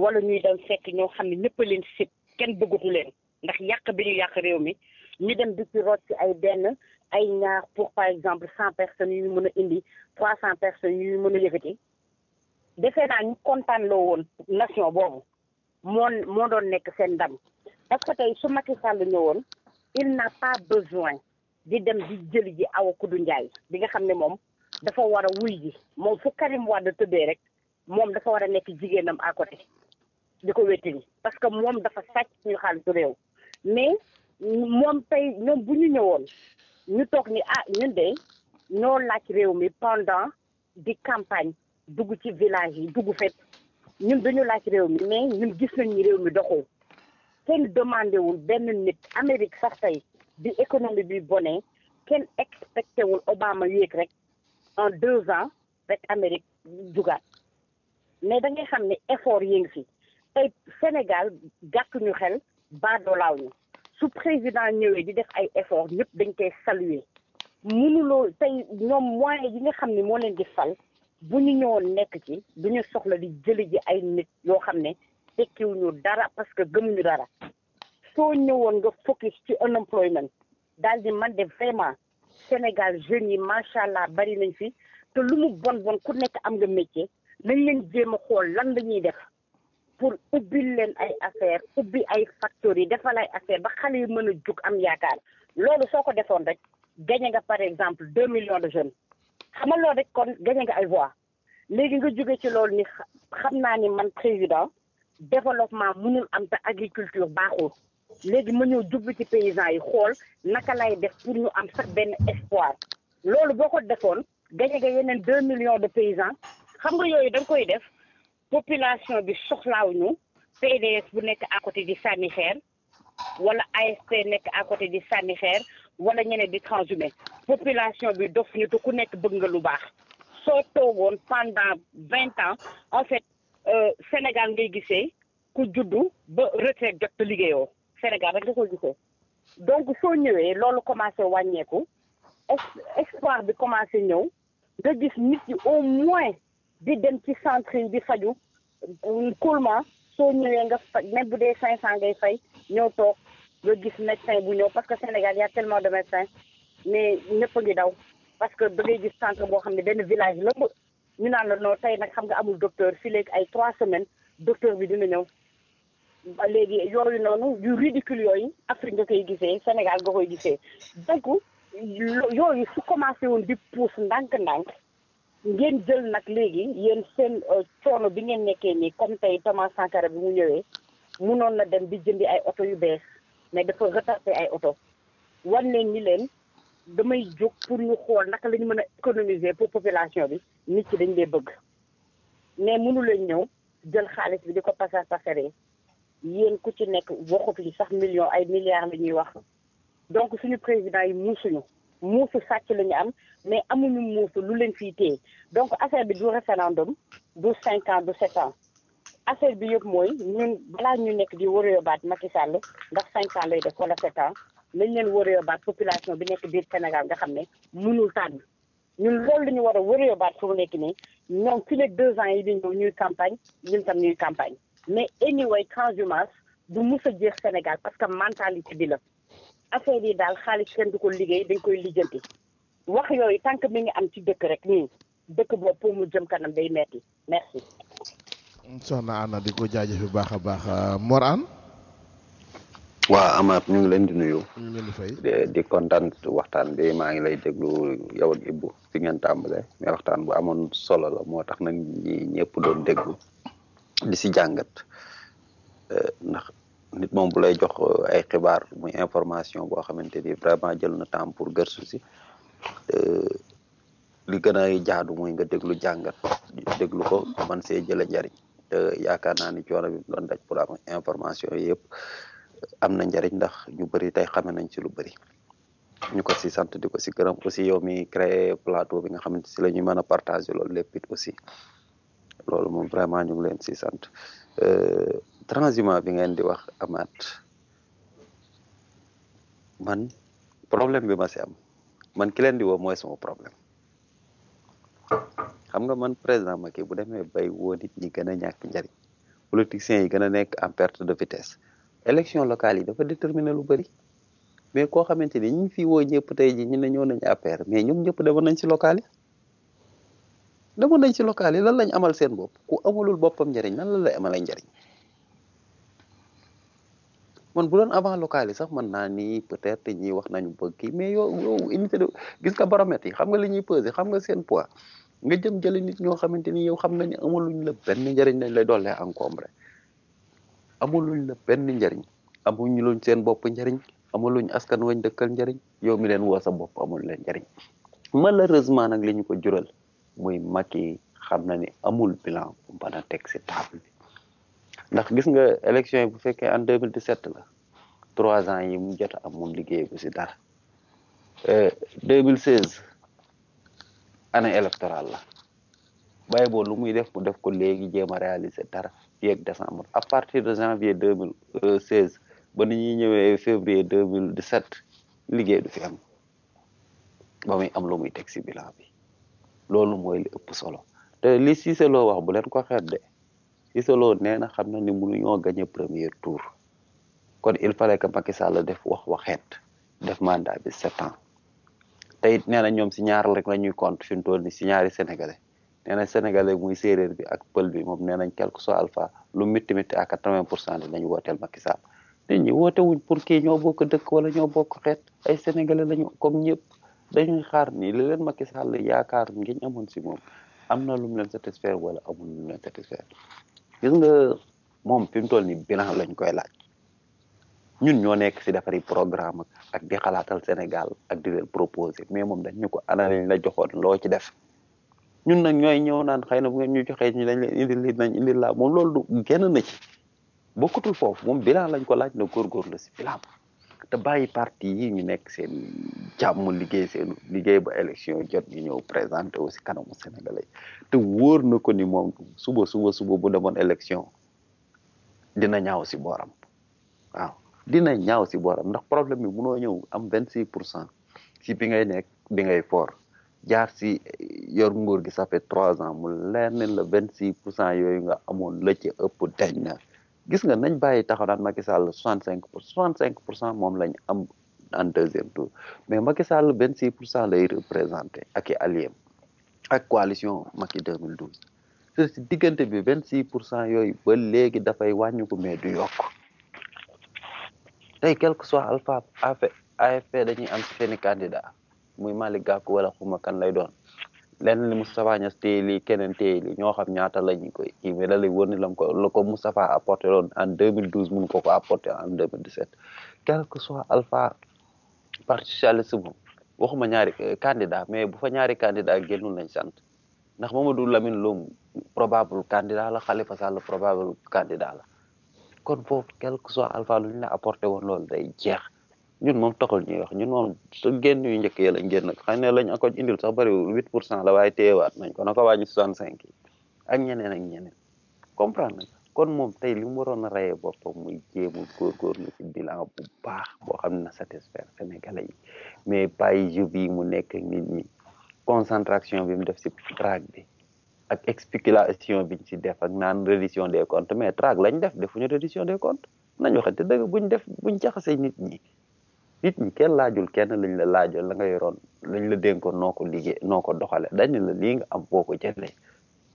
wala ñuy dem fekk ñoo xam ne ñëpp a leen sib kenn bëggatu leen ndax yàq bi ñu yàq réew mi ñu dem di ci root ci ay benn ay ñaar pour par exemple cent personnes yu ñu mën a indi trois cent personnes yu ñu mën a yëkkati defee naa ñu kontaan loo woon nation boobu moo moo doon nekk seen ndam parce que tey su Macky Sall ñëwoon il n'a pas besoin di dem di jëli ji Awa Koudou Ndiaye bi nga xam ne moom dafa war a wuy ji moom fu Karim Wade tëddee rek moom dafa war a nekk jigéenam à côté di ko wéttali parce que moom dafa sàcc ñu xaalisu réew mais moom tey ñoom bu ñu ñëwoon ñu toog ni ah ñun de ñoo laaj réew mi pendant di campagne dugg ci village yi dugg fet ñun dañu laaj réew mi mais ñun gis nañ ni réew mi doxul kenn demandé wul benn nit Amérique sax tey di économie bi bone kenn expecté wul Obama yéeg rek en deux ans rek Amérique jugaat mais da xam ni effort yi ngi fi tey Sénégal gàttuñu xel baadoolaaw ñu su président ñëwee di def ay effort ñëpp dañ koy saluer mënuloo tey ñoom moyens yi nga xam ni moo leen di fal bu ñu ñëwoon nekk ci du ñu soxla di jëli ji ay nit yoo xam ne tekkiwuñu dara parce que gëmuñu dara soo ñëwoon nga focus ci unemployment daal di man de vraiment Sénégal jeunes yi macha allah bari nañ fi te lu mu bon bon ku nekk am nga métier nañ leen jéem a xool lan la ñuy def pour ubbil leen ay affaire ubbi ay factories defal ay affaire ba xale yi mën a jug am yaakaar loolu soo ko defoon rek gañe nga par exemple deux millions de jeunes xamal loolu rek kon gañe nga ay voix léegi nga juge ci loolu ni xam naa ni man président développement mënul am te baaxul léegi ma ñëw jublu ci paysans yi xool naka lay def pour ñu am sax benn espoir loolu boo ko defoon gañe ga yeneen deux millions de paysans xam nga yooyu da koy def population bi soxlaawuñu PDS bu nekk à côté di sànni xeer wala AFP nekk à côté di sànni xeer wala ñeneen di transhumé population bi dof ñu te ku nekk bëgg nga lu baax soo toogoon pendant vingt ans en fait euh, Sénégal ngay gisee ku juddu ba retraite jot te liggéeyoo. Sénégal rek nga koy gisee donc soo ñëwee loolu commencé wàññeeku espoir bi commencé ñëw nga gis nit yi au moins di dem ci centre yi di faju euh, coulement soo ñëwee nga faj même bu dee cinq cent ngay fay ñëw toog nga gis médecin bu ñëw parce que Sénégal y a tellement de médecins mais ñëpp ngi daw parce que da ngay gis centre boo xam ne benn village la ñu naan la noo tey nag xam nga amul docteur fii léegi ay trois semaines docteur bi dina ñëw léegi yooyu noonu yu ridicule yooyu Afrique nga koy gisee Sénégal nga koy gisee donc yooyu su commencé woon di pousse ndànk-ndànk ngeen jël nag léegi yéen seen euh, coono bi ngeen nekkee nii comme tey Thomas Sankara bi mu ñëwee munoon na dem bi jëndi ay oto yu bees mais dafa retardé ay oto wan leen ni leen damay jóg pour ñu xool naka la ñu mën a économiser pour population bi nit ci dañ lay bëgg mais mënu leen ñëw jël xaalis bi di ko pasar pasaree yéen ku ci nekk waxut li sax million ay milliards la ñuy wax donc suñu président yi muusuñu muusu sàcc la ñu am mais amuñu muusu lu leen fiy téye donc affaire bi du référendum du cinq ans du sept ans affaire bi yëpp mooy ñun balaa ñu nekk di war a yóbbaat Macky Sall ndax cinq ans lay def wala sept ans nañ leen war a population bi nekk biir Sénégal nga xam ne mënul tànn ñun loolu la ñu war a war a yóbbaat fu mu nekk nii ñoom fi deux ans yi di ñëw ñuy tam ñuy campagne mais anyway transhumance du mus a jeex Sénégal parce que mentalité bi la affaire yi daal xaalis kenn du ko liggéey dañ koy lijjanti wax yooyu tànk mi ngi am ci dëkk rek nii dëkk boobu pour mu jëm kanam day metti merci. di ko jaajëf bu baax a baax euh, Mor An. waa Amath ngi leen di nuyu. ñu ngi leen di fay waxtaan bi maa ngi lay déglu yow ak Ibou ngeen tàmbale mais waxtaan bu amoon solo la moo tax nag ñi ñëpp doon déglu. di si jàngat euh, ndax nit moom bu lay jox euh, ay xibaar muy information boo xamante ni vraiment jël na temps pour gëstu si euh, li gën a jaadu mooy nga déglu jàngat déglu ko man see jëla njariñ te yaakaar naa ni coono bi mu doon daj pour am information yëpp am na njariñ ndax ñu bëri tey xame nañ ci lu bëri ñu ko si sant di ko si gërëm aussi yow mi créé plateau bi nga xamante si la ñuy mën a partager loolu lépp it aussi loolu moom vraiment ñu ngi leen si sant euh, transhumant bi ngeen di wax amaat man problème bi ma si am man ki leen di woo mooy sama problème xam nga man président Macky bu demee bay woo nit ñi gën a ñàkk njariñ politiciens yi gën a nekk en perte de vitesse élection locale yi dafa déterminer lu bëri mais koo xamante ni ñi fi wo ñëpp tey ji ñu ne ñëw nañu APR mais ñoom ñëpp demoon nañ si locale yi demoon nañ ci local yi lan lañ amal seen bopp ku amalul boppam njariñ lan lan lay amal ay njëriñ man bu doon avant local yi sax mën naa ni peut-être ñi wax nañu bëgg kii mais yow yow gis nga baromètre yi xam nga li ñuy pesé xam seen poids nga jëm jëli nit ñoo xamante ni yow xam nga ne amaluñ la benn njëriñ lañ lay dollee encombré amaluñ la benn njëriñ amuñ luñ seen bopp njariñ amaluñ askan wañ dëkkal njëriñ yow mi leen woo sa bopp amul leen njëriñ malheureusement nag li ñu ko jural muy Macky xam na ni amul bilan bu mën a teg si ndax gis nga élection yi bu fekkee en 2017 la trois ans yi mu jot am moom liggéey bu si dara 2016 euh, année électorale la bàyyi boo lu muy def mu def ko léegi jéem a réaliser dara fii ak décembre à partir de janvier 2016 ba ni ñuy ñëwee février 2017 liggéey du fi am ba muy am lu muy teg bilan bi loolu mooy li ëpp solo te li Cissé wax bu leen ko xeet de Cissé Lo nee na xam na ni mënuñoo gagné premier tour kon il fallait que Macky Sall def wax waxeet def mandat bi sept ans te it na ñoom si ñaar rek la ñuy compte fi ni si ñaari sénégalais nee na sénégalais muy séeréer bi ak pël bi moom nee nañ quelque soit alpha lu mitti mitti à quatre-vingt pour cent dinañ wooteel Macky Sall nit ñi woote wuñ pour kii ñoo bokk dëkk wala ñoo bokk xeet ay sénégalais lañu comme ñëpp. dañ xaar ni li leen Macky Sall yaakaar ngeen amoon si moom am na lu mu leen satisfaire wala amul lu mu leen satisfaire gis nga moom fi mu toll ni bilan lañ koy laaj ñun ñoo nekk si defari programme ak di xalaatal Sénégal ak di leen proposer mais moom dañ ñu ko ana lañ la joxoon loo ci def ñun na ñooy ñëw naan xëy na bu ngeen ñu joxee ñu dañ leen indil lii nañ indil laa moom loolu du génn na ci foofu moom bilan lañ ko laaj na góorgóorlu si bilan te bàyyi parti yi ñu nekk seen jàmm liggéey seen liggéey ba élection jot ñu ñëw présenté aussi kanamu sénégalais te wóor na ko ni moom suba suba suba bu demoon élection dina ñaaw si booram waaw dina ñaaw si booram ndax problème bi munoo ñëw am vingt six pour cent si bi ngay nekk bi ngay foor jaar si yor nguur gi ça fait trois ans mu leer ne la vingt six pour cent yooyu nga amoon la ci ëpp dañ na gis nga nañ bàyyi taxaw naan Macky Sall 65 pour cinq pour cent moom lañ am en deuxième tour mais Macky Sall 26 pour cent lay représenté ak i alliés ak coalition Macky 2012 te si diggante bi 26 pour cent yooyu ba léegi dafay wàññi ko mais du yokk tey quelque que soit alpha AFP dañuy am seeni candidat muy Malick Gakou wala xuma kan lay doon. lenn li Moustapha Niass lii keneen téye lii ñoo xam ñaata lañ koy kii mais da lay wër ni lam ko la ko Moustapha apporté woon en 2012 mun ko ko apporté en 2017 quel que soit alpha parti socialiste moom waxuma ñaari euh, candidat mais bu fa ñaari candidat génnul nañ sant ndax Mamadou Lamine Loum probable candidat la Khalifa Sall probable candidat la kon foofu quel que soit alpha lu ñu apporté woon loolu day jeex ñun moom taxul ñuy wax ñun moom su génn yu njëkk yi lañ génn xëy na lañ ko indil sax bëriwul huit pour cent la waaye téyewaat nañ ko na ko wàññi soixante cinq yi ak ñeneen ak ñeneen comprendre kon moom tey li mu waroon a reyee boppam muy jéemul góorgóorlu ci bilan bu baax boo xam ne na satisfaire sénégalais yi mais bàyyi jeu bi mu nekk ak nit ñi concentration bi mu def si traque bi ak explication biñ ci def ak naan reddition des comptes mais traque lañ def defuñu reddition des comptes nañ waxante dëgg buñ def buñ jaxase nit ñi nit ñi kenn laajul kenn lañ la laajoo la nga yoroon lañ la dénkoon noo ko liggéey noo ko doxale dañ la lii nga am boo ko jëlee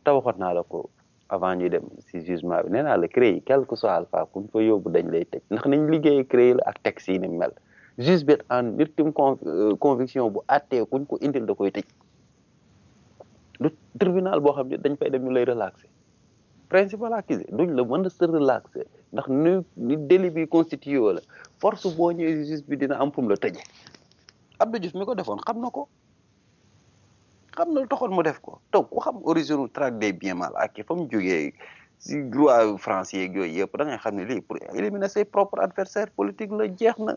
te waxoon naa la ko avant ñuy dem si jugement bi nee naa la CREI quel que soit alpha ku ñu fa dañ lay tëj ndax nañ liggéey CREI la ak texte yi ni mel juge bi en ultime euh, conviction bu àttee kuñ ko indil da koy tëj du tribunal boo xam ne dañ fay dem ñu lay relaxé principal accusé duñ la mën a se ndax nu ni délit bi constitué la force boo ñëwee justice bi dina am fu la tëjee Abdou Diouf mi ko defoon xam na ko xam na lu taxoon mu def ko donc ku xam origine traque des biens mal acquis fa mu jógee si droit français yeeg yooyu yëpp da ngay xam ne lii pour éliminer ses propres adversaires politiques la jeex na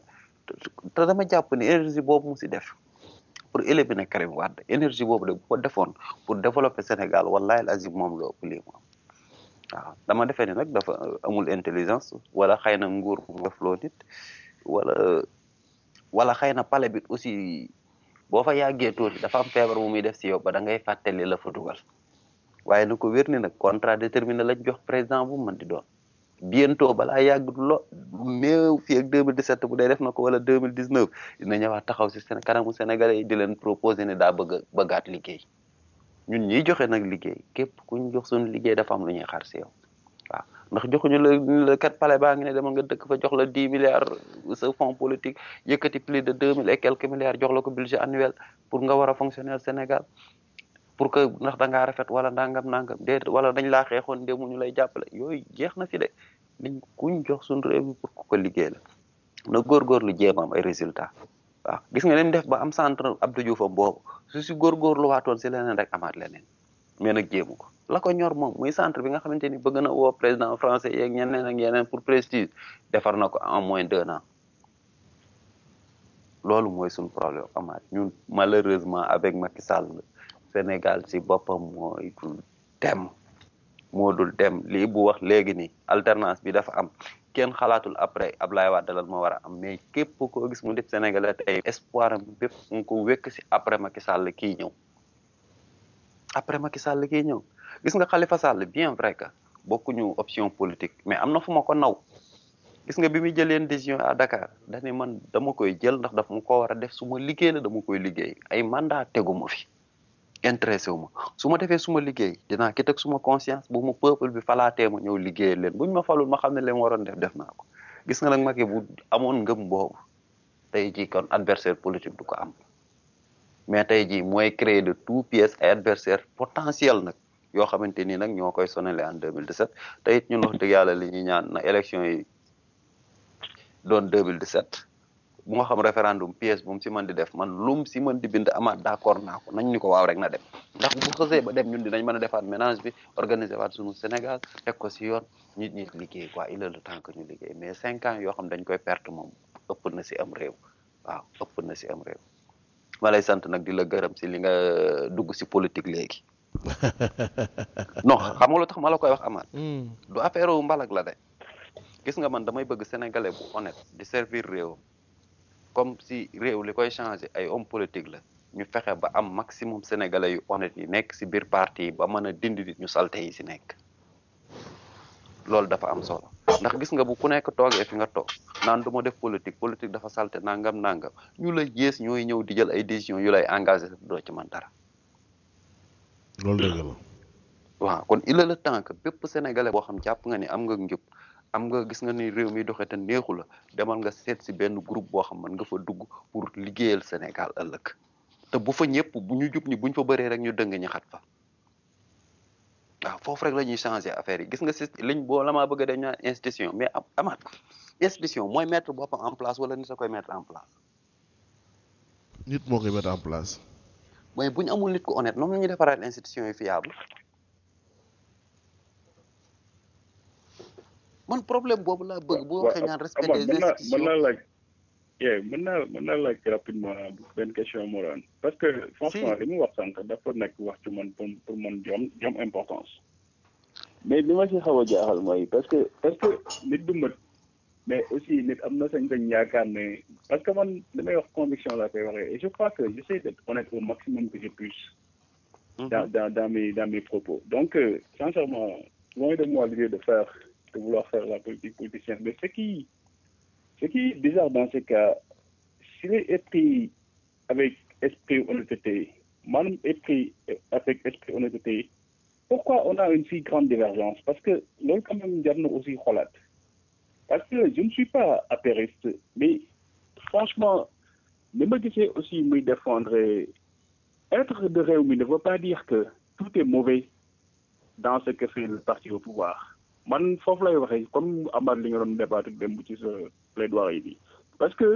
te dama jàpp ne énergie boobu mu si def pour éliminer Karim Wade énergie boobu de bu defoon pour développer Sénégal wallahi lazim moom la ëpp lii moom waaw dama defee ni nag dafa amul intelligence wala xëy na nguur mu def loo wala wala xëy na pale bi aussi boo fa yàggee tuuti dafa am feebar bu muy def si yow ba da ngay fàttali la fa dugal waaye na ko wér ni nag contrat déterminé la jox président bu mën di doon bientôt balaa yàgg lo néew fii ak 2017 bu dee def na ko wala 2019 dina ñëwaat taxaw si seen kanamu Sénégalais yi di leen proposé ne daa bëgg bëggaat liggéey ñun ñiy joxe nag liggéey képp ku ñu jox suñu liggéey dafa am lu ñuy xaar si yow ndax joxuñu ñu la kat palais baa ngi ne demal nga dëkk fa jox la dix milliards sa fonds politique yëkkati plus de deux mille et quelques milliards jox la ko budget annuel pour nga war a fonctionner Sénégal pour que ndax da ngaa rafet wala ndangam nangam déet wala dañ laa xeexoon démb ñu lay jàppale yooyu jeex na fi de nañ kuñ jox suñu réew pour ku ko liggéey la na góorgóorlu lu am ay résultats. waaw gis nga leen def ba am centre Abdou Diouf am boobu su si góorgóorluwaatoon si leneen rek amaat leneen mais nag jéemu ko la ko ñor moom muy centre bi nga xamante ni bëgg na woo président français yeeg ñeneen ak yeneen pour prestige defar na ko en moins d'un an loolu mooy suñu problème amaat ñun malheureusement avec Macky Sall Sénégal si boppam mooy dul dem dul dem lii bu wax léegi nii alternance bi dafa am kenn xalaatul après Ablaye waa lan moo war a am mais képp koo gis mu def Sénégalais tey espoir am ko wekk si après Macky Sall kii ñëw après Macky Sall kii ñëw gis nga Khalifa Sall bien vrai que bokkuñu option politique mais am na fu ma ko naw gis nga bi muy jëleen décision à Dakar dañu man dama koy jël ndax daf mu ko war a def su liggéey la dama koy liggéey ay mandat teguma fi intéressé wu ma su ma defee suma liggéey dinaa ki teg suma conscience bu ma peuple bi falaatee ma ñëw liggéey leen bu ñu ma falul ma xam ne leen waroon def def naa ko gis nga nag Macky bu amoon ngëm boobu tey jii kon adversaire politique du ko am mais tey jii mooy créer de tout pièce ay adversaire potentiel nag yoo xamante ni nag ñoo koy sonale en 2017 te it ñun wax dëgg yàlla li ñuy ñaan na élection yi doon 2017 moo xam référendum pièce bu mu si mën di def man lu mu si mën di bind amaat d' accord naa ko nañ ñu ko waaw rek na dem ndax bu ba dem ñun dinañ mën a defaat ménage bi organiser waat suñu Sénégal teg ko si yoon nit ñi liggéey quoi le temps ñu liggéey mais cinq ans yoo xam dañ koy perte moom ëpp na si am réew waaw ëpp na si am réew sant nag di la gërëm si li nga dugg si politique léegi xam nga lu tax ma la koy wax amaat hmm. du affaire wu mbalak la de gis nga man damay bëgg sénégalais bu honnête di servir réewam comme si réew li koy changer ay homme politique la ñu fexe ba am maximum sénégalais yu honnête yi nekk si biir parti yi ba mën a dindi nit ñu salte yi si nekk loolu dafa am solo ndax gis nga bu ku nekk toogee fi nga toog naan du def politique politique dafa salte nangam nangam ñu la gées ñooy ñëw di jël ay décision yu lay engagé doo ci man dara loolu waaw kon il est le temps que bépp sénégalais boo xam jàpp nga ni am nga njub am nga gis nga ni réew mii doxee te neexu la demal nga seet si benn groupe boo xam man nga fa dugg pour liggéeyal Sénégal ëllëg te bu fa ñëpp bu ñu jub ni buñ fa bëree rek ñu dëng ñaxat fa waaw foofu rek lañuy changé affaire yi gis nga si liñ boo maa bëgg a dañ naan institution mais amaat institution mooy mettre boppam en place wala ni sa koy mettre en place. nit moo koy mettre en place. mais bu ñu amul nit ku honnête noonu la ñuy defaraat institution yi fiable. man problème boobu laa bëgg. boo waxee ñaan respect des institutions mën naa laaj. Eh, mën naa mën naa laaj rapidement benn question morale parce que franchement li mu wax sànq dafa nekk wax ci man pour pour man jom jom importance. mais li ma si xaw a jaaxal mooy parce que parce que nit du mët mais aussi nit am na sañ-sañ yaakaar ne parce que man li may wax conviction la koy waxee et je crois que j'essaie d'être honnête au maximum que je puisse. Mm-hmm. dans dans dans mes dans mes propos donc euh, sincèrement loin de moi l'idée de de vouloir faire la politique politicienne. Mais ce qui, ce qui est bizarre dans ce cas, s'il est pris avec esprit honnêteté, Madame est pris avec esprit honnêteté, pourquoi on a une si grande divergence Parce que l'on quand même aussi relate. Parce que je ne suis pas apériste, mais franchement, ne me disais aussi me défendre. Être de Réumi ne veut pas dire que tout est mauvais dans ce que fait le parti au pouvoir. man foofu lay waxee comme amaat li nga doon débattre démb ci sa plaidoyer bi parce que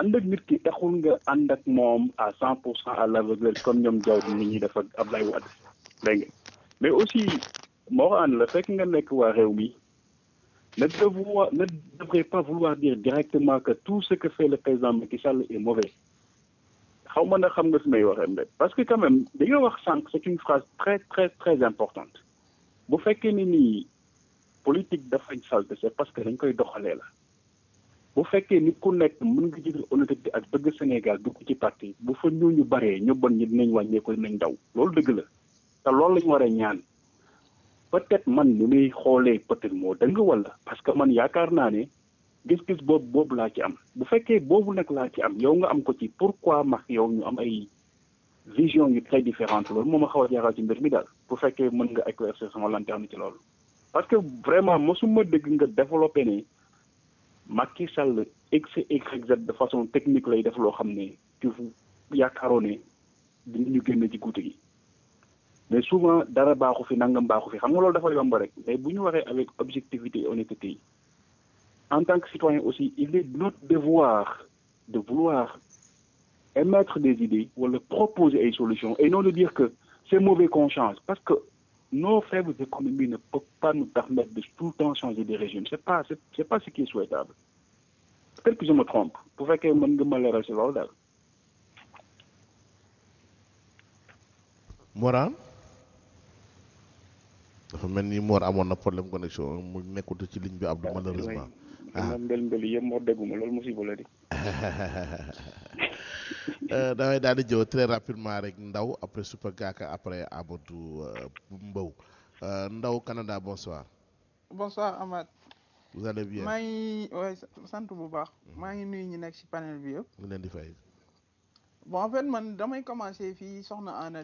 ànd ak nit ki taxul nga ànd ak moom à cent pour cent à l'aveugle comme ñoom jaww ji nit ñi dafa Ablaye Wade dégg nga mais aussi moraan la fekk nga nekk waa réew mi ne devoir ne devrait pas vouloir dire directement que tout ce que fait le président Macky Sall est mauvais xaw ma na xam nga fi may waxee parce que quand même nga wax sànq c'est une phrase très très très importante bu fekkee ni nii politique dafay salte c'est parce que dañ koy doxalee la bu fekkee ni ku nekk mën nga jël honnêteté ak bëgg Sénégal dugg ci parti bu fa ñu baree ñu bon ñi dinañ wàññeeku dinañ daw loolu dëgg la te loolu lañu war a ñaan peut-être man ni muy xoolee peut-être moo dëng wala parce que man yaakaar naa ne gis-gis boobu boobu laa ci am bu fekkee boobu nag laa ci am yow nga am ko ci pourquoi max yow ñu am ay vision yu très différente loolu moo ma xaw a jaaxal ci mi daal bu fekkee mën nga éclaircir sama lanterne ci loolu parce que vraiment mosuma dégg nga développé ne Macky Sall x y z de façon technique lay def loo xam ne ci yaakaaroon ne dinañu génn ci guute gi mais souvent dara baaxu fi nangam baaxu fi xam nga loolu dafa yomb rek mais bu ñu waxee avec objectivité et honnêteté yi en tant que citoyen aussi il est de notre devoir de vouloir émettre des idées wala proposer ay solutions et non de dire que c'est mauvaise conscience parce que nos faibles économies ne peuvent pas nous permettre de tout le temps changer de régime c'est pas c'est pas ce qui est souhaitable peut-être bu fekkee mën nga ma leeral si loolu daal. dafa mel ni Mor amoon na problème connexion mu nekkut ci ligne bi Abdou ah, malheureusement. ah mbel mbel yëpp moo dégguma loolu musiba la di. Euh, damay daal di jëw très rapidement rek Ndaw après Super Gaka après Abdou euh, Mbow euh, Ndaw Canada bonsoir. bonsoir Amath. vous allez ngi waaye sant bu baax. Mhm. maa ngi nii ñi nekk ci panel bi yëpp. ñu di fay. bon en man damay commencer fii soxna Anna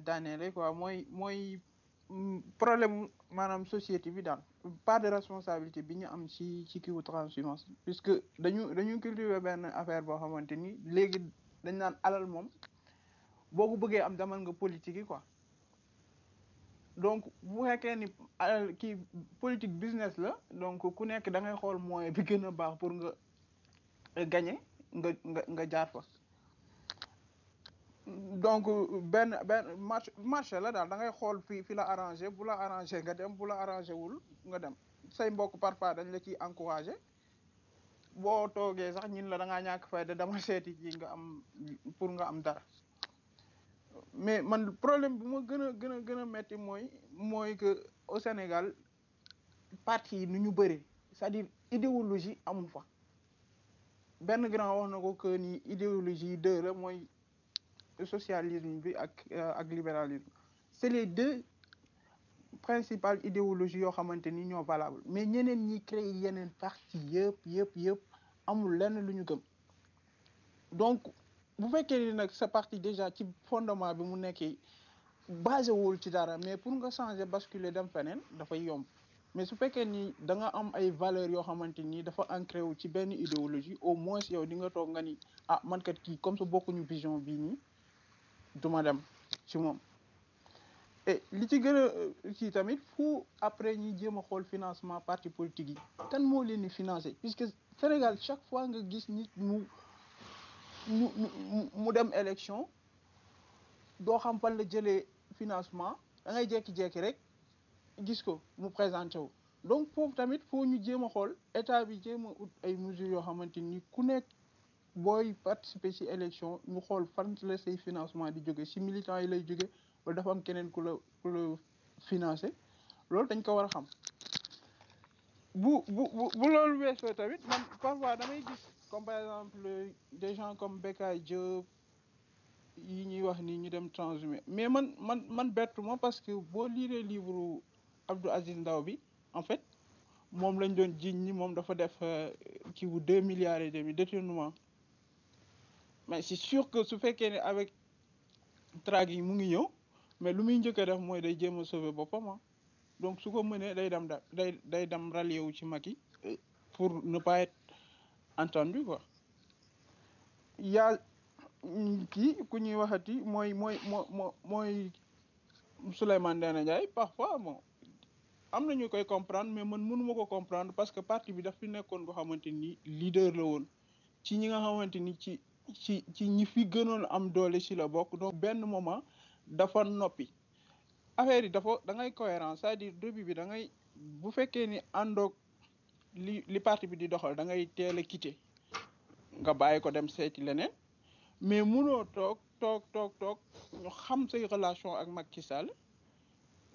daaneel quoi mooy mooy mm, problème maanaam société bi daal part de responsabilité bi ñu am ci ci kiwu transhumance puisque dañu dañu benn affaire boo xamante ni léegi dañ naan alal moom boo ko bëggee am demal nga politique yi quoi donc bu fekkee ni alal kii politique business la donc ku nekk da ngay xool moyen bi gën a baax pour nga gagner nga nga nga jaar fa donc benn benn marché la daal da ngay xool fi fi la arrangé bu la arrangé nga dem bu la arrangé wul nga dem say mbokk parfois dañ la ciy encouragé boo toogee sax ñin la da ngaa ñàkk fayda dama seeti ji nga am pour nga am dara mais man problème bu ma gën a gën a gën a metti mooy mooy que au Sénégal parti yi nu ñu bëree c'est-à-dire idéologie amul fa benn grand wax na ko que ni idéologie deux la mooy socialisme bi ak euh, ak libéralisme c'est les deux principal idéologie yoo xamante ni ñoo valable mais ñeneen ñi créer yeneen parti yëpp yëpp yëpp amul lenn lu ñu gëm donc bu fekkee ni nag sa parti déjà ci fondement bi mu nekkee basé wul ci dara mais pour nga changer basculer dem feneen dafay yomb mais su fekkee ni da nga am ay valeurs yoo xamante ni dafa ancré wu ci benn idéologie au moins yow di nga toog nga ni ah man kat kii comme su bokkuñu vision bii nii duma dem ci moom et li ci gën a ci euh, tamit fu après ñi jéem a xool financement parti politique yi kan moo leen di financé puisque Sénégal chaque fois nga gis nit mu mu dem élection doo xam fan la jëlee financement da ngay jékki rek gis ko mu présenté wu donc foofu tamit foo ñu jéem a xool état bi jéem a ut ay mesures yoo xamante ni ku nekk booy participer ci élection ñu xool fan la say financement di jóge ci militant yi lay jóge o dafa keneen ku la ku financé loolu dañ ko war a xam bu bu bu loolu weesoo tamit man parfois damay gis comme par exemple des gens comme Bekay Diop yi ñuy wax ni ñu dem transhumé mais man man man bettu parce que boo liiree livre Abdou Aziz Ndaw bi en fait moom lañ doon jiñ ni moom dafa def euh, kii bu deux milliards et demi détournement mais c'est sûr que su fekkee ne avec traque yi mu ngi ñëw mais lu muy njëkk a def mooy day jéem a sauver boppam ah donc su ko mënee day dem da day dem rallier wu ci Macky eh, pour ne pas être entendu quoi yaa mm, kii ku ñuy waxati mooy mooy moo moo mooy Souleymane Ndéné Ndiaye parfois bon am na ñu koy comprendre mais mën mënuma ko comprendre parce que parti bi daf fi nekkoon boo xamante ni leader la woon ci ñi nga xamante ni ci ci ci ñi fi gënoon am doole si la bokk donc benn moment dafa noppi affaire yi dafa da ngay cohérent c'est-à-dire début bi dangay bu fekkee ni àndoog li li parti bi di doxal da ngay teel a quitter nga bàyyi ko dem seeti leneen mais munoo toog toog toog toog ñu xam say relation ak Macky Sall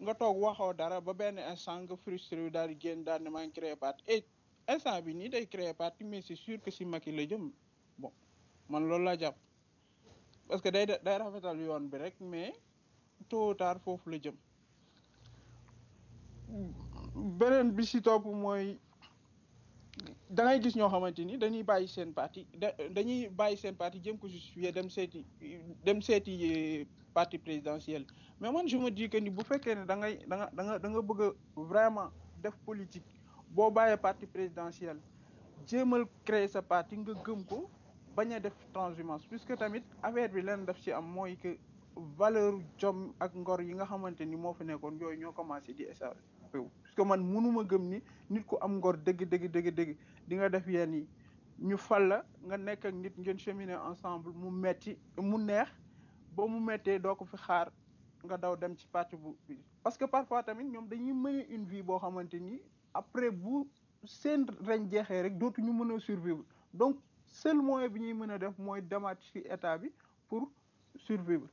nga toog waxoo dara ba benn instant nga daal di génn daal ne maa ngi créé parti instant bi nii day créé parti mais c'est sûr que si Macky la jëm bon man loolu laa jàpp parce que day day rafetal yoon bi rek mais tôt ou tard foofu la jëm beneen bi si topp mooy da ngay gis ñoo xamante ni dañuy bàyyi seen parti dañuy bàyyi seen parti jëm ko justifier dem seeti dem seeti euh, parti présidentiel mais man je me ni bu fekkee ne dangay danga danga nga da nga bëgg vraiment def politique boo bàyyee parti présidentiel jéemal créer sa parti nga gëm ko bañ a def transhumance que tamit affaire bi leen daf ci am mooy que valeur jom ak ngor yi nga xamante ni moo fi nekkoon yooyu ñoo commencé di échar que man mënuma gëm ni nit ku am ngor dëgg dëgg dëgg dëgg di nga def yenn yi ñu fal la nga nekk ak nit ngeen cheminer ensemble mu metti mu neex boo mu mettee doo ko fi xaar nga daw dem ci pàcc bu parce que parfois tamit ñoom dañuy mener une vie boo xamante ni après bu seen reñ jeexee rek dootuñu mën a survivre donc seul moyen bi ñuy mën a def mooy demaat ci état bi pour survivre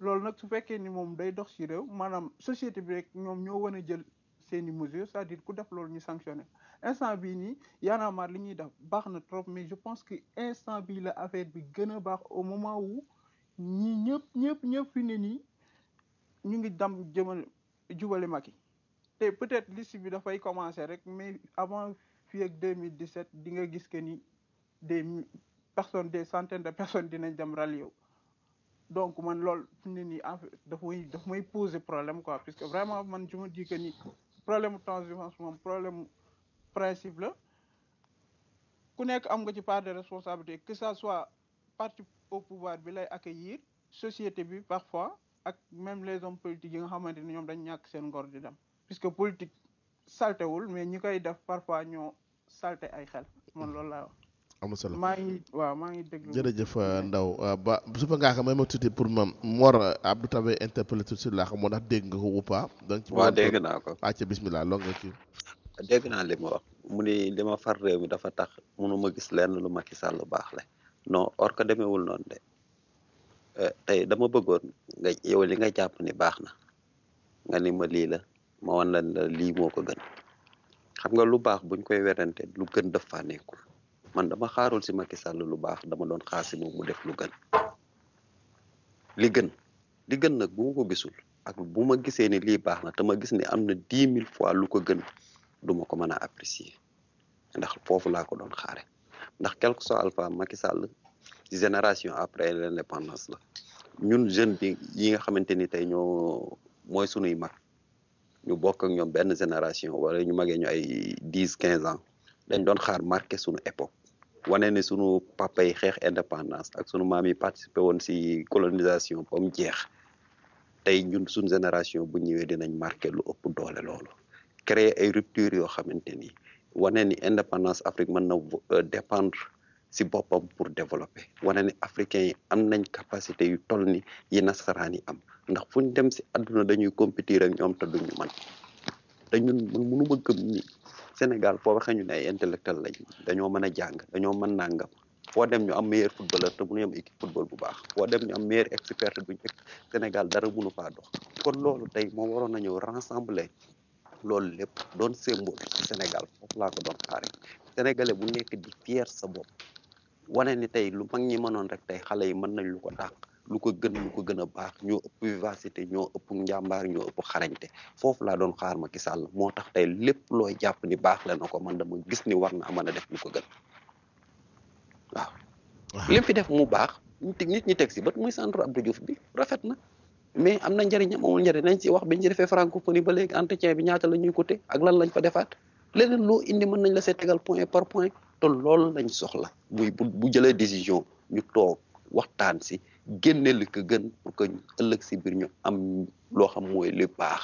loolu nag su fekkee ni moom day dox ci réew maanaam société bi rek ñoom ñoo war a jël seeni mesures c'est-à-dire ku def loolu ñu sanctionné instant bii nii Y'en a marre li ñuy def baax na trop mais je pense que instant bii la affaire bi gën a baax au moment wu ñi ñëpp ñëpp ñëpp fi ne nii ñu ngi dam jëmal jubale Macky te peut-être liste bi dafay commencer rek mais avant fii ak 2017 di nga gis que ni des personnes des centaines de personnes dinañ dem rallier donc man loolu nit ñi en fait daf may daf may poser problème quoi puisque vraiment man je me dis que ni problème transhumance moom problème principe la ku nekk am nga ci part de responsabilité que ça soit parti au pouvoir bi lay accueillir société bi parfois ak même les hommes politiques yi nga xamante ni ñoom dañ ñàkk seen ngor di dem puisque politique saltewul mais ñi koy def parfois ñoo salte ay xel man loolu laa amul solo maa ngi waaw maa ngi déglu jërëjëf Ndaw ah, ba su fa xam may ma tuuti pour ma Mor ah, Abdou Tabe interpellé tout xam moo tax dégg nga ko ou wa donc dégg naa ko. acca ah, bismillah loo nga kii. dégg naa li ma wax mu ni li far réew mi dafa tax mënu ma gis lenn lu Macky Sall lu baax la non or que demeewul noonu de eh, tey dama bëggoon nga yow li nga jàpp ni baax na nga ni ma lii la ma wan la lii moo ko gën xam nga lu baax buñ koy werante lu gën def fànneekul man dama xaarul si Macky Sall lu baax dama doon xaar si moom mu def lu gën li gën li gën nag bu ko gisul ak bu ma gisee ni lii baax na te ma gis ne am na dix mille fois lu ko gën du ma ko mën a apprécier ndax foofu laa ko doon xaare ndax quelque soit alpha Macky Sall génération après l'indépendance la ñun jeune bi yi nga xamante ni tey ñoo mooy sunuy mag ñu bokk ak ñoom benn génération wala ñu magee ñu ay dix quinze ans dañ doon xaar marqué sunu époque wane ne sunu papa xeex indépendance ak sunu maam yi participé woon si colonisation ba jeex tey ñun suñu génération bu ñëwee dinañ marqué lu ëpp doole loolu créer ay rupture yoo xamante ni wane ni indépendance Afrique mën na euh, dépendre si boppam pour développer wane ni africains yi am nañ capacité yu toll ni yi nasaraan yi am ndax fu ñu dem si àdduna dañuy compétir ak ñoom te duñu mën te ñun mënu ma gëm Sénégal foo waxee ñu ne ay intellectuel lañ dañoo mën a jàng dañoo mën nangam foo dem ñu am meilleur footballeur te mënuñu am équipe football bu baax foo dem ñu am meilleur expert te duñ Sénégal dara mënu faa dox kon loolu tey moo waroon nañu rassembler loolu lépp doon symbole Sénégal foofu laa ko doon xaaree bu nekk di fier sa bopp wane ni tey lu mag ñi mënoon rek tey xale yi mën nañ lu ko dàq. lu ko gën lu ko gën a baax ñoo ëpp vivacité ñoo ëpp njàmbaar ñoo ëpp xarañte foofu laa doon xaar Macky Sall moo tax tey lépp looy jàpp ni baax la na ko man dama gis ni war na mën a def lu ko gën waaw. lim fi def mu baax nit ñi teg si bët muy centre Abdou Diouf bi rafet na mais am na njëriñ amul njëriñ nañ ci wax bi ñu defee francophonie ba léegi entretien bi ñaata la ñuy côté ak lan lañ fa defaat leneen loo indi mën nañ la see tegal point par point te loolu lañ soxla buy bu bu jëlee décision ñu toog waxtaan si. génne li ko gën pour que ëllëg si biir ñu am loo xam mooy li paax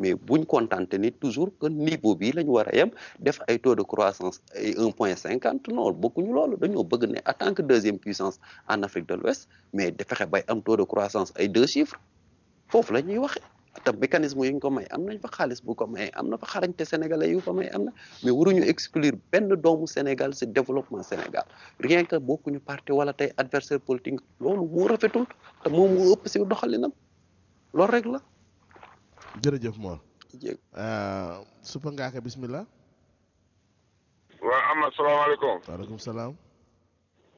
mais buñ kontante ni toujours que niveau bi la ñu war a yem def ay taux de croissance ay un point cinquante non bokkuñu loolu dañoo bëgg ne en tant que deuxième puissance en Afrique de l'Ouest mais fexe bay am taux de croissance ay deux chiffres foofu la ñuy waxee te mécanisme yi ñu ko may am nañ fa xaalis bu ko may am na fa xarañte sénégalais yu ko may am na mais waruñu exclure benn doomu Sénégal si développement Sénégal rien que bokkuñu parti wala tey adversaire politique loolu moo rafetul te moom moo ëpp si doxalinam loolu rek la. jërëjëf moom jërëjëf euh, Suppa Ngaaka bismillah. waaw am na salaamaaleykum. waaleykum salaam.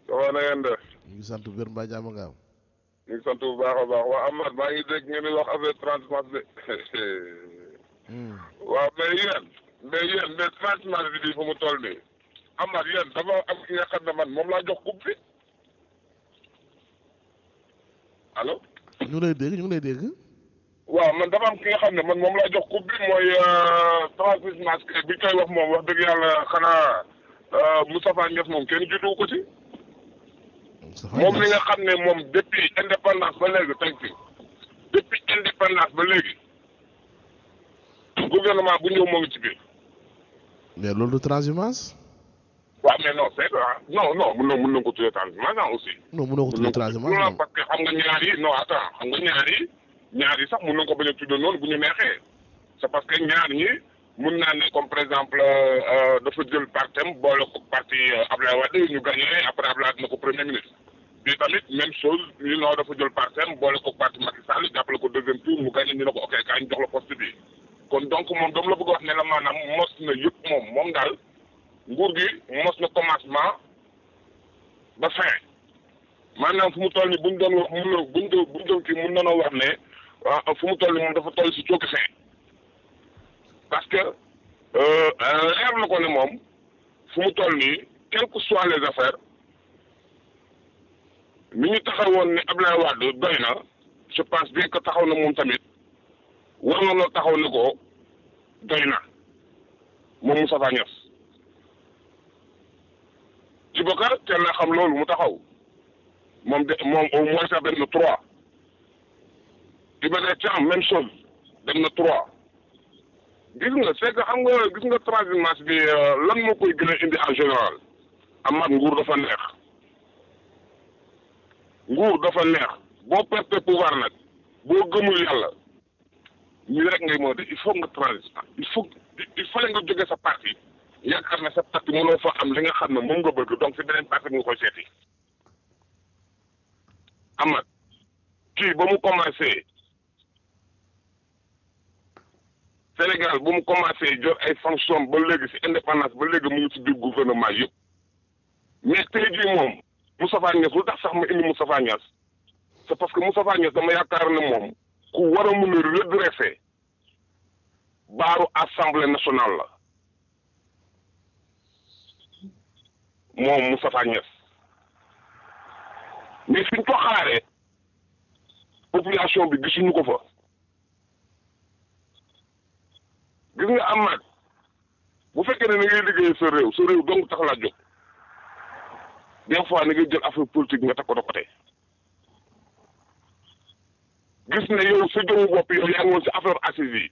ça va na ngeen sant wér mbaa jàmm am. ñu ngi sant bu baax baax waa Amath maa ngi dégg ngeen di wax a trente mars de waaw mais yéen mais yéen mais trente mars bi fu mu toll nii Amath yéen dafa am ki nga xam ne man moom laa jox coupe bi ñu ngi lay dégg ñu ngi lay dégg. waaw man dafa am ki nga xam ne man moom laa jox coupe mooy euh, trente mars bi koy wax moom wax dëgg yàlla xanaa euh, Moustapha Niass moom kenn jotu ko ci. moom li nga xam ne moom depuis indépendance ba léegi tey fi depuis indépendance ba léegi gouvernement bu ñëw moo ngi ci biir. mais loolu du transhumance. waaw mais non c'est non non mën na mën na ko tuddee transhumance ah aussi. parce que xam nga ñaar no non attends xam nga ñaar yi sax mën na ko bañ a tuddee noonu bu ñu neexee c'est parce que ñaar ñi mën naa ne comme par exemple euh, dafa jël partem boole ko parti euh, Abdoulaye Wade ñu gagné après Abdoulaye bi tamit même chose ñu noo dafa jël parteem boole ko parti Macky Sall jàppale ko deuxième tour mu gagné ñu ne ko ok kaay jox la poste bi kon donc moom doomu la bëgg wax ne la maanaam mos na yëpp moom moom daal nguur gi mos na commencement ba fin maanaam fu mu toll ni buñ doon wax mun na buñ doon buñ doon wax ne waaw fu mu toll ni moom dafa toll si cooki fin parce que euh, euh, leer na ko ne moom fu mu toll nii quelles que les affaires mi ñu taxawoon ne Abdoulaye Wade doy na je pense bien que taxaw na moom tamit war na loo taxaw ne ko doy na moom Moustapha Niass ci bokkal teel na xam loolu mu taxaw moom de moom au moins sax dem na trois Iba Der Thiam même chose dem na trois gis nga c'est que xam nga gis nga troisième manche bi euh, lan moo koy gën a indi en général amaat nguur dafa neex. nguur dafa neex boo perte pouvoir nag boo gëmul yàlla ñu rek ngay moo de il faut nga transition il faut il faut nga jóge sa parti yaakaar na sa parti mënoo am li nga xam ne moom nga bëgg donc si beneen parti bi nga koy seeti amat kii ba mu commencé Sénégal bu mu commencé jot ay fonction ba léegi si indépendance ba léegi mu ngi si biir gouvernement yëpp mais tey jii moom Moustapha Niass lu tax sax ma indi Moustapha Niass c'est parce que Moustapha Niass dama yaakaar ne moom ku war a mun a redresser baaru assemblée nationale la moom Moustapha Niass mais fi ñu ko xaaree population bi gisuñu ko fa gis nga am nag bu fekkee ne na ngay liggéey sa réew sa réew dong tax laa jóg des fois na nga jël affaire politique nga teg ko de côté gis ne yow sa jëmu bopp yow yaa ngi si affaire assise yi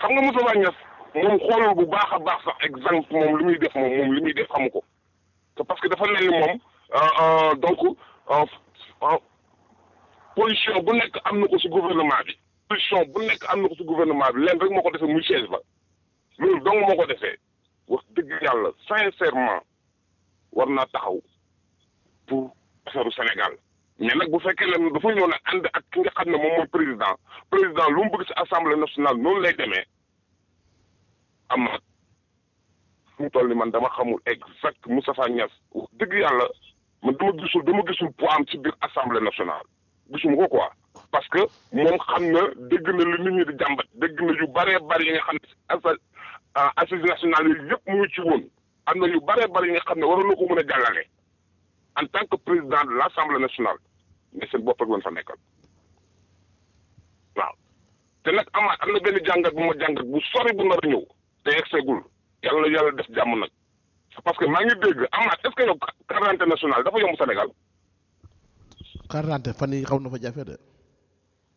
xam nga Moustapha Niass moom xoolul bu baax a baax sax exemple moom lu muy def moom moom li muy def xamu ko te parce que dafa mel moom euh, euh, donc euh, position bu nekk am na ko si gouvernement bi position bu nekk am na ko si gouvernement bi leen rek moo ko defee muy chaise ba loolu dong moo ko defee wax dëgg yàlla sincèrement war naa taxaw pour asaru Sénégal mais nag bu fekkee ne dafa ñëw ak ki nga xam ne moom mooy président président lu mu bëgg ci assemblée nationale noonu lay demee am na fu mu toll ni man dama xamul exact Moustapha Niass wax dëgg yàlla man dama gisul dama gisul poids am biir assemblée nationale gisuma ko quoi parce que moom xam na dégg na lu nit ñi di jàmbat dégg na yu bëree bëri yi nga xam ne ah assises nationales yëpp mu ci woon am na yu bare bare yi nga xam ne waroon na ko mën jàllale en tant que président de l' assemblée nationale mais seen bopp ak fa nekkal waaw. te nag am na benn jàngat bu ma jàngat bu sori bu nar a ñëw te yegg def jàmm nag que maa ngi dégg amaat est ce que yow carte nationale dafa yomb Sénégal. carte fan yii xaw na fa jafe de.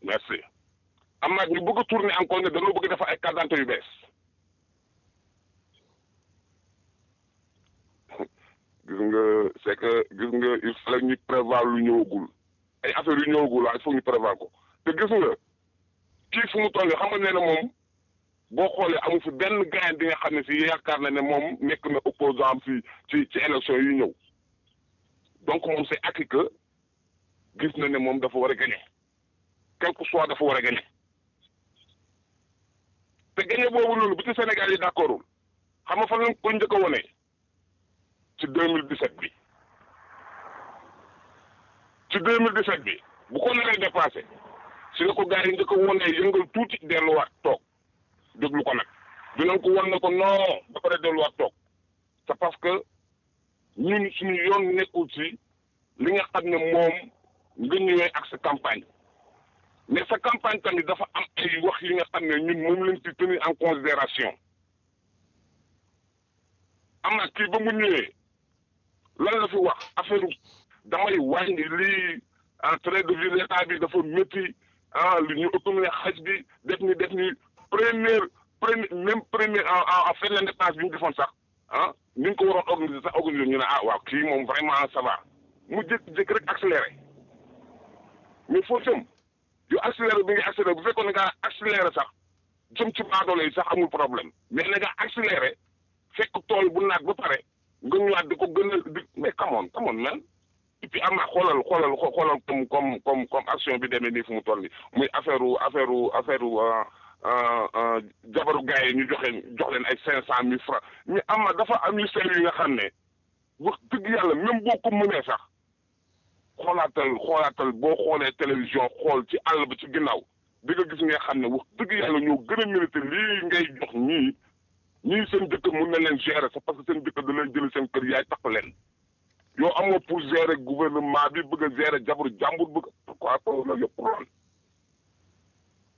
merci amaat ñu bëgg a tourner encore ne dañoo bëgg dafa ay carte yu bees. gis nga c'est gis nga il fallait ñu prévoir lu ñëwagul ay affaire yu ñëwagul waaye il faut ñu prévoir ko te gis nga kii fu mu toll xam nga nee na moom boo xoolee amu fi benn gain bi nga xam ne si yaakaar na ne moom nekk na opposant fi ci ci élection yu ñëw donc moom c'est acquis gis na ne moom dafa war a gagner quelque soit dafa war a gagner te gagner boobu noonu bu ci Sénégal yi d'accordul xam nga fan lañ ko njëkk a ci 2017 bi ci 2017 bi bu ko naree dépassé si la ko gars yi nga ko won ne yëngal tuuti delluwaat toog déglu ko nag dinañ ko won ne ko non ba pare delluwaat toog c'est parce que ñun suñu yoon nekkul si li nga xam ne moom nga ñëwee ak sa campagne mais sa campagne tamit dafa am ay wax yi nga xam ne ñun moom lañ ci tenir en considération am na kii ba mu ñëwee lan la fi wax affaire damay wàññi lii en ah, train de vie état bi dafa métti ah li ñu autonome xaj bi def ni def ni première premier même première en en fin de bi ñu defoon sax ah ko waroon organiser sax ñu ne ah waaw kii moom vraiment ça mu jékki-jékki rek accéléré mais foofu itam yow accéléré bi nga accéléré bu fekkoon ne nga accéléré sax jëm ci baadoole yi sax amul problème mais na nga accéléré fekk tool bu naat ba pare. gëm laa di ko gënal di mais kamoon kamoon man et puis am na xoolal xoolal xoolal comme comme comme comme action bi dem nii fu mu toll nii muy affaire affaire affaire euh, euh, euh, jabaru gars yi ñu joxe jox leen ay cinq cent mille francs mais am na dafa am yu sew yi nga xam ne wax dëgg yàlla même boo ko mënee sax xoolaatal xoolaatal boo xoolee télévision xool ci àll bi ci ginnaaw di nga gis nga xam ne wax dëgg yàlla ñoo gën a mérité lii ngay jox ñii ñii seen dëkk mun na leen gérer sax parce que seen dëkk da leen jël seen kër yaay tax leen yow amoo pour gérer gouvernement bi bëgg a gérer jabaru jàmbur bëgg pourquoi pour la yëpp lool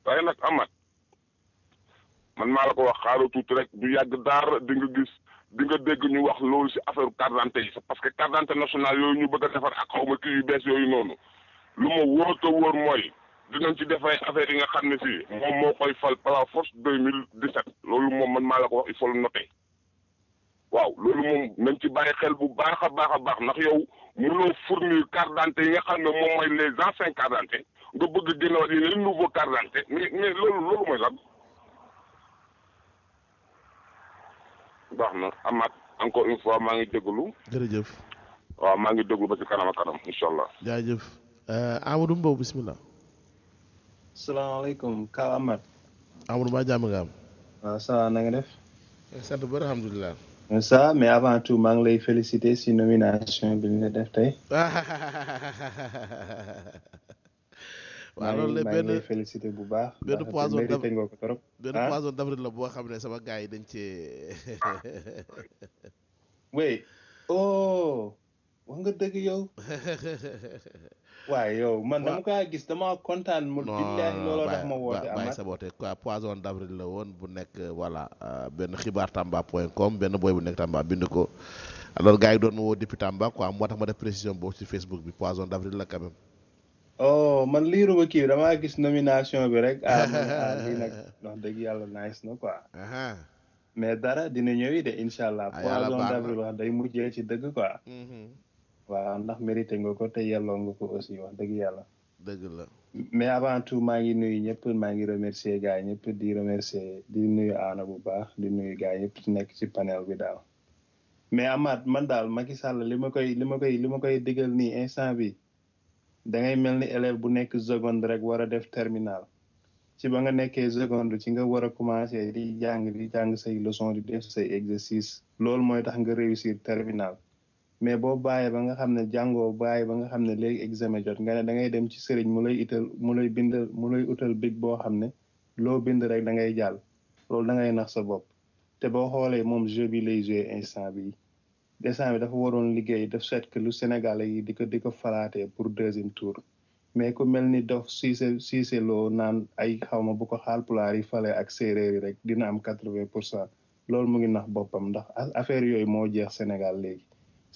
waaye nag amat man maa la ko wax xaaral tuuti rek du yàgg daar di nga gis di dégg ñu wax loolu si affaire carte yi parce que carte d'identité nationale yooyu ñu bëgg a defar ak xaw ma kii yu bees yooyu noonu lu ma wóor te mooy dinañ ci def ay affaires yi nga xam ne si moom moo koy fal par la force 2017 loolu moom man maa la ko wax il faut le waaw loolu moom nañ ci bàyyi xel bu baax a baax a baax ndax yow mënoo fournir carte d'identité yi nga xam ne moom mooy les anciens carte d'identité nga bëgg génnewaat yeneen nouveau carte d'identité mais mais loolu loolu mooy lan. baax na Amath encore une maa ngi déglu. jërëjëf. waaw maa ngi déglu ba ci kanam a kanam incha allah. jaajëf euh, Amadou Mbow bismillah. salaamaaleykum Ka Amar. Amadou Ba jàmm nga am. waaw ça va def. Eh, sant bu alhamdulilah. mais avant tout maa ngi lay féliciter si nomination bi nga def tey. waaw loolu la benn bu baax. benn poisson d' avril la boo xam ne sama gars yi dañ cee. oh. wax dëgg yow. waaye yow man dama kaa gis damaa kontaan. mu billahi looloo tax ma woote Amath bàyyi saboté quoi poisson d'avril la woon bu nekk voilà euh, benn xibaar tamba point com benn boy bu nekk tamba bind ko alors gaa yi doon ma woo depuis tamba moo tax ma def précision boobu ci Facebook bi poisson d'avril la quand même. Oh, man liiru ma kii bi damaa gis nomination bi rek ah, ah lii nag wax dëgg yàlla nice na quoi. mais dara dina ñëw de incha allah. Ah, poisson wax day dëgg waaw ndax mérité nga ko te yelloo nga ko aussi wax dëgg yàlla. dëgg la. mais avant tout maa ngi nuyu ñëpp ngi remercier gars yi ñëpp di remercier di nuyu aana bu baax di nuyu gars yëpp ci nekk ci panel bi daal. mais Amath man daal Macky Sall li ma koy li ma koy li ma koy digal nii instant bi da ngay mel ni élève bu nekk seconde rek war a def terminal ci ba nga nekke seconde ci nga war a commencé di jàng di jàng say leçon di def say exercice loolu mooy tax nga réussir terminal mais boo bàyyee ba nga xam ne jàngoo bàyyi ba nga xam ne léegi examen jot nga ne dangay dem ci sëriñ mu lay mu lay bind mu lay big boo xam ne loo bind rek da ngay jàll loolu da ngay nax sa bopp te boo xoolee moom jeu bi lay instant bi instant bi dafa waroon liggéey def seet que yi di ko di ko falaatee pour deuxième tour mais ku mel ni dof siise siise loo naan ay xawma bu ko xaalpulaar yi fale ak séeréer yi rek dina am quatre-vingt pour cent loolu mu ngi nax boppam ndax affaire yooyu moo jeex Sénégal léegi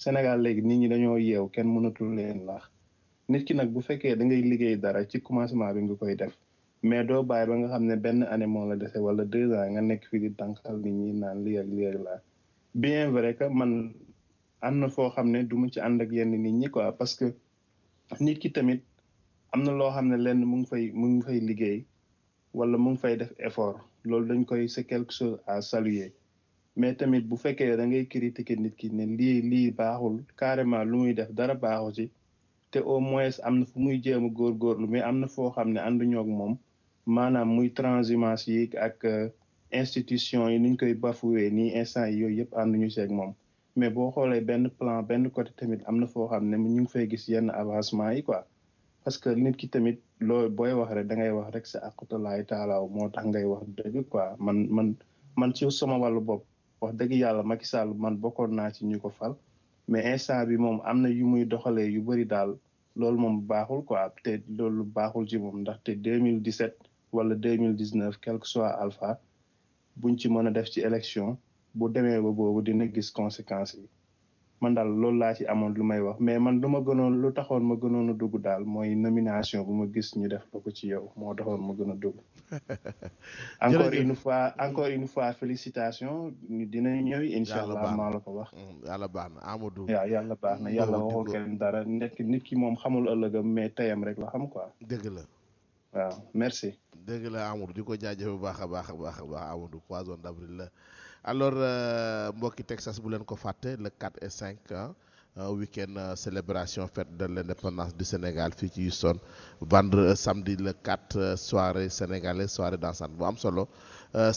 Sénégal léegi nit ñi dañoo yeew kenn mënatul leen laax nit ki nag bu fekkee da ngay liggéey dara ci commencement bi nga koy def mais doo bàyyi ba nga xam ne benn année moo la dese wala deux ans nga nekk fii di tànqal nit ñi naan lii ak lii bien vrai que man am na foo xam ne du ci ànd ak yenn nit ñi quoi parce que nit ki tamit am na loo xam ne lenn mu ngi fay mu ngi fay liggéey wala mu ngi fay def effort loolu dañ koy c'est quelque chose à saluer mais tamit bu fekkee da ngay critiquer nit ki ne lii lii baaxul carrément lu muy def dara baaxu ci te au moins am na fu muy jéem a lu mais am na foo xam ne ànduñoo ak moom maanaam muy transhumance yi ak euh, institution yi niñ koy bafoué nii instant yooyu yëpp ànduñu seeg moom mais boo xoolee benn plan benn côté tamit am na foo xam ne ñu ngi fay gis yenn avancement yi quoi parce que nit ki tamit loo booy wax rek da ngay wax rek sa aqutalaay taalaaw moo tax ngay wax dëgg quoi man man man ci sama wàllu bopp wax dëgg yàlla Macky Sall man bokkoon naa ci ñu ko fal mais instant bi moom am na yu muy doxalee yu bëri daal loolu moom baaxul ko quoi te loolu baaxul ci moom ndaxte 2017 wala 2019 quel que soit alpha buñ ci mën a def ci élection bu demee ba boobu dina gis conséquence yi. man daal loolu laa ci amoon lu may wax mais man lu ma gënoon lu taxoon ma gënoon a dugg daal mooy nomination bu ma gis ñu def ko ci yow moo taxoon ma gën a dugg. encore une fois encore une dina ñëw incha allah maa la ko wax. Mm, yàlla baax na Amadou. waaw yàlla baax na yàlla waxoo kenn dara nekk nit ki moom xamul ëllëgam mais teyam rek la xam ko dëgg la. waaw merci. dëgg la Amadou di ko jaajëfee bu baax a baax a baax a baax Amadou poisson d'avril la. alors euh, mbokki Texas bu leen ko fàtte le 4 et 5 euh, week-end euh, célébration fête de l'indépendance du Sénégal fii ci Houston vendre samedi le 4 soirée sénégalaise soirée dansante bu am solo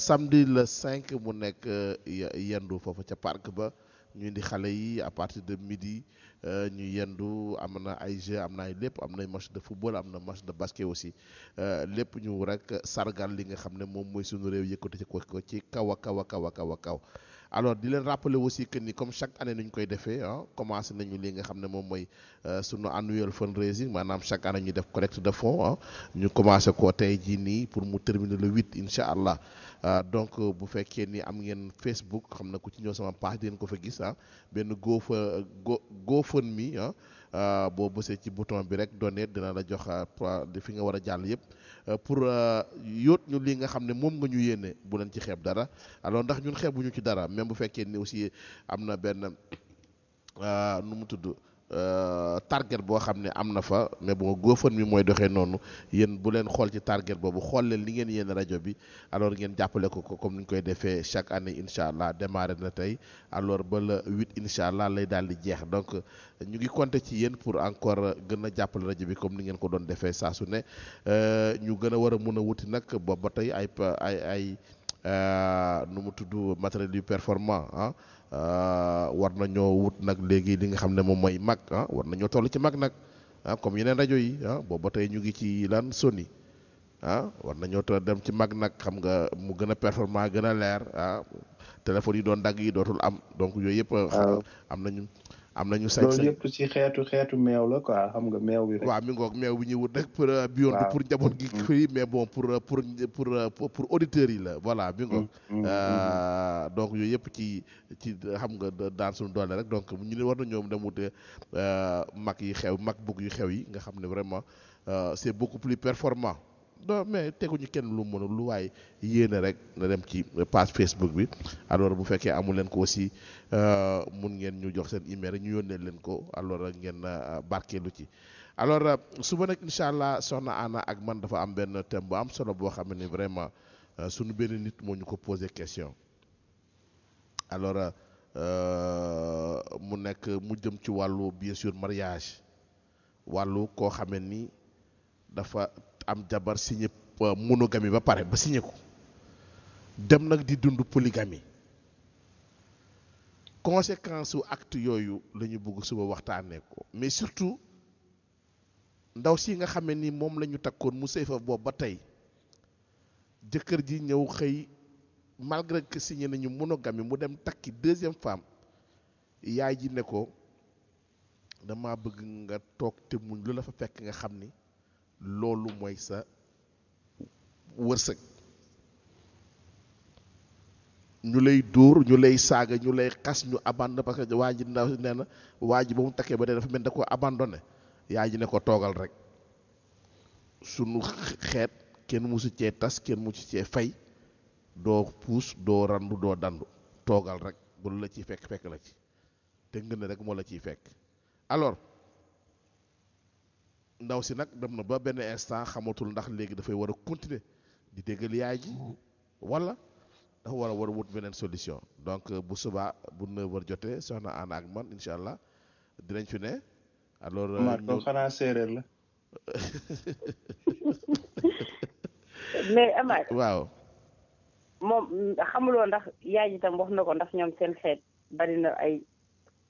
samedi le 5 mu nekk yendu foofu ca park ba ñu indi xale yi à partir de midi. Euh, ñu yendu am na ay jeux am na ay lépp am na march de football am na match de basket aussi euh, lépp ñu rek sargal li nga xam ne moom mooy suñu réew yëkkati ci ko ci kaw a kaw a kaw a kaw a kaw alors di leen rappeler aussi que ni comme chaque année ni koy defee ah commencé nañu li nga xam ne moom mooy euh, sunu annual fundraising maanaam chaque année ñu def collecte de fonds ah ñu commencé ko tey jii nii pour mu terminer le 8 incha allah Euh, donc euh, bu fekkee ni am ngeen Facebook xam na ku ci ñëw sama page di ngeen ko fa gis ah benn go fa go GoFundMe ah euh, boo bësee ci bouton bi rek donné dina la jox ah, fi nga war a jàll yëpp pour yóot ñu li nga xam ne moom nga ñu yéene bu leen ci xeeb dara alors ndax ñun ñu ci dara même bu fekkee ni aussi am na benn. Euh, nu mu tudd euh, target boo xam ne am na fa mais bon GoFundMe mi mooy doxee noonu yéen bu leen xool ci target boobu xool leen li ngeen yéen rajo bi alors ngeen jàppale ko ko comme ni ñu koy defee chaque année incha allah démarré na tey alors ba le huit incha allah lay daal di jeex donc ñu ngi konte ci yéen pour encore gën a jàppale rajo bi comme ni ngeen ko doon defee saa su ne euh, ñu gën a war a mun a wuti nag boobu ba tey ay ay ay nu mu tudd matériel yu performant ah. Ah, war nañoo wut nag léegi li nga xam ne moom mooy mag ah, war nañoo toll ci mag nag ah comme yeneen rajo yi ah booba tey ñu ngi ci lan Sony ah war nañoo dem ci mag nag xam nga mu gën a performant gën a leer ah téléphone yi doon dagg yi dootul am donc yooyu yëpp. Ah, am nañu am nañu sañ loolu yëpp ci xeetu xeetu meew la quoi xam nga meew bi rek. waaw mi ñu wut rek pour. Euh, waaw pour njaboot gi mm. kii mais bon pour euh, pour euh, pour pour auditeurs yi la voilà mi ngoog. Mm, mm, donc yooyu yëpp ci ci xam nga daan suñu doole rek donc ñu ne war na ñoom dem wute mag yi xew mag bugg yu xew yi nga xam ne vraiment c'est beaucoup plus performant. non mais teguñu kenn lu mu mënul lu waay yéene rek na dem ci page Facebook bi alors bu fekkee amul leen ko aussi euh, mun ngeen ñu jox seen email ñu yónnee leen ko alors ngeen euh, barkeelu ci. alors euh, suba nag incha allah soxna Anna ak man dafa am benn thème bu am solo boo xam ne vraiment suñu benn nit moo ñu ko posé question alors mu nekk mu jëm ci wàllu bien sûr mariage wàllu koo xamee ni dafa. am jabar signé euh, monogamie ba pare ba signé ko dem nag di dund polygamie conséquence su acte yooyu la ñu bëgg suba waxtaanee ko mais surtout ndaw si nga xamee ni moom la ñu takkoon mu sëy fa boobu ba tey jëkkër ji ñëw xëy malgré que signé nañu monogamie mu dem takki deuxième femme yaay ji ni ko dama bëgg nga toog te muñ lu la fa fekk nga xam ni loolu mooy sa wërsëg ñu lay dóor ñu lay saaga ñu lay xas ñu abandonné waa ji ndaw nee na waa ji ba mu takkee ba tey dafa mel da koo yaa ji ne ko toogal rek sunu xeet kenn musu cee tas kenn mu musu cee fay doo puus doo randu doo dandu toogal rek bu la ciy fekk fekk la ci te ngeen ne moo la ciy fekk alors ndaw si nag dem na ba benn instant xamatul ndax léegi dafay war a continuer di déggal yaay ji wala dafa war war a wut beneen solution donc euh, bu subaa bu 9h jotee soxna Anna ak man incha allah dinañ fi ne. alors euh, Marco séeréer la. mais Amath. waaw. moom xamuloo ndax yaay ji tam wax na ko ndax ñoom seen xeet bari ay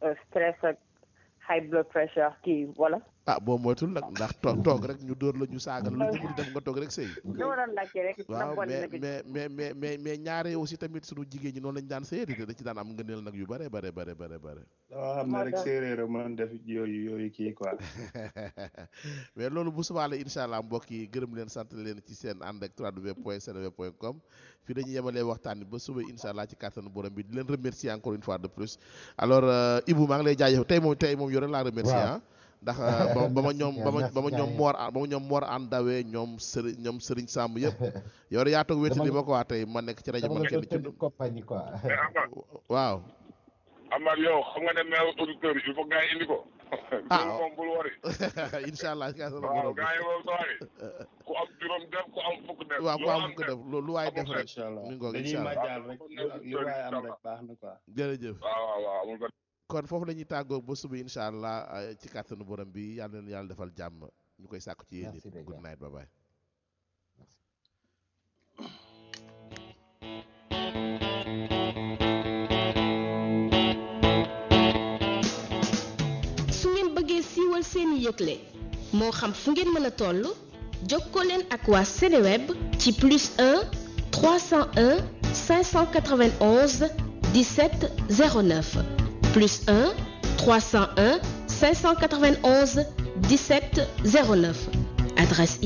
euh, stress ak high blood pressure kii wala. ah boo moytul nag ndax toog toog rek ñu dóor la ñu saaga lu ñu di def nga toog rek sëy waaw mais mais mais mais mais aussi tamit suñu jigéen ñi noonu lañu daan sëy da ci daan am ngëneel nag yu bare bare bare bare bare dama xam ne rek kii quoi mais loolu bu subaale incha allah mbokk yi gërëm leen sant leen ci seen ànd ak 3w point seneweb point com fii dañuy yemalee waxtaan bi ba suba incha ci kàttanu borom bi di leen remercier encore une fois de plus alors euh, Ibou maa ngi tey moom tey moom yore laa ndax eh, ba ma ñoom ba ma ba ma ñoom moor ba ma ñoom sëriñ ñoom sëriñ sàmm yëpp yow li ma ko waa tey ma nekk ci rajo ma la kenn ci compagnie quoi waaw ko ah, oh. waaw ku am fukk def lu waay def rek mi ngoog incha allah dañuy màjjaal rek kon foofu la ñuy tàggoo ba suba incha allah euh, ci kàttanu borom bi yàlla defal jàmm ñu koy sàkku ci yéen it yëgle moo xam fu ngeen mën a toll jokkoo leen ak waa Seneweb ci plus plus 1 301 591 17 09 adresse